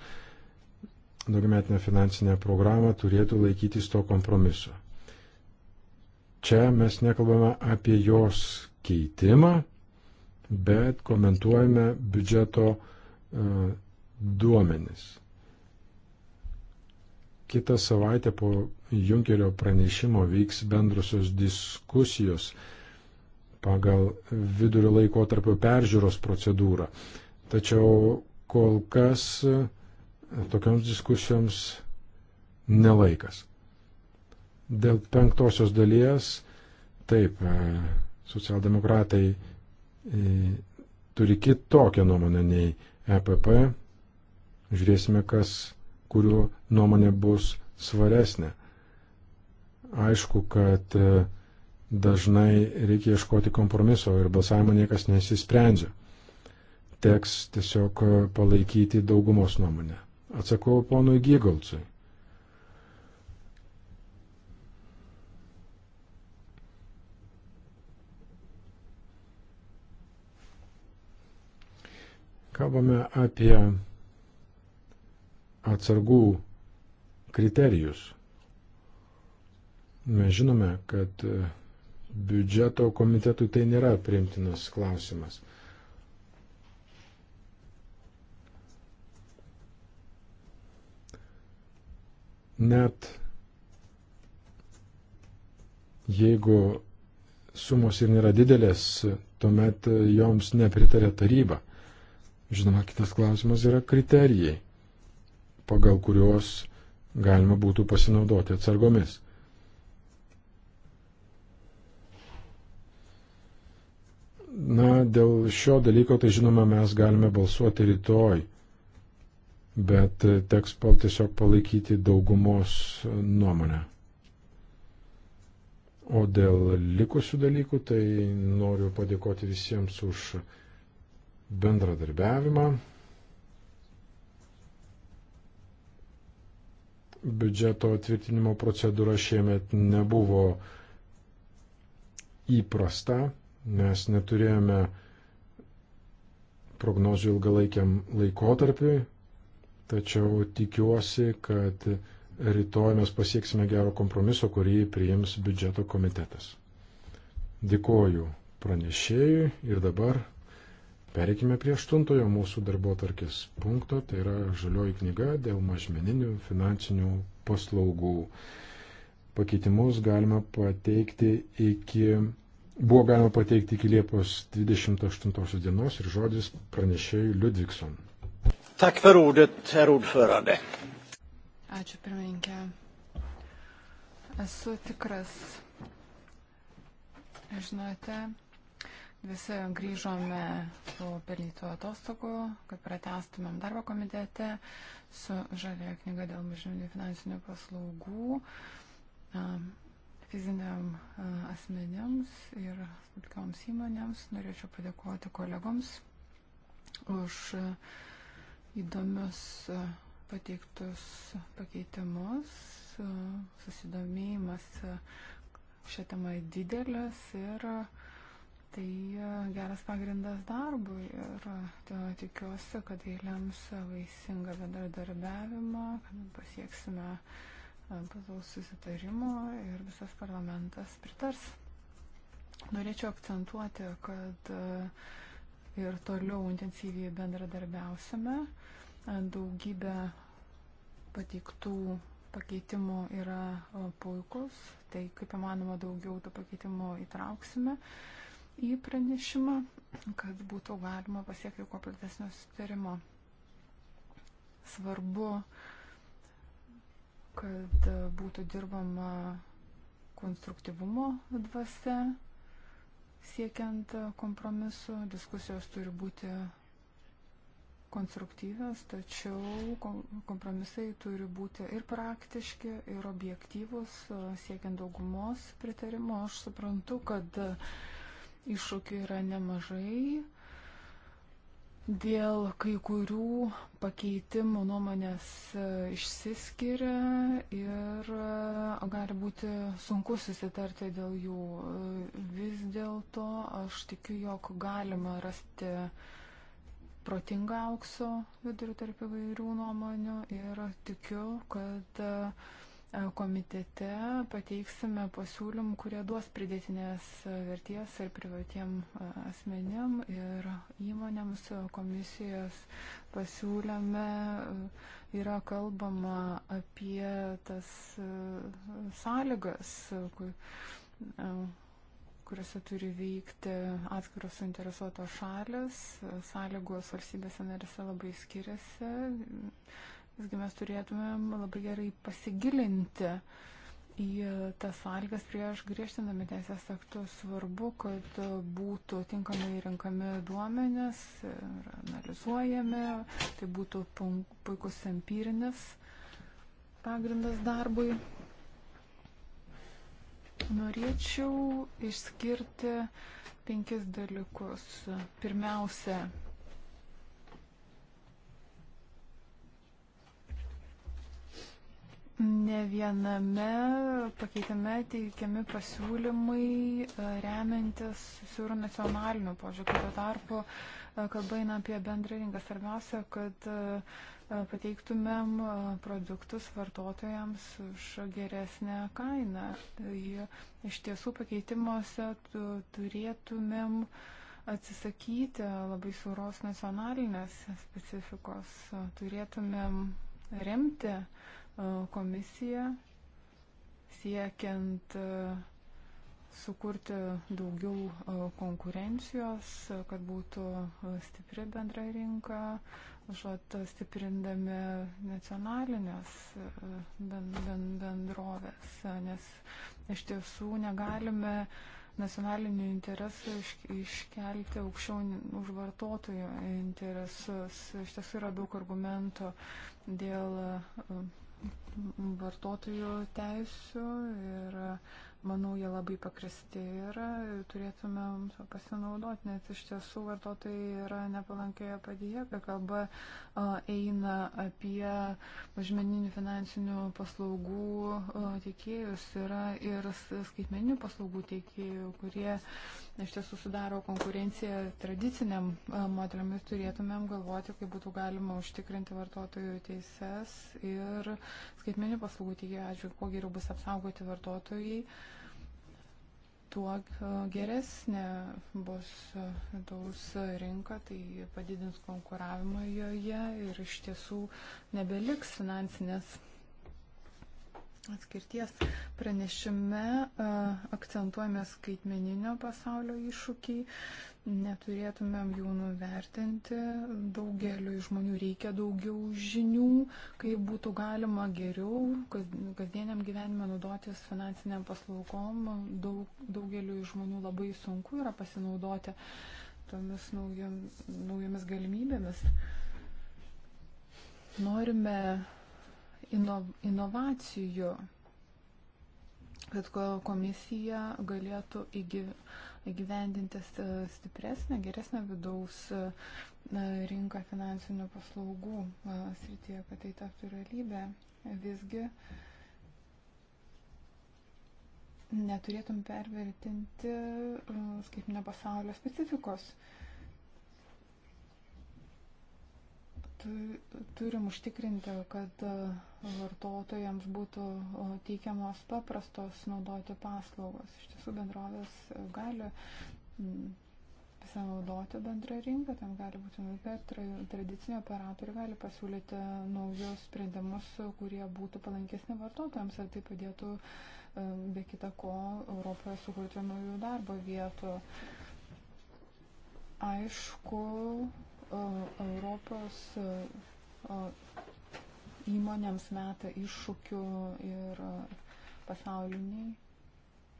dokumentinę finansinę programą, turėtų laikytis to kompromiso. Čia mes nekalbame apie jos keitimą, bet komentuojame biudžeto uh, E, duomenis. Kita savaitė po Junkerio pranešimo vyks bendrusios diskusijos pagal vidurio laiko tarp peržiūros procedūrą. Tačiau kol kas e, tokioms diskusijoms nelaikas. Dėl penktosios dalies, taip, e, socialdemokratai turi kitokią nuomonę nei EPP. Žiūrėsime, kas, kuriuo nuomonė bus svaresnė. Aišku, kad e, dažnai reikia ieškoti kompromiso ir balsavimo niekas nesisprendžia. Teks tiesiog e, palaikyti daugumos nuomonę. Atsakau ponui Gygalcui. Kalbame apie atsargų kriterijus. Mes žinome, kad biudžeto komitetui tai nėra priimtinas klausimas. Net jeigu sumos ir nėra didelės, tuomet joms nepritarė taryba. Žinoma, kitas klausimas yra kriterijai, pagal kuriuos galima būtų pasinaudoti atsargomis. Na, dėl šio dalyko, tai žinoma, mes galime balsuoti rytoj, bet teks pal tiesiog palaikyti daugumos nuomonę. O dėl likusių dalykų, tai noriu padėkoti visiems už bendradarbiavimą. Biudžeto atvirtinimo procedūra šiemet nebuvo įprasta, nes neturėjome prognozių ilgalaikiam laikotarpiui, tačiau tikiuosi, kad rytoj mes pasieksime gero kompromiso, kurį priims biudžeto komitetas. Dėkoju pranešėjui ir dabar Pereikime prie aštuntojo mūsų darbo tarkės punkto, tai yra žalioji knyga dėl mažmeninių finansinių paslaugų. Pakeitimus galima pateikti iki, buvo galima pateikti iki Liepos 28 dienos ir žodis pranešėjai Ludvigson. Tak per ordet, herr ordförande. Ačiū pirmininkė. Esu tikras. Žinote, Visi grįžome po pelnytų atostogų, kad pratestumėm darbo komitete su žalėjo knyga dėl mažinių finansinių paslaugų fiziniam asmenėms ir smulkioms įmonėms. Norėčiau padėkoti kolegoms už įdomius pateiktus pakeitimus, susidomėjimas šią temą didelis ir uh, Tai e, geras pagrindas darbui ir e, tikiuosi, kad tai lems vaisingą bendradarbiavimą, kad pasieksime e, plataus susitarimo ir visas parlamentas pritars. Norėčiau akcentuoti, kad ir toliau intensyviai bendradarbiausime. Daugybė pateiktų pakeitimų yra puikus, tai kaip įmanoma daugiau tų pakeitimų įtrauksime. Uh, į pranešimą, kad būtų galima pasiekti kuo platesnio sutarimo. Svarbu, kad būtų dirbama konstruktyvumo dvasia, siekiant kompromisu. Diskusijos turi būti konstruktyvios, tačiau kompromisai turi būti ir praktiški, ir objektyvus, siekiant daugumos pritarimo. Aš suprantu, kad uh, Iššūkių yra nemažai. Dėl kai kurių pakeitimų nuomonės e, išsiskiria ir e, gali būti sunku susitarti dėl jų. E, vis dėlto aš tikiu, jog galima rasti protingą aukso vidurį tarp įvairių nuomonių ir tikiu, kad uh, E, komitete pateiksime pasiūlymų, kurie duos pridėtinės verties ir privatiem e, asmenėm ir įmonėms komisijos pasiūlyme e, yra kalbama apie tas sąlygas, kuriuose turi veikti atskiros suinteresuotos šalis. Sąlygos valstybėse narėse labai skiriasi Visgi mes turėtumėm labai gerai pasigilinti į tas sąlygas prieš griežtinami teisės aktus. Svarbu, kad būtų tinkamai renkami duomenės ir analizuojami. Tai būtų puikus empirinis pagrindas darbui. Norėčiau išskirti penkis dalykus. Pirmiausia, Ne viename pakeitime teikiami pasiūlymai e, remiantis siūrų nacionaliniu požiūriu. Tuo tarpu e, kalba eina apie bendrą rinką. Svarbiausia, kad e, pateiktumėm produktus vartotojams už geresnę kainą. Iš tiesų pakeitimuose turėtumėm atsisakyti labai siūros nacionalinės specifikos. Turėtumėm remti uh, komisija siekiant sukurti daugiau konkurencijos, kad būtų stipri bendra rinka, užuot stiprindami nacionalinės bendrovės, nes iš tiesų negalime nacionalinių interesų iškelti aukščiau už vartotojų interesus. Iš tiesų yra daug argumentų dėl vartotojų teisų ir manau, jie labai pakristi yra, turėtumėm pasinaudoti, nes iš tiesų vartotojai yra nepalankioje padėje, kai kalba eina apie mažmeninių finansinių paslaugų teikėjus, yra ir skaitmeninių paslaugų teikėjų, kurie iš tiesų sudaro konkurenciją tradiciniam e, modeliam ir turėtumėm galvoti, kaip būtų galima užtikrinti vartotojų teises ir skaitmenį paslaugų teikėjų atžvilgiu, kuo geriau bus apsaugoti vartotojai, tuo e, geresnė bus e, vidaus rinka, tai padidins konkuravimą joje ir iš tiesų nebeliks finansinės atskirties pranešime akcentuojame skaitmeninio pasaulio iššūkiai, neturėtumėm jų nuvertinti. Daugeliu žmonių reikia daugiau žinių, kaip būtų galima geriau kasdieniam gyvenime naudotis finansiniam paslaugom. Daug, daugeliu žmonių labai sunku yra pasinaudoti tomis naujom, naujomis galimybėmis. Norime ino, inovacijų, kad komisija galėtų įgyvendinti stipresnę, geresnę vidaus e, rinką finansinių paslaugų e, srityje, kad tai taptų realybę. Visgi neturėtum pervertinti e, skaitinio pasaulio specifikos. Uh, turim užtikrinti, kad e, vartotojams būtų teikiamos paprastos naudoti paslaugos. Iš tiesų bendrovės gali pasinaudoti bendrą rinką, tam gali būti nuveikta, tradicinė operatoriai gali pasiūlyti naujus sprendimus, kurie būtų palankesni vartotojams ir tai padėtų e, be kita ko Europoje sukurti naujų darbo vietų. Aišku, E, Europos e, e, įmonėms meta iššūkių ir pasauliniai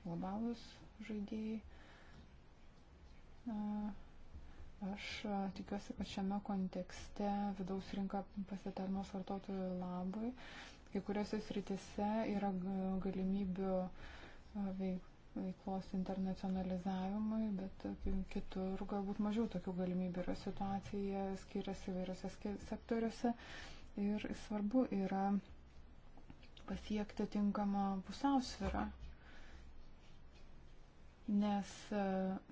globalus žaidėjai. Aš tikiuosi, kad šiame kontekste vidaus rinka pasitarnos vartotojų labui. Kai kuriuose sritise yra galimybių veik, veiklos internacionalizavimui, bet kitur galbūt mažiau tokių galimybių yra situacija, skiriasi įvairiose sektoriuose ir svarbu yra pasiekti tinkamą pusiausvyrą, nes e,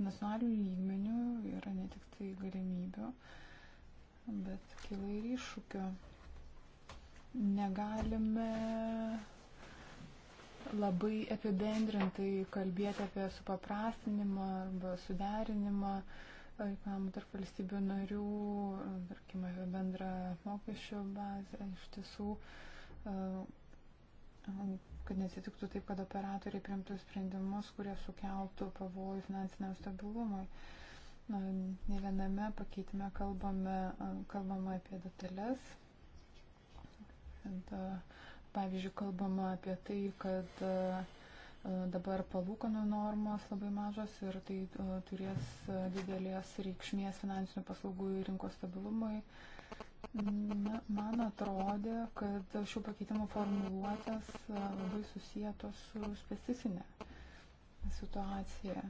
nacionalinių lygmenių yra ne tik tai galimybių, bet kyla ir iššūkio. Negalime labai apibendrintai kalbėti apie supaprastinimą arba suderinimą reikalavimų tarp valstybių narių, e, tarkim, apie bendrą mokesčio bazę iš tiesų, e, kad nesitiktų taip, kad operatoriai primtų sprendimus, kurie sukeltų pavojų finansiniam stabilumui. Ne viename pakeitime kalbame, kalbame apie detalės. And, uh, Pavyzdžiui, kalbama apie tai, kad e, e, dabar palūkanų normos labai mažos ir tai e, turės didelės reikšmės finansinių paslaugų rinkos stabilumui. Na, man atrodė, kad šių pakeitimų formuluotės labai susijętos su specifinė situacija.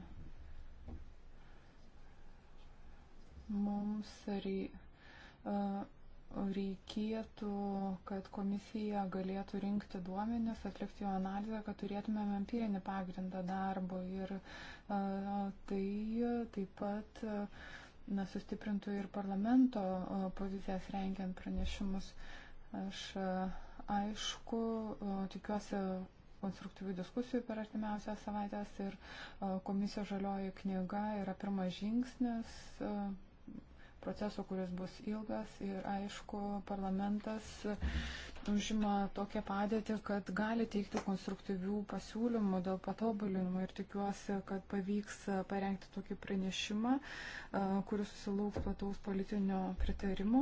Mums reikia reikėtų, kad komisija galėtų rinkti duomenis, atlikti jų analizę, kad turėtumėm empirinį pagrindą darbo ir tai taip pat na, sustiprintų ir parlamento pozicijas rengiant pranešimus. Aš aišku, tikiuosi konstruktyvių diskusijų per artimiausias savaitės ir komisijos žalioji knyga yra pirmas žingsnis proceso, kuris bus ilgas ir aišku, parlamentas užima tokią padėtį, kad gali teikti konstruktyvių pasiūlymų dėl patobulinimų ir tikiuosi, kad pavyks parengti tokį pranešimą, kuris susilauks plataus politinio pritarimo.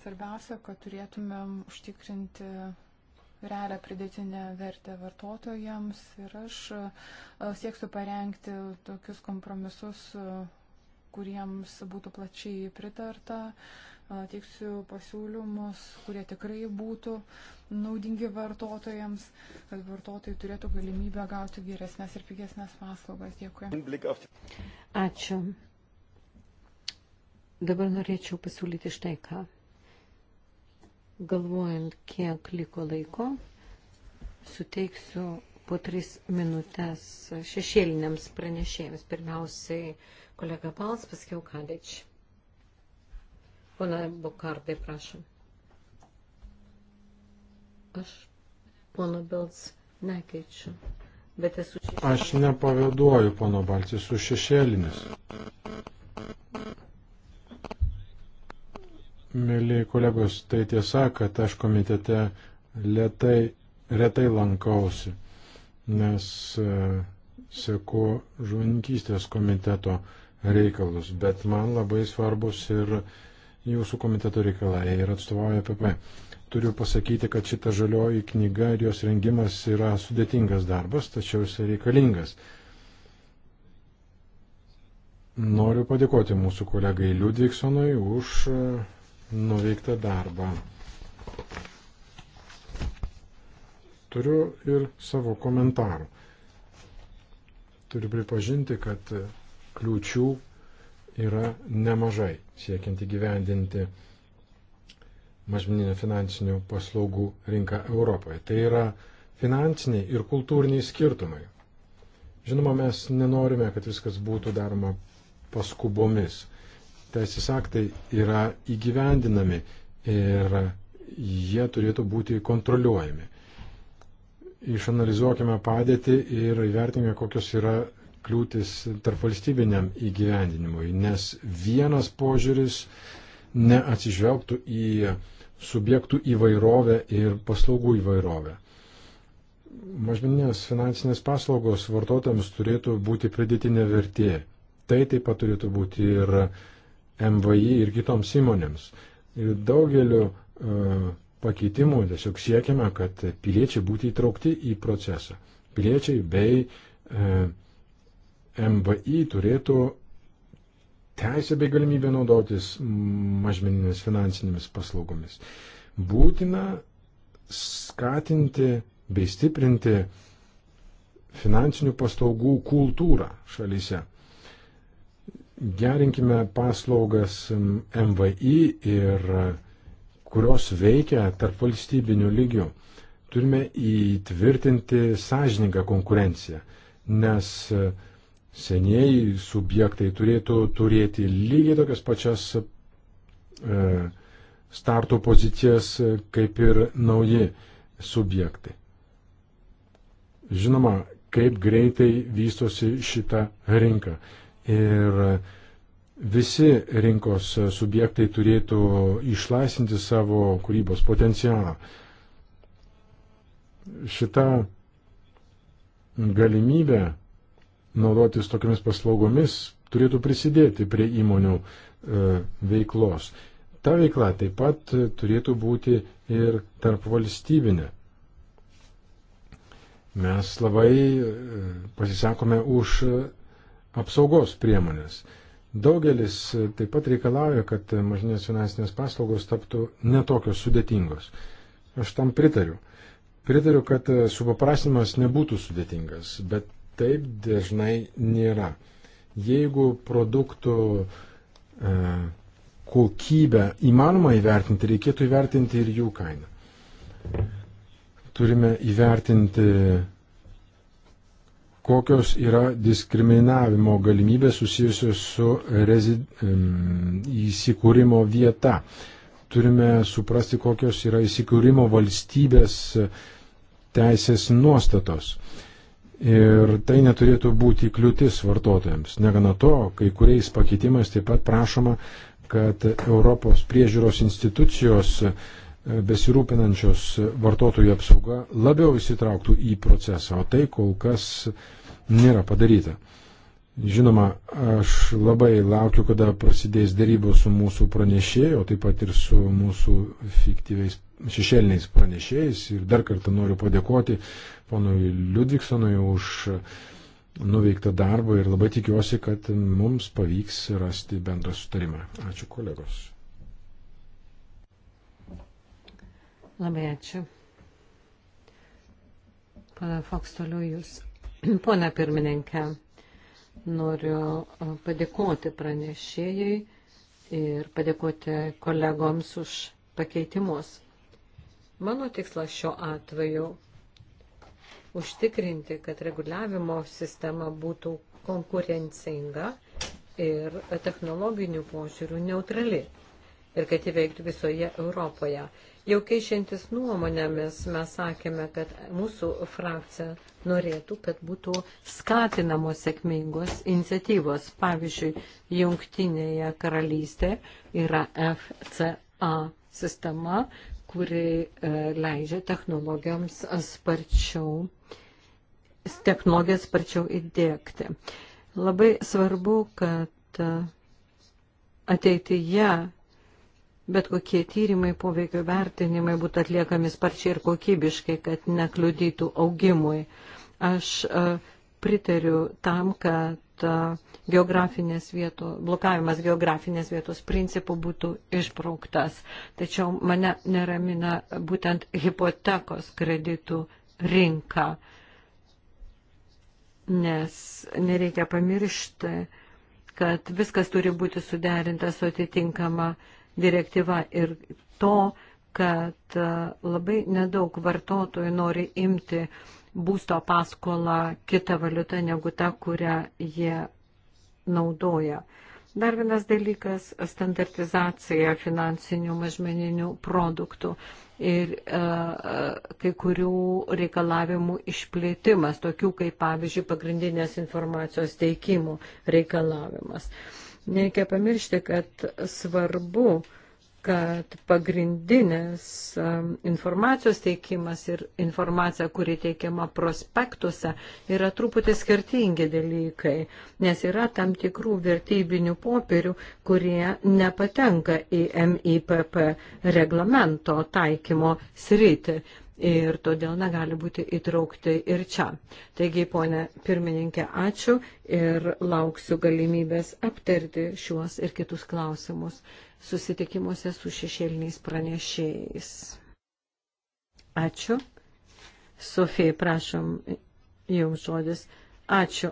Svarbiausia, kad turėtumėm užtikrinti realią pridėtinę vertę vartotojams ir aš e, sieksiu parengti tokius kompromisus, e, kuriems būtų plačiai pritarta, e, teiksiu pasiūlymus, kurie tikrai būtų naudingi vartotojams, kad vartotojai turėtų galimybę gauti geresnės ir pigesnės paslaugas. Dėkui. Ačiū. Dabar norėčiau pasiūlyti štai ką. Galvojant, kiek liko laiko, suteiksiu po tris minutės šešėliniams pranešėjams. Pirmiausiai kolega Pals, paskiau Kadič. Pona Bokardai, prašom. Aš pono Bels nekeičiu, bet esu šešėlinis. Aš nepavėduoju pono Baltis, esu šešėlinis. Mėly kolegos, tai tiesa, kad aš komitete lietai, retai lankausi, nes e, seku žuvininkystės komiteto reikalus, bet man labai svarbus ir jūsų komiteto reikalai ir atstovauja PP. Turiu pasakyti, kad šita žalioji knyga ir jos rengimas yra sudėtingas darbas, tačiau jis reikalingas. Noriu padėkoti mūsų kolegai Liudviksonui už e, nuveiktą darbą. Turiu ir savo komentarų. Turiu pripažinti, kad kliūčių yra nemažai siekiant įgyvendinti mažmeninę finansinių paslaugų rinką Europoje. Tai yra finansiniai ir kultūriniai skirtumai. Žinoma, mes nenorime, kad viskas būtų daroma paskubomis teisės aktai yra įgyvendinami ir jie turėtų būti kontroliuojami. Išanalizuokime padėtį ir įvertinkime, kokios yra kliūtis tarp valstybiniam įgyvendinimui, nes vienas požiūris neatsižvelgtų į subjektų įvairovę ir paslaugų įvairovę. Mažmeninės finansinės paslaugos vartotojams turėtų būti pridėtinė vertė. Tai taip pat turėtų būti ir MVI ir kitoms įmonėms. Ir daugeliu e, pakeitimų tiesiog siekiame, kad piliečiai būtų įtraukti į procesą. Piliečiai bei e, MVI turėtų teisę bei galimybę naudotis mažmeninėmis finansinėmis paslaugomis. Būtina skatinti bei stiprinti finansinių paslaugų kultūrą šalyse gerinkime paslaugas MVI ir kurios veikia tarp valstybinių lygių. Turime įtvirtinti sąžiningą konkurenciją, nes senieji subjektai turėtų turėti lygiai tokias pačias e, starto pozicijas kaip ir nauji subjektai. Žinoma, kaip greitai vystosi šita rinka ir visi rinkos subjektai turėtų išlaisinti savo kūrybos potencialą. Šita galimybė naudotis tokiamis paslaugomis turėtų prisidėti prie įmonių e, veiklos. Ta veikla taip pat turėtų būti ir tarp valstybinė. Mes labai e, pasisakome už apsaugos priemonės. Daugelis taip pat reikalauja, kad mažinės finansinės paslaugos taptų netokios sudėtingos. Aš tam pritariu. Pritariu, kad supaprasnimas nebūtų sudėtingas, bet taip dažnai nėra. Jeigu produktų e, kokybę įmanoma įvertinti, reikėtų įvertinti ir jų kainą. Turime įvertinti kokios yra diskriminavimo galimybės susijusios su rezi, įsikūrimo vieta. Turime suprasti, kokios yra įsikūrimo valstybės teisės nuostatos. Ir tai neturėtų būti kliūtis vartotojams. Negana to, kai kuriais pakeitimais taip pat prašoma, kad Europos priežiūros institucijos besirūpinančios vartotojų apsauga labiau įsitrauktų į procesą, o tai kol kas nėra padaryta. Žinoma, aš labai laukiu, kada prasidės dėrybos su mūsų pranešėjai, o taip pat ir su mūsų fiktyviais šešėliniais pranešėjais. Ir dar kartą noriu padėkoti ponui Liudviksonui už nuveiktą darbą ir labai tikiuosi, kad mums pavyks rasti bendrą sutarimą. Ačiū kolegos. Labai ačiū. Pana Foks, toliau jūs. <clears throat> Pone pirmininkė, noriu padėkoti pranešėjai ir padėkoti kolegoms už pakeitimus. Mano tikslas šiuo atveju užtikrinti, kad reguliavimo sistema būtų konkurencinga ir technologinių požiūrių neutrali ir kad įveiktų visoje Europoje. Jau keičiantis nuomonėmis mes sakėme, kad mūsų frakcija norėtų, kad būtų skatinamos sėkmingos iniciatyvos. Pavyzdžiui, Jungtinėje karalystėje yra FCA sistema, kuri e, leidžia technologijoms sparčiau, technologijas sparčiau įdėkti. Labai svarbu, kad e, ateityje bet kokie tyrimai, poveikio vertinimai būtų atliekami sparčiai ir kokybiškai, kad nekliudytų augimui. Aš e, pritariu tam, kad e, geografinės vietos, blokavimas geografinės vietos principų būtų išbrauktas. Tačiau mane neramina būtent hipotekos kreditų rinka, nes nereikia pamiršti, kad viskas turi būti suderinta su atitinkama uh, direktyva ir to, kad e, labai nedaug vartotojų nori imti būsto paskolą kitą valiutą negu tą, kurią jie naudoja. Dar vienas dalykas - standartizacija finansinių mažmeninių produktų ir e, kai kurių reikalavimų išplėtimas, tokių kaip, pavyzdžiui, pagrindinės informacijos teikimų reikalavimas. E, Nereikia pamiršti, kad svarbu, kad pagrindinės um, informacijos teikimas ir informacija, kuri teikiama prospektuose, yra truputį skirtingi dalykai, nes yra tam tikrų vertybinių popierių, kurie nepatenka į MIPP reglamento taikymo sritį ir todėl negali būti įtraukti ir čia. Taigi, ponė pirmininkė, ačiū ir lauksiu galimybės aptarti šiuos ir kitus klausimus susitikimuose su šešėliniais pranešėjais. Ačiū. Sofija, prašom, jums žodis. Ačiū.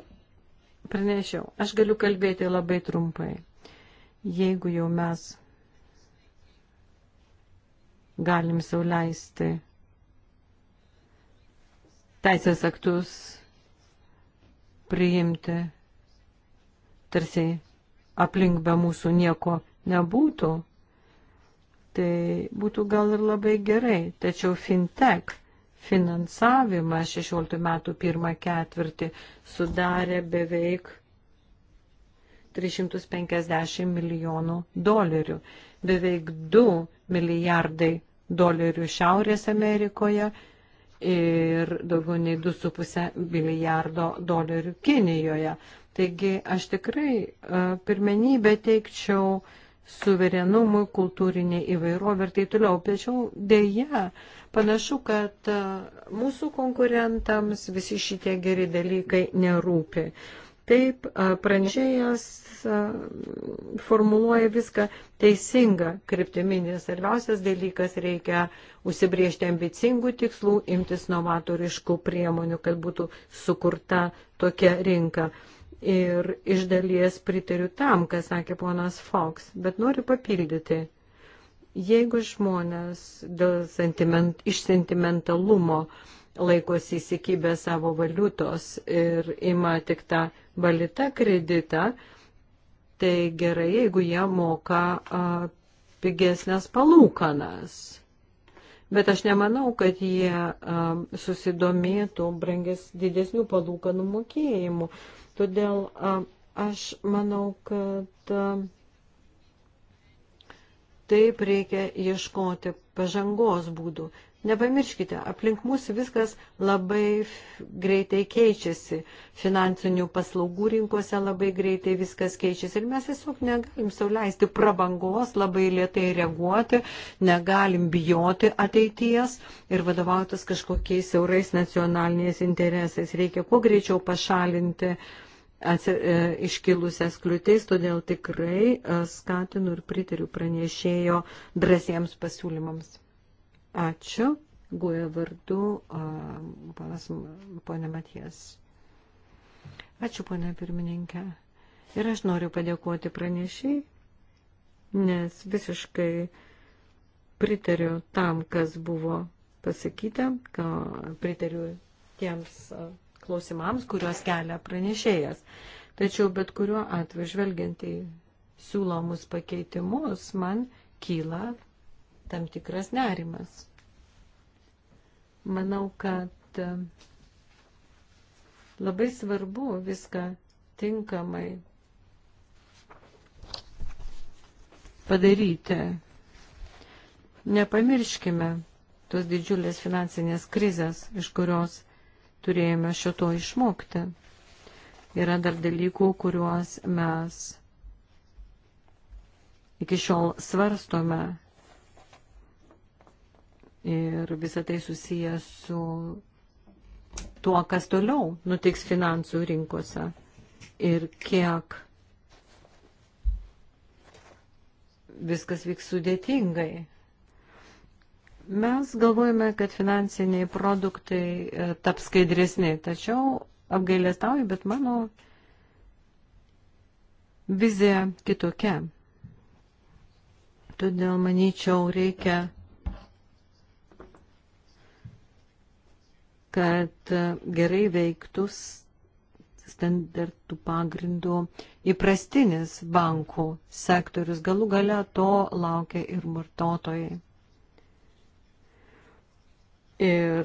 Pranešiau, aš galiu kalbėti labai trumpai. Jeigu jau mes galim sauliaisti teisės aktus priimti tarsi aplink be mūsų nieko nebūtų, tai būtų gal ir labai gerai. Tačiau fintech finansavimą 16 metų pirmą ketvirtį sudarė beveik 350 milijonų dolerių, beveik 2 milijardai dolerių Šiaurės Amerikoje ir daugiau nei 2,5 milijardo dolerių Kinijoje. Taigi aš tikrai e, pirmenybę teikčiau suverenumui, kultūrinė įvairovė ir taip toliau. Tačiau dėja, panašu, kad e, mūsų konkurentams visi šitie geri dalykai nerūpi. Taip pranešėjas formuluoja viską teisinga kryptimi, nes svarbiausias dalykas reikia užsibriežti ambicingų tikslų, imtis novatoriškų priemonių, kad būtų sukurta tokia rinka. Ir iš dalies pritariu tam, ką sakė ponas Fox, bet noriu papildyti. Jeigu žmonės sentiment, iš sentimentalumo uh, laikosi įsikibę savo valiutos ir ima tik tą valiutą kreditą, tai gerai, jeigu jie moka a, pigesnės palūkanas. Bet aš nemanau, kad jie a, susidomėtų brangės didesnių palūkanų mokėjimų. Todėl a, aš manau, kad a, taip reikia ieškoti pažangos būdų. Nepamirškite, aplink mūsų viskas labai greitai keičiasi. Finansinių paslaugų rinkose labai greitai viskas keičiasi. Ir mes tiesiog negalim sauliaisti prabangos, labai lietai reaguoti, negalim bijoti ateities ir vadovautis kažkokiais siaurais nacionaliniais interesais. Reikia kuo greičiau pašalinti e, iškilusias kliūtis, todėl tikrai e, skatinu ir pritariu pranešėjo drąsiems pasiūlymams. Ačiū. Guoja vardu panas ponė Matijas. Ačiū, ponė pirmininkė. Ir aš noriu padėkoti pranešiai, nes visiškai pritariu tam, kas buvo pasakyta, ka pritariu tiems klausimams, kuriuos kelia pranešėjas. Tačiau bet kuriuo atveju žvelgiant į siūlomus pakeitimus, man kyla tam tikras nerimas. Manau, kad e, labai svarbu viską tinkamai padaryti. Nepamirškime tos didžiulės finansinės krizės, iš kurios turėjome šito išmokti. Yra dar dalykų, kuriuos mes iki šiol svarstome ir visą tai susijęs su tuo, kas toliau nutiks finansų rinkose ir kiek viskas vyks sudėtingai. Mes galvojame, kad finansiniai produktai e, taps skaidresni, tačiau apgailėstauju, bet mano vizija kitokia. Todėl, manyčiau, reikia kad gerai veiktų standartų pagrindų įprastinis bankų sektorius. Galų gale to laukia ir vartotojai. Ir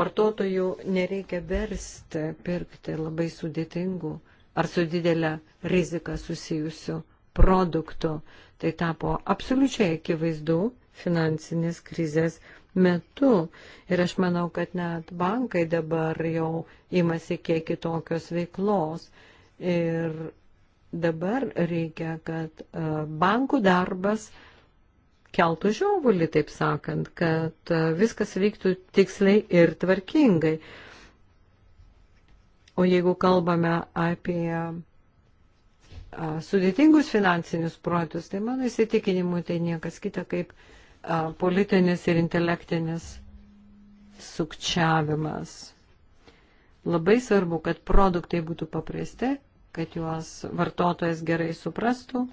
vartotojų nereikia versti pirkti labai sudėtingų ar su didelė rizika susijusių produktų. Tai tapo absoliučiai akivaizdu finansinės krizės metu. Ir aš manau, kad net bankai dabar jau imasi kiek kitokios veiklos. Ir dabar reikia, kad e, bankų darbas keltų žiovulį, taip sakant, kad e, viskas vyktų tiksliai ir tvarkingai. O jeigu kalbame apie e, sudėtingus finansinius projektus, tai mano įsitikinimu tai niekas kita kaip uh, politinis ir intelektinis sukčiavimas. Labai svarbu, kad produktai būtų paprasti, kad juos vartotojas gerai suprastų.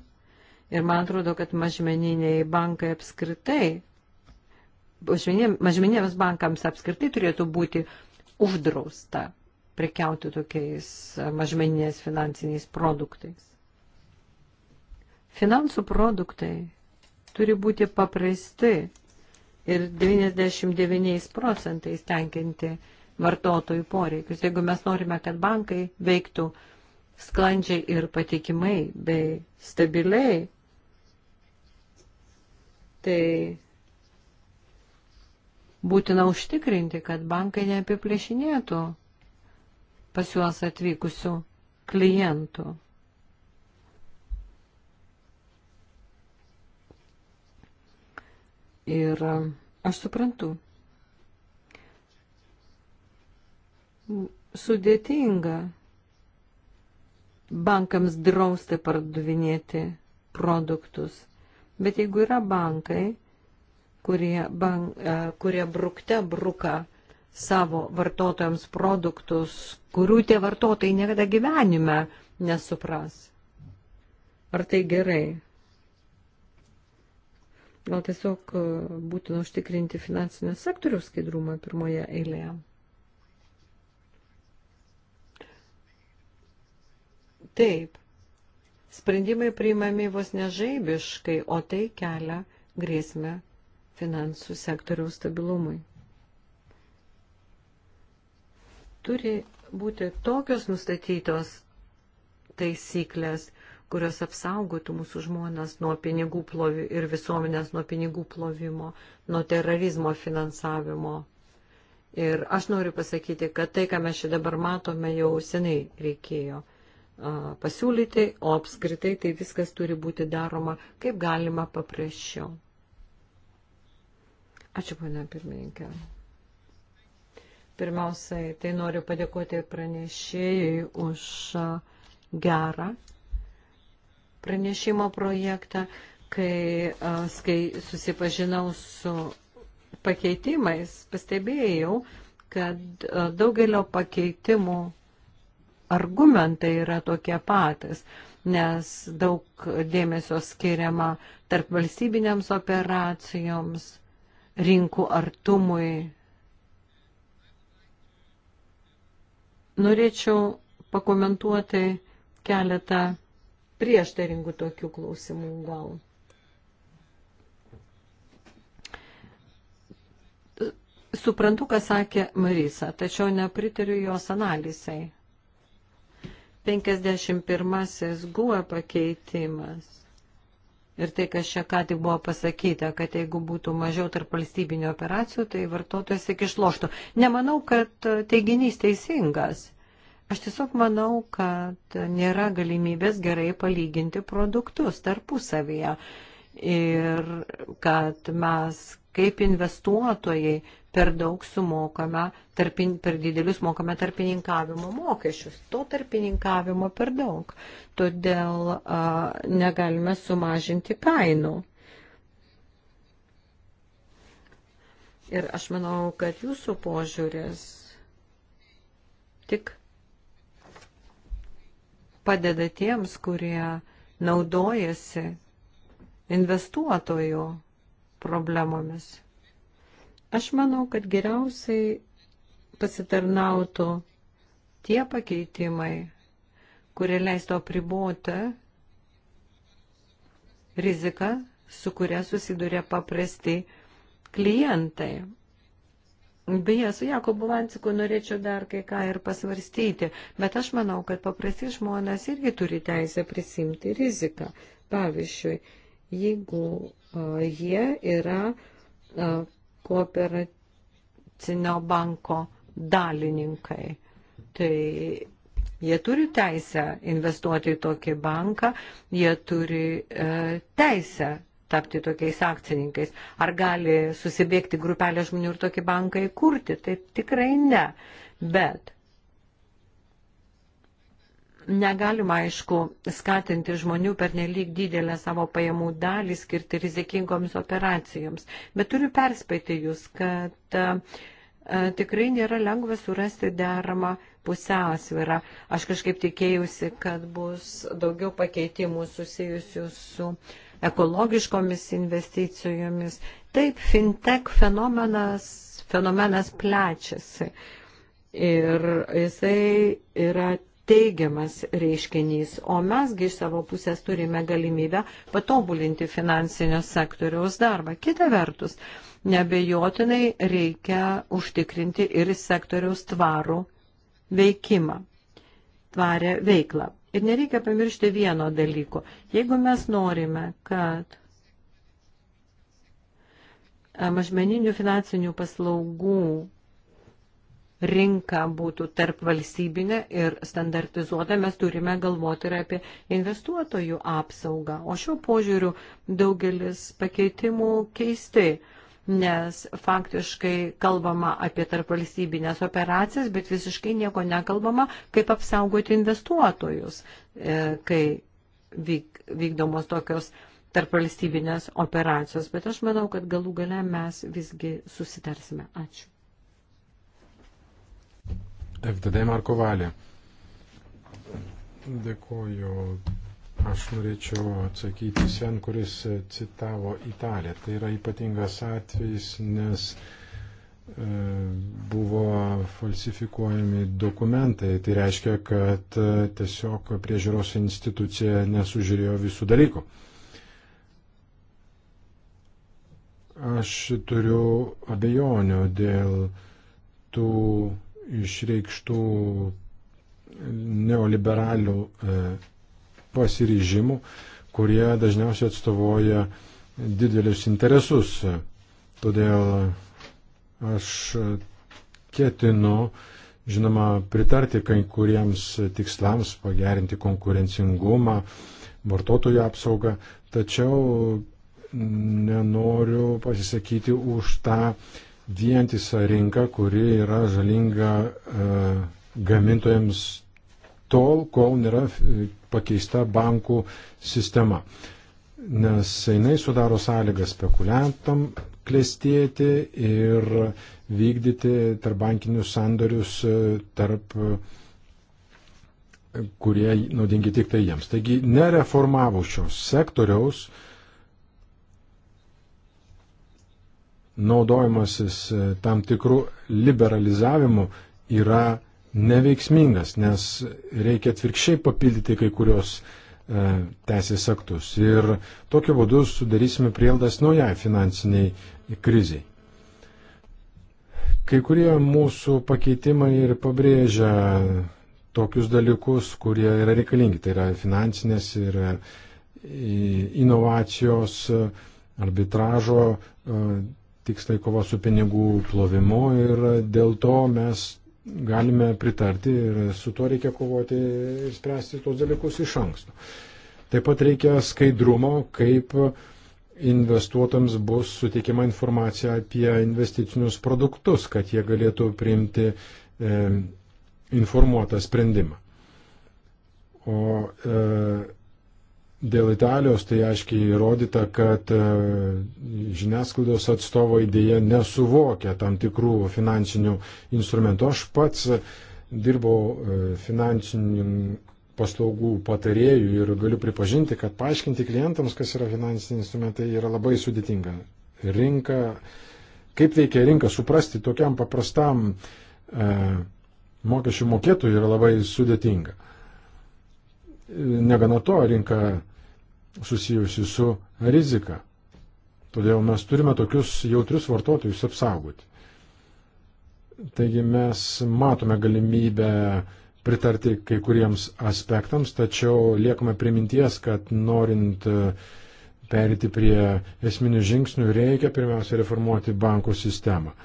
Ir man atrodo, kad mažmeniniai bankai apskritai, mažmeniniams bankams apskritai turėtų būti uždrausta prekiauti tokiais mažmeniniais finansiniais produktais. Finansų produktai turi būti paprasti ir 99 procentais tenkinti vartotojų poreikius. Jeigu mes norime, kad bankai veiktų sklandžiai ir patikimai bei stabiliai, tai būtina užtikrinti, kad bankai neapiplėšinėtų pas juos atvykusių klientų. Ir e, aš suprantu, sudėtinga bankams drausti pardavinėti produktus. Bet jeigu yra bankai, kurie, bank, e, kurie brukte bruka savo vartotojams produktus, kurių tie vartotojai niekada gyvenime nesupras. Ar tai gerai? Gal tiesiog e, būtina užtikrinti finansinio sektoriaus skaidrumą pirmoje eilėje. Taip, sprendimai priimami vos nežaibiškai, o tai kelia grėsmę finansų sektoriaus stabilumui. Turi būti tokios nustatytos taisyklės, kurios apsaugotų mūsų žmonės nuo pinigų plovimo ir visuomenės nuo pinigų plovimo, nuo terorizmo finansavimo. Ir aš noriu pasakyti, kad tai, ką mes čia dabar matome, jau seniai reikėjo pasiūlyti, o apskritai tai viskas turi būti daroma kaip galima paprasčiau. Ačiū, ponia pirmininkė. Pirmiausiai, tai noriu padėkoti pranešėjai už gerą pranešimo projektą, kai, kai susipažinau su pakeitimais, pastebėjau, kad daugelio pakeitimų argumentai yra tokie patys, nes daug dėmesio skiriama tarp valstybinėms operacijoms, rinkų artumui. Norėčiau pakomentuoti keletą prieštaringų tokių klausimų gal. Suprantu, ką sakė Marisa, tačiau nepritariu jos analizai. 51 guo e pakeitimas. Ir tai, kas čia ką tik buvo pasakyta, kad jeigu būtų mažiau tarp valstybinio operacijų, tai vartotojas tik išloštų. Nemanau, kad teiginys teisingas. Aš tiesiog manau, kad nėra galimybės gerai palyginti produktus tarpusavyje ir kad mes kaip investuotojai per daug sumokame, tarpin, per didelius mokame tarpininkavimo mokesčius. To tarpininkavimo per daug. Todėl a, negalime sumažinti kainų. Ir aš manau, kad jūsų požiūris tik padeda tiems, kurie naudojasi investuotojų problemomis. Aš manau, kad geriausiai pasitarnautų tie pakeitimai, kurie leisto apriboti riziką, su kuria susiduria paprasti klientai. Beje, su Jakobu Vansiku norėčiau dar kai ką ir pasvarstyti, bet aš manau, kad paprasti žmonės irgi turi teisę prisimti riziką. Pavyzdžiui, jeigu uh, jie yra uh, kooperacinio banko dalininkai, tai jie turi teisę investuoti į tokį banką, jie turi uh, teisę tapti tokiais akcininkais. Ar gali susibėgti grupelė žmonių ir tokį banką įkurti? Tai tikrai ne. Bet negalima, aišku, skatinti žmonių per nelik didelę savo pajamų dalį skirti rizikingoms operacijoms. Bet turiu perspėti jūs, kad a, e, a, tikrai nėra lengva surasti deramą pusiausvyrą. Aš kažkaip tikėjausi, kad bus daugiau pakeitimų susijusių su ekologiškomis investicijomis. Taip, fintech fenomenas, fenomenas plečiasi ir jisai yra teigiamas reiškinys, o mesgi iš savo pusės turime galimybę patobulinti finansinio sektoriaus darbą. Kita vertus, nebejotinai reikia užtikrinti ir sektoriaus tvarų veikimą, tvarę veiklą. Ir nereikia pamiršti vieno dalyko. Jeigu mes norime, kad mažmeninių finansinių paslaugų rinka būtų tarp valstybinė ir standartizuota, mes turime galvoti ir apie investuotojų apsaugą. O šiuo požiūriu daugelis pakeitimų keisti nes faktiškai kalbama apie tarpvalstybinės operacijas, bet visiškai nieko nekalbama, kaip apsaugoti investuotojus, e, kai vykdomos tokios tarpvalstybinės operacijos. Bet aš manau, kad galų gale mes visgi susitarsime. Ačiū. FDD Markovalė. Dėkuoju Aš norėčiau atsakyti sen, kuris citavo Italiją. Tai yra ypatingas atvejis, nes e, buvo falsifikuojami dokumentai. Tai reiškia, kad e, tiesiog priežiūros institucija nesužiūrėjo visų dalykų. Aš turiu abejonių dėl tų išreikštų neoliberalių e, pasiryžimų, kurie dažniausiai atstovauja didelius interesus. Todėl aš ketinu, žinoma, pritarti kai kuriems tikslams, pagerinti konkurencingumą, vartotojų apsaugą, tačiau nenoriu pasisakyti už tą vientisą rinką, kuri yra žalinga e, gamintojams tol, kol nėra pakeista bankų sistema. Nes jinai sudaro sąlygas spekuliantam klestėti ir vykdyti tarbankinius sandorius e, tarp e, kurie naudingi tik tai jiems. Taigi nereformavus šios sektoriaus, naudojimasis e, tam tikrų liberalizavimų yra neveiksmingas, nes reikia atvirkščiai papildyti kai kurios e, teisės aktus. Ir tokiu būdu sudarysime prieldas naujai finansiniai kriziai. Kai kurie mūsų pakeitimai ir pabrėžia tokius dalykus, kurie yra reikalingi. Tai yra finansinės ir e, inovacijos, e, arbitražo e, tikslai kova su pinigų plovimu ir dėl to mes galime pritarti ir su tuo reikia kovoti ir spręsti tos dalykus iš anksto. Taip pat reikia skaidrumo, kaip investuotams bus suteikiama informacija apie investicinius produktus, kad jie galėtų priimti e, informuotą sprendimą. O e, Dėl Italijos tai aiškiai įrodyta, kad e, žiniasklaidos atstovai dėje nesuvokia tam tikrų finansinių instrumentų. Aš pats e, dirbau e, finansinių paslaugų patarėjų ir galiu pripažinti, kad paaiškinti klientams, kas yra finansiniai instrumentai, yra labai sudėtinga. Rinka, kaip veikia rinka, suprasti tokiam paprastam e, mokesčių mokėtojui yra labai sudėtinga. Negana to, rinka susijusi su rizika. Todėl mes turime tokius jautrius vartotojus apsaugoti. Taigi mes matome galimybę pritarti kai kuriems aspektams, tačiau liekame priminties, kad norint e, perėti prie esminių žingsnių, reikia pirmiausia reformuoti bankų sistemą.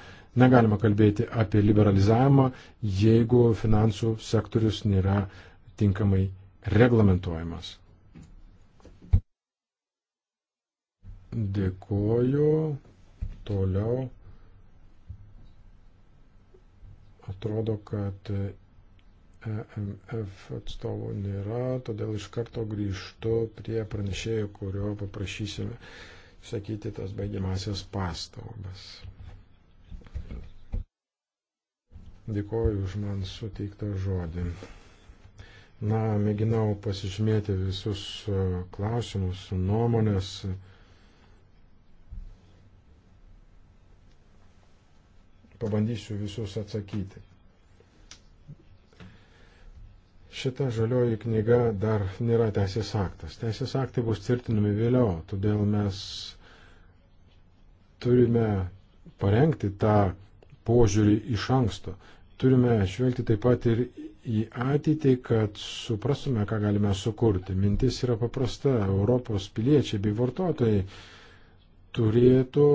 Negalima kalbėti apie liberalizavimą, jeigu finansų sektorius nėra tinkamai reglamentuojamas. Dėkoju. Toliau. Atrodo, kad EMF atstovų nėra, todėl iš karto grįžtu prie pranešėjo, kurio paprašysime sakyti tas baigiamasias pastabas. Dėkoju už man suteiktą žodį. Na, mėginau pasižymėti visus e, klausimus, nuomonės, pabandysiu visus atsakyti. Šita žalioji knyga dar nėra teisės aktas. Teisės aktai bus tvirtinami vėliau, todėl mes turime parengti tą požiūrį iš anksto. Turime žvelgti taip pat ir į ateitį, kad suprastume, ką galime sukurti. Mintis yra paprasta. Europos piliečiai bei vartotojai turėtų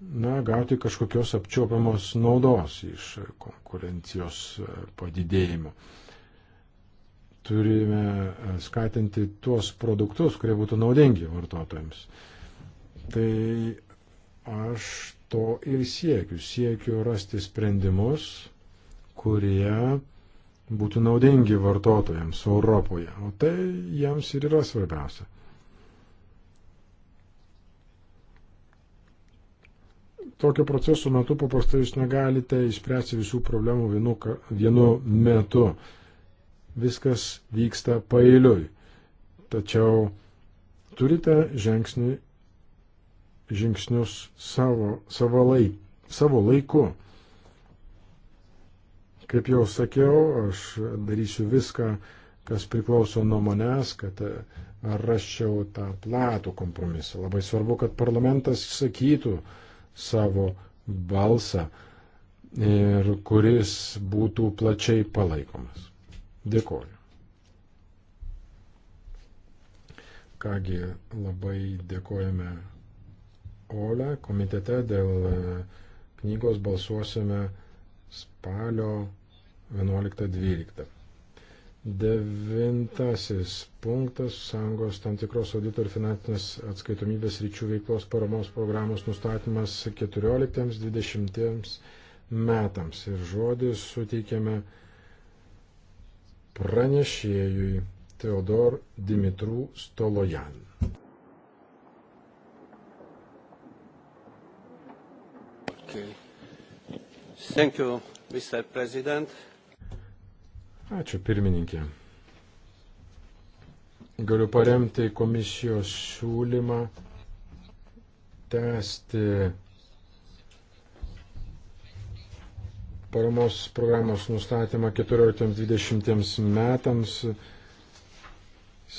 na, gauti kažkokios apčiopiamos naudos iš konkurencijos e, padidėjimo. Turime e, skatinti tuos produktus, kurie būtų naudingi vartotojams. Tai aš to ir siekiu. Siekiu rasti sprendimus, kurie būtų naudingi vartotojams Europoje. O tai jiems ir yra svarbiausia. tokio proceso metu paprastai jūs negalite išspręsti visų problemų vienu, vienu metu. Viskas vyksta pailiui. Tačiau turite žingsnį, žingsnius savo, savo, laik, savo laiku. Kaip jau sakiau, aš darysiu viską, kas priklauso nuo manęs, kad e, raščiau tą platų kompromisą. Labai svarbu, kad parlamentas sakytų, savo balsą ir kuris būtų plačiai palaikomas. Dėkoju. Kągi labai dėkojame Ole komitete dėl e, knygos balsuosime spalio 11-12. Devintasis punktas - Sąjungos tam tikros audito ir finansinės atskaitomybės ryčių veiklos paramos programos nustatymas 14-20 metams. Ir žodį suteikėme pranešėjui Teodor Dimitrų Stolojan. Okay. Thank you, Mr. President. Ačiū pirmininkė. Galiu paremti komisijos siūlymą tęsti paramos programos nustatymą 14-20 metams,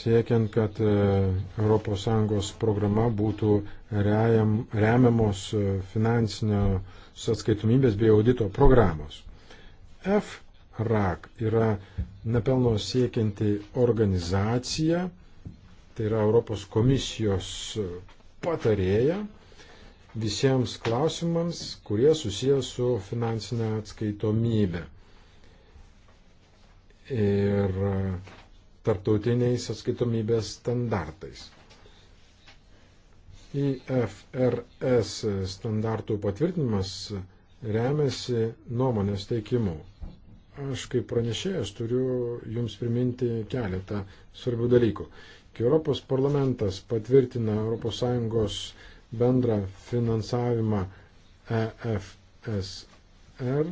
siekiant, kad ES programa būtų remiamos e, finansinio atskaitomybės bei audito programos. F RAK yra nepelno siekianti organizacija, tai yra Europos komisijos patarėja visiems klausimams, kurie susijęs su finansinė atskaitomybė. Ir tarptautiniais atskaitomybės standartais. IFRS standartų patvirtinimas remiasi nuomonės teikimu. Aš kaip pranešėjas turiu Jums priminti keletą svarbių dalykų. Kai Europos parlamentas patvirtina ES bendrą finansavimą EFSR,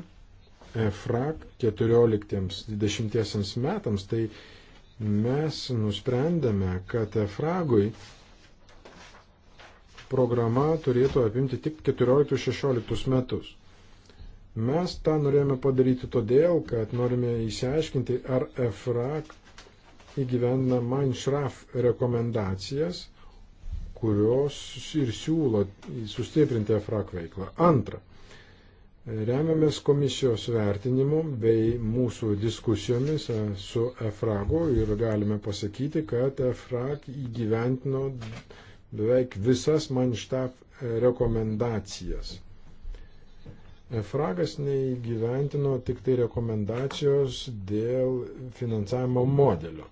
EFRAG 14-20 metams, tai mes nusprendėme, kad EFRAGui programa turėtų apimti tik 14-16 metus. Mes tą norėjome padaryti todėl, kad norime išsiaiškinti, ar EFRAK įgyvendina Mainšraf rekomendacijas, kurios ir siūlo sustiprinti EFRAK veiklą. Antra, remiamės komisijos vertinimu bei mūsų diskusijomis e, su EFRAGu ir galime pasakyti, kad EFRAG įgyventino beveik visas Mainštaf rekomendacijas. Fragas neįgyventino tik tai rekomendacijos dėl finansavimo modelio,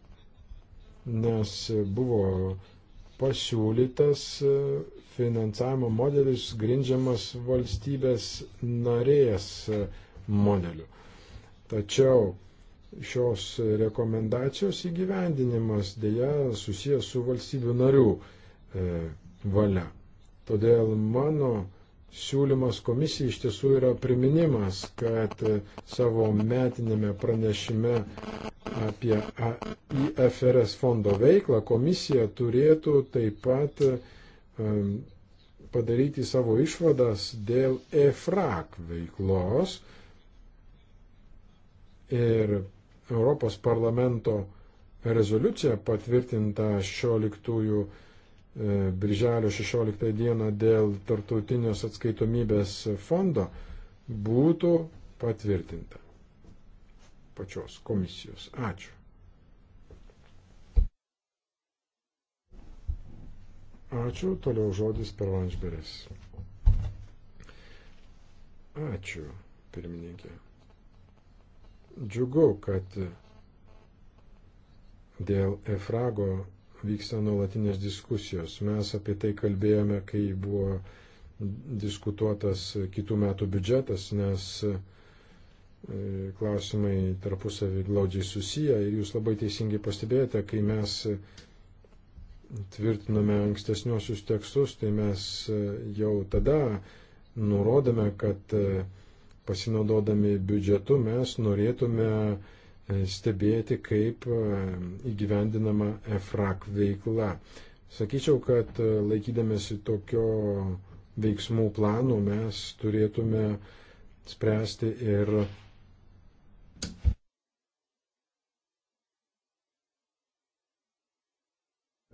nes buvo pasiūlytas finansavimo modelis grindžiamas valstybės narės modeliu. Tačiau šios rekomendacijos įgyvendinimas dėja susijęs su valstybių narių e, valia. Todėl mano siūlymas komisijai iš tiesų yra priminimas, kad savo metinėme pranešime apie IFRS fondo veiklą komisija turėtų taip pat um, padaryti savo išvadas dėl EFRAK veiklos ir Europos parlamento rezoliucija patvirtinta 16 E, Birželio 16 dieną dėl tartautinės atskaitomybės fondo būtų patvirtinta pačios komisijos. Ačiū. Ačiū, toliau žodis per Lanžberis. Ačiū, pirmininkė. Džiugu, kad dėl Efrago vyksta nuolatinės diskusijos. Mes apie tai kalbėjome, kai buvo diskutuotas kitų metų biudžetas, nes e, klausimai tarpusavį glaudžiai susiję ir jūs labai teisingai pastebėjote, kai mes e, tvirtiname ankstesniosius tekstus, tai mes e, jau tada nurodėme, kad pasinaudodami biudžetu mes norėtume E, stebėti, kaip e, įgyvendinama EFRAK veikla. Sakyčiau, kad e, laikydamėsi tokio veiksmų plano mes turėtume spręsti ir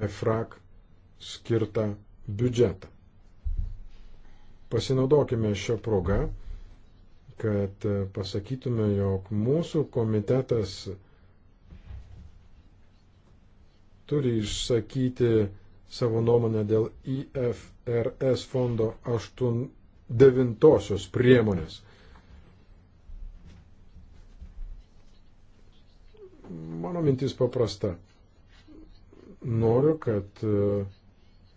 EFRAK skirtą biudžetą. Pasinaudokime šią progą kad pasakytume, jog mūsų komitetas turi išsakyti savo nuomonę dėl IFRS fondo 89 priemonės. Mano mintis paprasta. Noriu, kad e,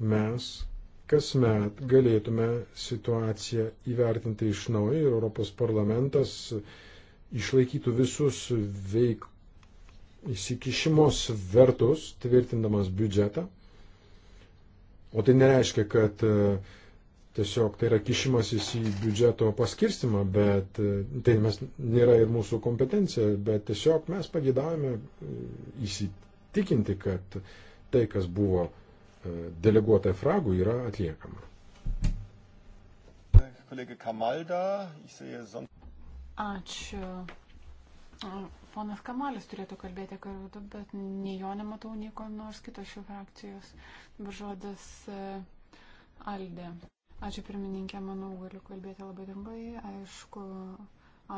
mes kasmet galėtume situaciją įvertinti iš naujo ir Europos parlamentas išlaikytų visus veik įsikišimo svertus, tvirtindamas biudžetą. O tai nereiškia, kad e, tiesiog tai yra kišimasis į biudžeto paskirstimą, bet e, tai mes, nėra ir mūsų kompetencija, bet tiesiog mes pagėdavome e, įsitikinti, kad tai, kas buvo E, deleguota fragų yra atliekama. Ačiū. Ponas Kamalis turėtų kalbėti kartu, bet nei jo nematau, nei ko nors kitos šių frakcijos. Dabar žodis e, Aldė. Ačiū pirmininkė, manau, galiu kalbėti labai trumpai. Aišku,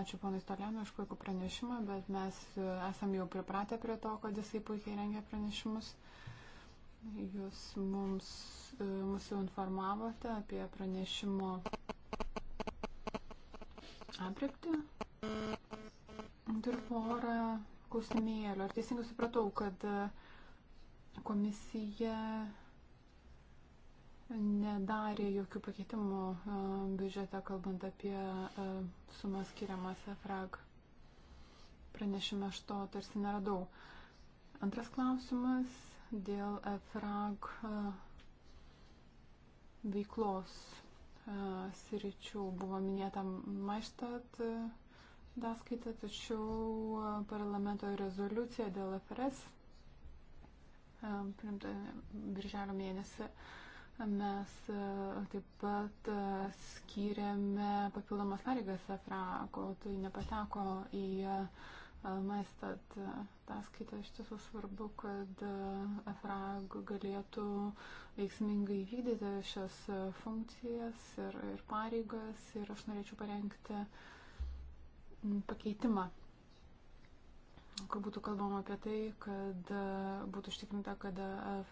ačiū ponai Stolianui už puikų pranešimą, bet mes e, esam jau pripratę prie to, kad jisai puikiai rengia pranešimus. Jūs mums, e, mums jau informavote apie pranešimo aprepti. Turiu porą klausimėlių. Ar teisingai supratau, kad e, komisija nedarė jokių pakeitimų e, biudžete, kalbant apie sumas skiriamas EFRAG? Pranešime aš to tarsi neradau. Antras klausimas dėl e, frag e, veiklos e, sričių buvo minėta maštat daskaita, tačiau parlamento rezoliucija dėl FRS primta birželio mėnesį. Mes taip pat skyrėme papildomas sąlygas EFRA, kol tai nepateko į uh, Maistat ataskaitą iš tiesų svarbu, kad EFRAG galėtų veiksmingai vykdyti šias funkcijas ir, ir pareigas ir aš norėčiau parengti pakeitimą kur būtų kalbama apie tai, kad būtų užtikrinta, kad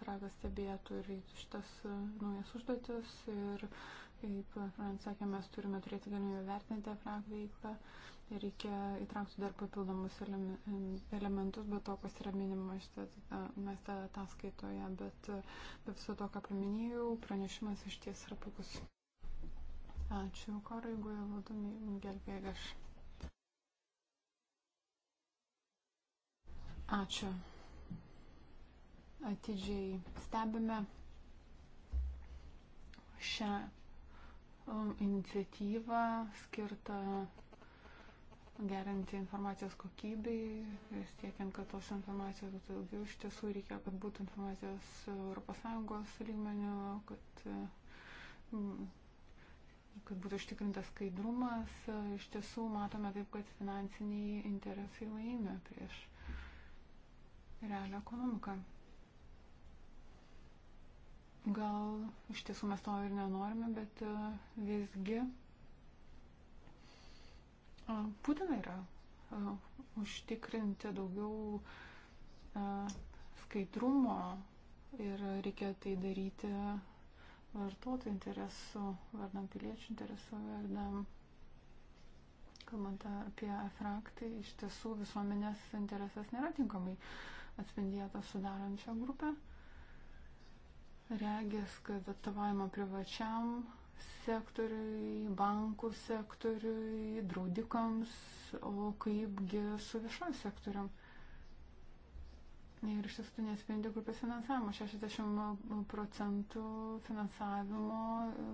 fragas stebėtų ir vyktų šitas naujas užduotis. Ir kaip Frans sakė, mes turime turėti galimybę vertinti frag veiklą. Uh, reikia įtraukti dar papildomus elementus, bet to, kas yra minima mes tą ataskaitoje, bet be viso to, ką paminėjau, pranešimas iš ties yra puikus. Ačiū, Korai, jeigu jau vadu, gelbėgaš. Ačiū. Atidžiai stebime šią um, iniciatyvą skirtą gerinti informacijos kokybei, siekiant, kad tos informacijos būtų daugiau. Iš tiesų reikia, kad būtų informacijos ES lygmenio, kad, mm, kad būtų užtikrintas skaidrumas. Iš tiesų matome taip, kad finansiniai interesai laimė prieš realią ekonomiką. Gal iš tiesų mes to ir nenorime, bet visgi būtina yra užtikrinti daugiau skaidrumo ir reikia tai daryti vartotojų interesų, vardam piliečių interesų, vardam, kalbant apie frak, tai iš tiesų visuomenės interesas nėra tinkamai atspindėtas sudarančią grupę. Regis, kad atstovavimo privačiam sektoriui, bankų sektoriui, draudikams, o kaipgi su viešoju sektorium. Ir iš tiesų neatspindi grupės finansavimo. 60 procentų finansavimo e,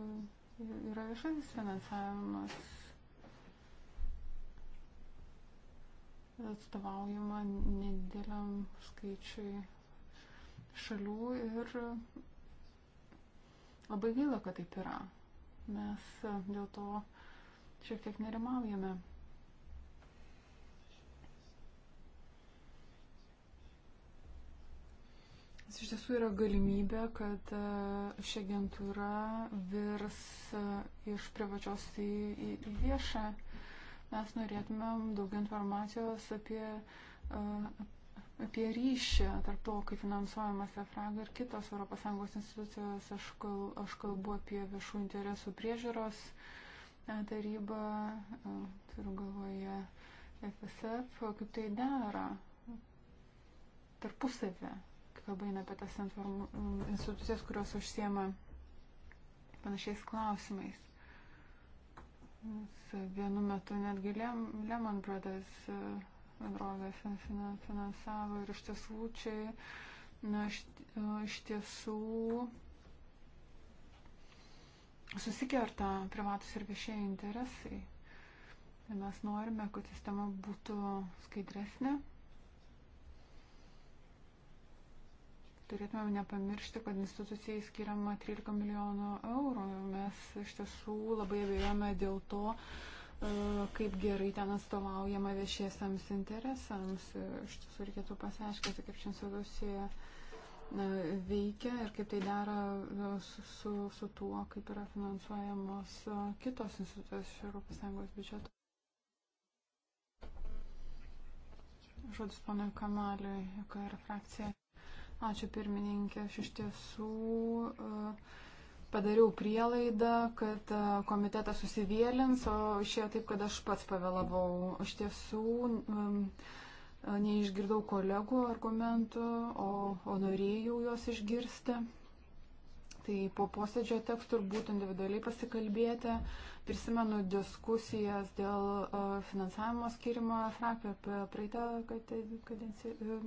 yra viešasis finansavimas atstovaujama nedėliam skaičiui šalių ir labai gaila, kad taip yra mes e, dėl to šiek tiek nerimaujame. Nes iš tiesų yra galimybė, kad e, ši agentūra virs e, iš privačios į, į, į viešą. Mes norėtumėm daug informacijos apie, apie ryšį tarp to, kaip finansuojamas EFRAG ir kitos ES institucijos. Aš, kal, aš kalbu apie viešų interesų priežiūros e, tarybą, e, turiu galvoje FSF, kaip tai dera tarpusavę, kai kalba eina apie tas inform... institucijas, kurios užsiema panašiais klausimais. Vienu metu netgi Lehman Brothers uh, bendrovė finansavo ir iš tiesų čia na, iš, e, iš tiesų susikerta privatus ir viešieji interesai. Ir mes norime, kad sistema būtų skaidresnė. Turėtume nepamiršti, kad institucijai skiriama 13 milijonų eurų. Mes iš tiesų labai abejojame dėl to, uh, E, kaip gerai ten atstovaujama viešiesiams interesams. Iš tiesų reikėtų pasiaiškinti, kaip ši institucija e, veikia ir kaip tai dera e, su, su, su tuo, kaip yra finansuojamos kitos institucijos iš ES biudžeto. Žodis ponui Kamaliui, KR frakcija. Ačiū pirmininkė, aš iš tiesų uh, padariau prielaidą, kad e, komitetas susivėlins, o išėjo taip, kad aš pats pavėlavau. Aš tiesų e, neišgirdau kolegų argumentų, o, o norėjau juos išgirsti. Tai po posėdžio teks turbūt individualiai pasikalbėti. Prisimenu diskusijas dėl e, finansavimo skirimo FRAP apie praeitą kadenciją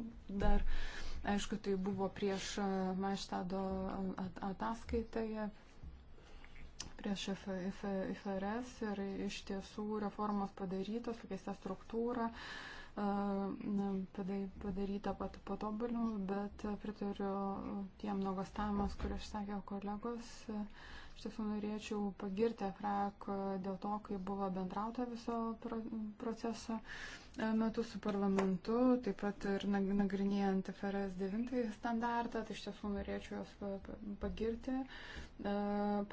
dar. Uh, Aišku, tai buvo prieš e, Maštado ataskaitoje, prieš IFRS ir iš tiesų reformos padarytos, pakeista struktūra e, padaryta pat patobuliu, bet pritariu tiem nuogastavimas, kurį išsakė kolegos. Uh, Aš tiesiog norėčiau pagirti FRAK dėl to, kaip buvo bendrauta viso proceso e, metu su parlamentu, taip pat ir nagrinėjant FRS 9 standartą, tai iš tiesų norėčiau jos pagirti. E,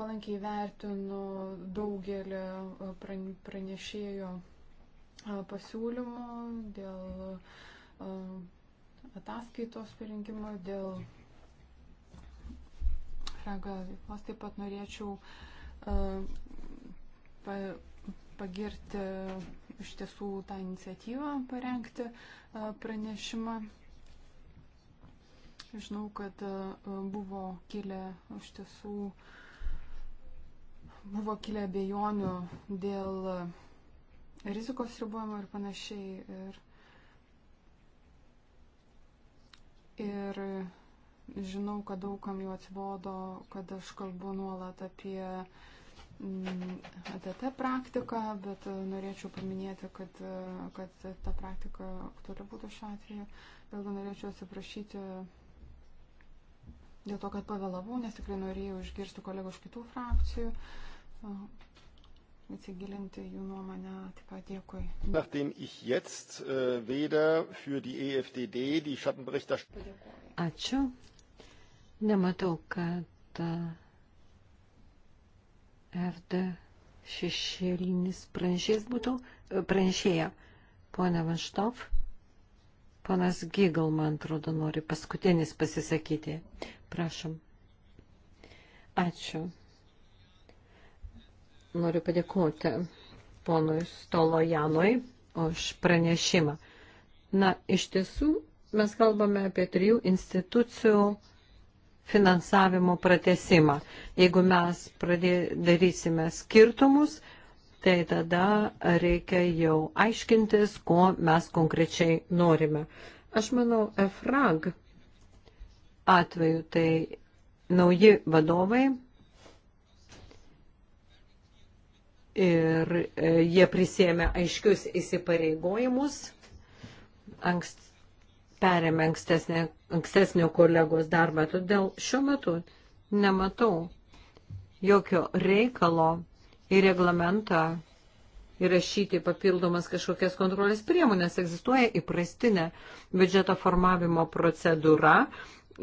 palankiai vertinu daugelį e, pranešėjo pasiūlymų dėl ataskaitos perinkimo, dėl Frego veiklos. Taip pat norėčiau e, pa, pagirti iš tiesų tą iniciatyvą parengti e, pranešimą. Žinau, kad e, buvo kilę iš tiesų buvo kilę bejonių dėl rizikos ribojimo ir panašiai. Ir, ir Žinau, kad daugam jau atsibodo, kad aš kalbu nuolat apie mm, ATT praktiką, bet e, norėčiau paminėti, kad, e, kad ta praktika aktuali būtų šiuo atveju. Vėlgi norėčiau atsiprašyti dėl to, kad pavėlavau, nes tikrai norėjau išgirsti kolegų iš kitų frakcijų, e, įsigilinti jų nuomonę. Taip pat dėkui. Nachdem ich jetzt äh, weder für die EFDD, die Schattenberichterstatterin. Ačiū. Nematau, kad e, FD šešėlinis pranešėjas būtų, e, pranešėja, ponia Vanštov, ponas Gigal, man atrodo, nori paskutinis pasisakyti. Prašom. Ačiū. Noriu padėkoti ponui Stolojanui už pranešimą. Na, iš tiesų, mes kalbame apie trijų institucijų finansavimo pratesimą. Jeigu mes pradė, darysime skirtumus, tai tada reikia jau aiškintis, ko mes konkrečiai norime. Aš manau, EFRAG atveju tai nauji vadovai ir e, jie prisėmė aiškius įsipareigojimus. Ankst, perėmė ankstesnio kolegos darbą, todėl šiuo metu nematau jokio reikalo į reglamentą įrašyti papildomas kažkokias kontrolės priemonės. Egzistuoja įprastinė biudžeto formavimo procedūra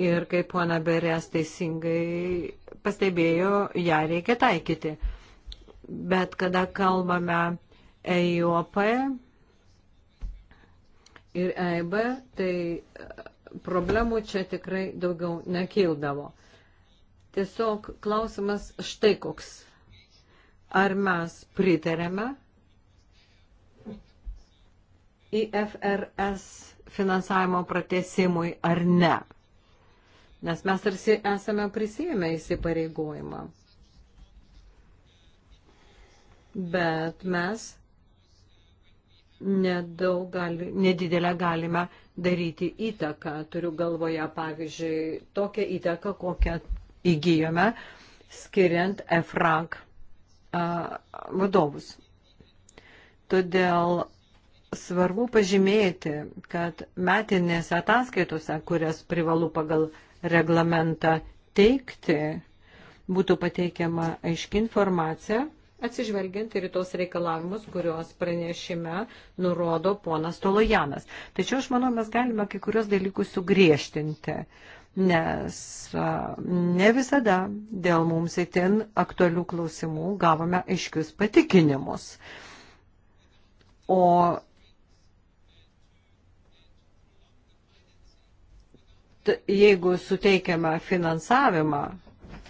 ir, kaip pona Berės teisingai pastebėjo, ją reikia taikyti. Bet kada kalbame EIOP, ir EIB, tai e, problemų čia tikrai daugiau nekildavo. Tiesiog klausimas štai koks. Ar mes pritarėme IFRS finansavimo pratesimui ar ne? Nes mes tarsi esame prisijėmę įsipareigojimą. Bet mes nedaug gali, nedidelę galime daryti įtaką. Turiu galvoje, pavyzdžiui, tokią įtaką, kokią įgyjome, skiriant EFRAG vadovus. Todėl svarbu pažymėti, kad metinėse ataskaitose, kurias privalu pagal reglamentą teikti, būtų pateikiama aiški informacija atsižvelgiant ir į tos reikalavimus, kuriuos pranešime nurodo ponas Tolojanas. Tačiau aš manau, mes galime kai kurios dalykus sugriežtinti, nes ne visada dėl mums įtin aktualių klausimų gavome aiškius patikinimus. O jeigu suteikiame finansavimą,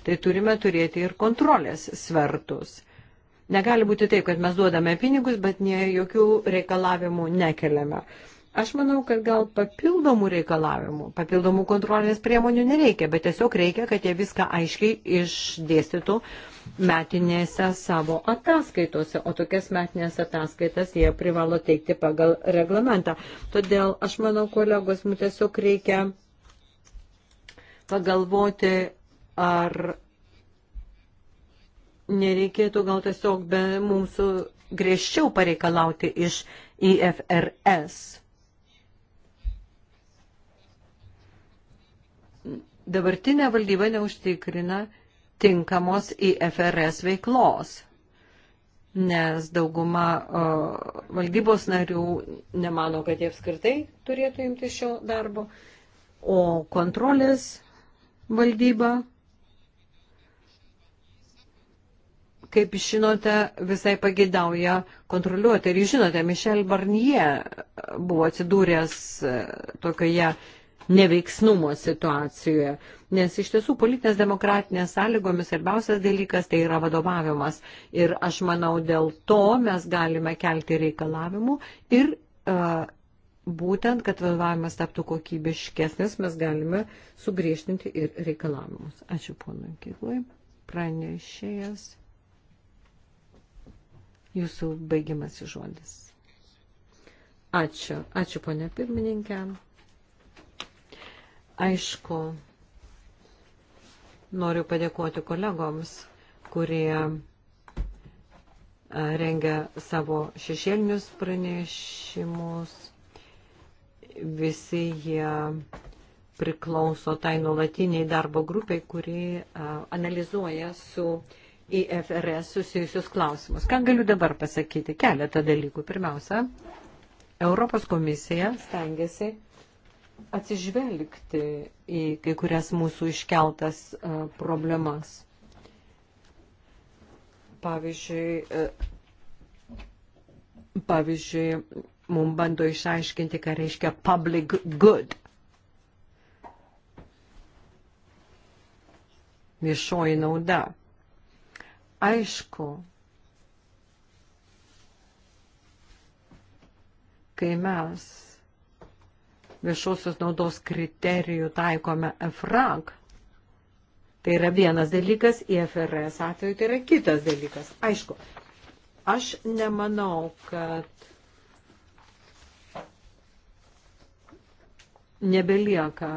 tai turime turėti ir kontrolės svertus. Negali būti taip, kad mes duodame pinigus, bet nie jokių reikalavimų nekeliame. Aš manau, kad gal papildomų reikalavimų, papildomų kontrolės priemonių nereikia, bet tiesiog reikia, kad jie viską aiškiai išdėstytų metinėse savo ataskaitose, o tokias metinės ataskaitas jie privalo teikti pagal reglamentą. Todėl aš manau, kolegos, mums tiesiog reikia pagalvoti, ar nereikėtų gal tiesiog be mūsų griežčiau pareikalauti iš IFRS. Dabartinė valdyba neužtikrina tinkamos IFRS veiklos, nes dauguma o, valdybos narių nemano, kad jie apskritai turėtų imti šio darbo, o kontrolės valdyba kaip žinote, visai pagėdauja kontroliuoti. Ir žinote, Mišel Barnie buvo atsidūręs e, tokioje neveiksnumo situacijoje. Nes iš tiesų politinės demokratinės sąlygomis svarbiausias dalykas tai yra vadovavimas. Ir aš manau, dėl to mes galime kelti reikalavimų ir uh, būtent, kad vadovavimas taptų kokybiškesnis, mes galime sugriežtinti ir reikalavimus. Ačiū ponui Kiklai. Pranešėjas jūsų baigiamas žodis. Ačiū. Ačiū, ponia pirmininkė. Aišku, noriu padėkoti kolegoms, kurie rengia savo šešėlinius pranešimus. Visi jie priklauso tai nuolatiniai darbo grupiai, kuri analizuoja su uh, IFRS susijusius klausimus. Ką galiu dabar pasakyti? Keletą dalykų. Pirmiausia, Europos komisija stengiasi atsižvelgti į kai kurias mūsų iškeltas e, problemas. Pavyzdžiui, e, pavyzdžiui, mums bando išaiškinti, ką reiškia public good. Viešoji nauda aišku, kai mes viešosios naudos kriterijų taikome EFRAG, tai yra vienas dalykas, IFRS atveju tai yra kitas dalykas. Aišku, aš nemanau, kad nebelieka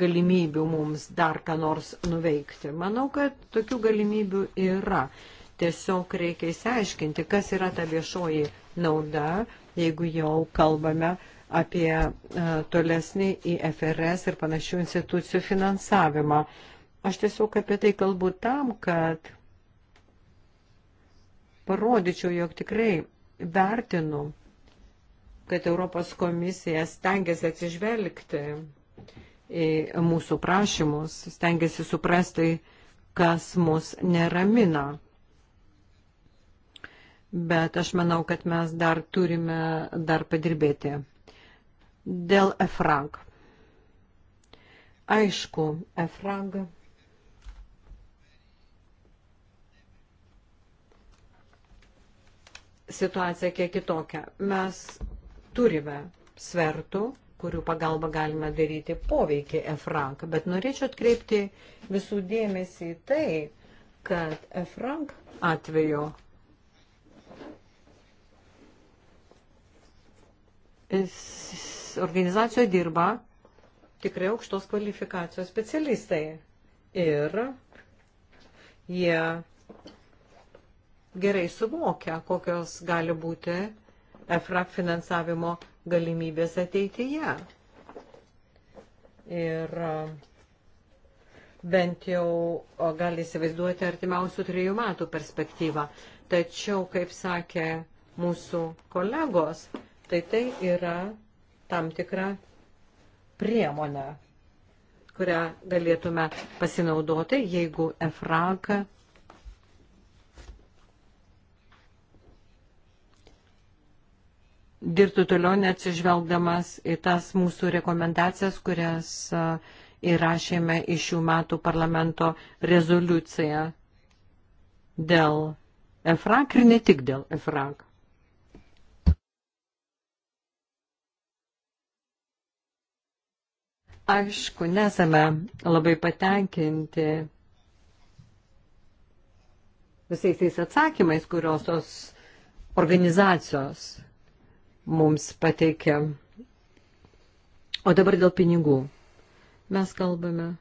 galimybių mums dar ką nors nuveikti. Manau, kad tokių galimybių yra. Tiesiog reikia įsiaiškinti, kas yra ta viešoji nauda, jeigu jau kalbame apie e, tolesnį IFRS ir panašių institucijų finansavimą. Aš tiesiog apie tai kalbu tam, kad parodyčiau, jog tikrai vertinu, kad Europos komisija stengiasi atsižvelgti į mūsų prašymus, stengiasi suprasti, kas mus neramina. Bet aš manau, kad mes dar turime dar padirbėti. Dėl EFRAG. Aišku, EFRAG situacija kiek kitokia. Mes turime svertų, kurių pagalba galima daryti poveikį EFRANK. Bet norėčiau atkreipti visų dėmesį į tai, kad EFRANK atveju organizacijoje dirba tikrai aukštos kvalifikacijos specialistai. Ir jie gerai suvokia, kokios gali būti EFRAG finansavimo galimybės ateityje. Ir bent jau gali įsivaizduoti artimiausių trijų metų perspektyvą. Tačiau, kaip sakė mūsų kolegos, tai tai yra tam tikra priemonė, kurią galėtume pasinaudoti, jeigu EFRAKA dirbtų toliau neatsižvelgdamas į tas mūsų rekomendacijas, kurias įrašėme iš šių metų parlamento rezoliuciją dėl EFRAK ir ne tik dėl EFRAK. Aišku, nesame labai patenkinti visais tais atsakymais, kurios tos organizacijos mums pateikia. O dabar dėl pinigų. Mes kalbame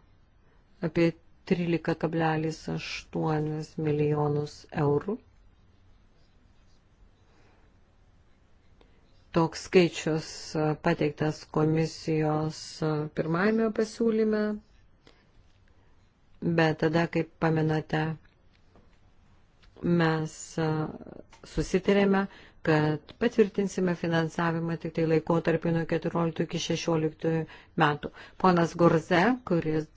apie 13,8 milijonus eurų. Toks skaičius pateiktas komisijos pirmajame pasiūlyme, bet tada, kaip pamenate, mes susitarėme, kad patvirtinsime finansavimą tik tai laikotarpį nuo 14 iki 16 metų. Ponas Gorze, kuris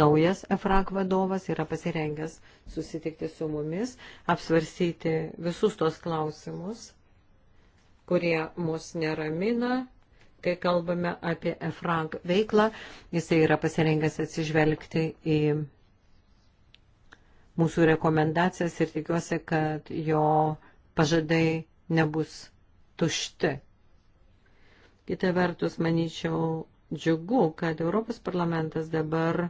naujas EFRAK vadovas, yra pasirengęs susitikti su mumis, apsvarsyti visus tos klausimus, kurie mus neramina, kai kalbame apie EFRAG veiklą, jisai yra pasirengęs atsižvelgti į mūsų rekomendacijas ir tikiuosi, kad jo pažadai nebus tušti. Kita vertus, manyčiau, džiugu, kad Europos parlamentas dabar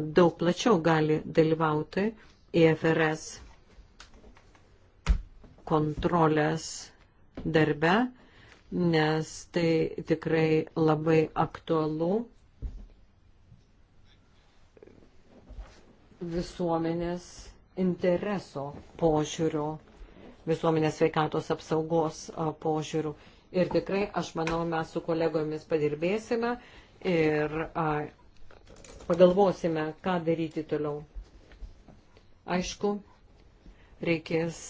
daug plačiau gali dalyvauti EFRS kontrolės darbe, nes tai tikrai labai aktualu visuomenės intereso požiūrio visuomenės sveikatos apsaugos požiūrių. Ir tikrai, aš manau, mes su kolegomis padirbėsime ir a, pagalvosime, ką daryti toliau. Aišku, reikės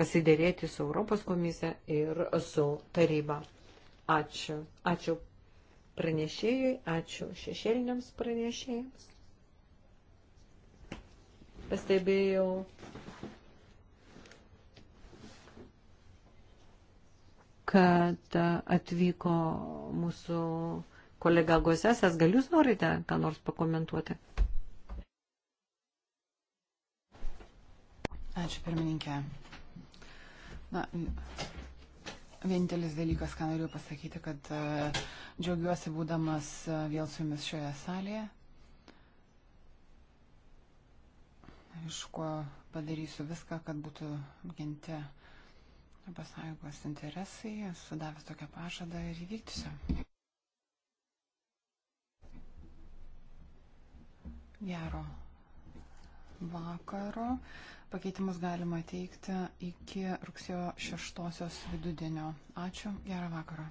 pasidėrėti su Europos komisija ir su taryba. Ačiū. Ačiū pranešėjui, ačiū šešėliniams pranešėjams. Pastebėjau kad atvyko mūsų kolega Gosesas. Gal jūs norite ką nors pakomentuoti? Ačiū, pirmininkė. Na, vienintelis dalykas, ką noriu pasakyti, kad e, džiaugiuosi būdamas e, vėl su jumis šioje salėje. Iš ko padarysiu viską, kad būtų ginti uh, Europos Sąjungos interesai, esu davęs tokią pažadą ir įvykdysiu. Gero vakaro. Pakeitimus galima teikti iki rugsėjo 6 vidudienio. Ačiū, gerą vakarą.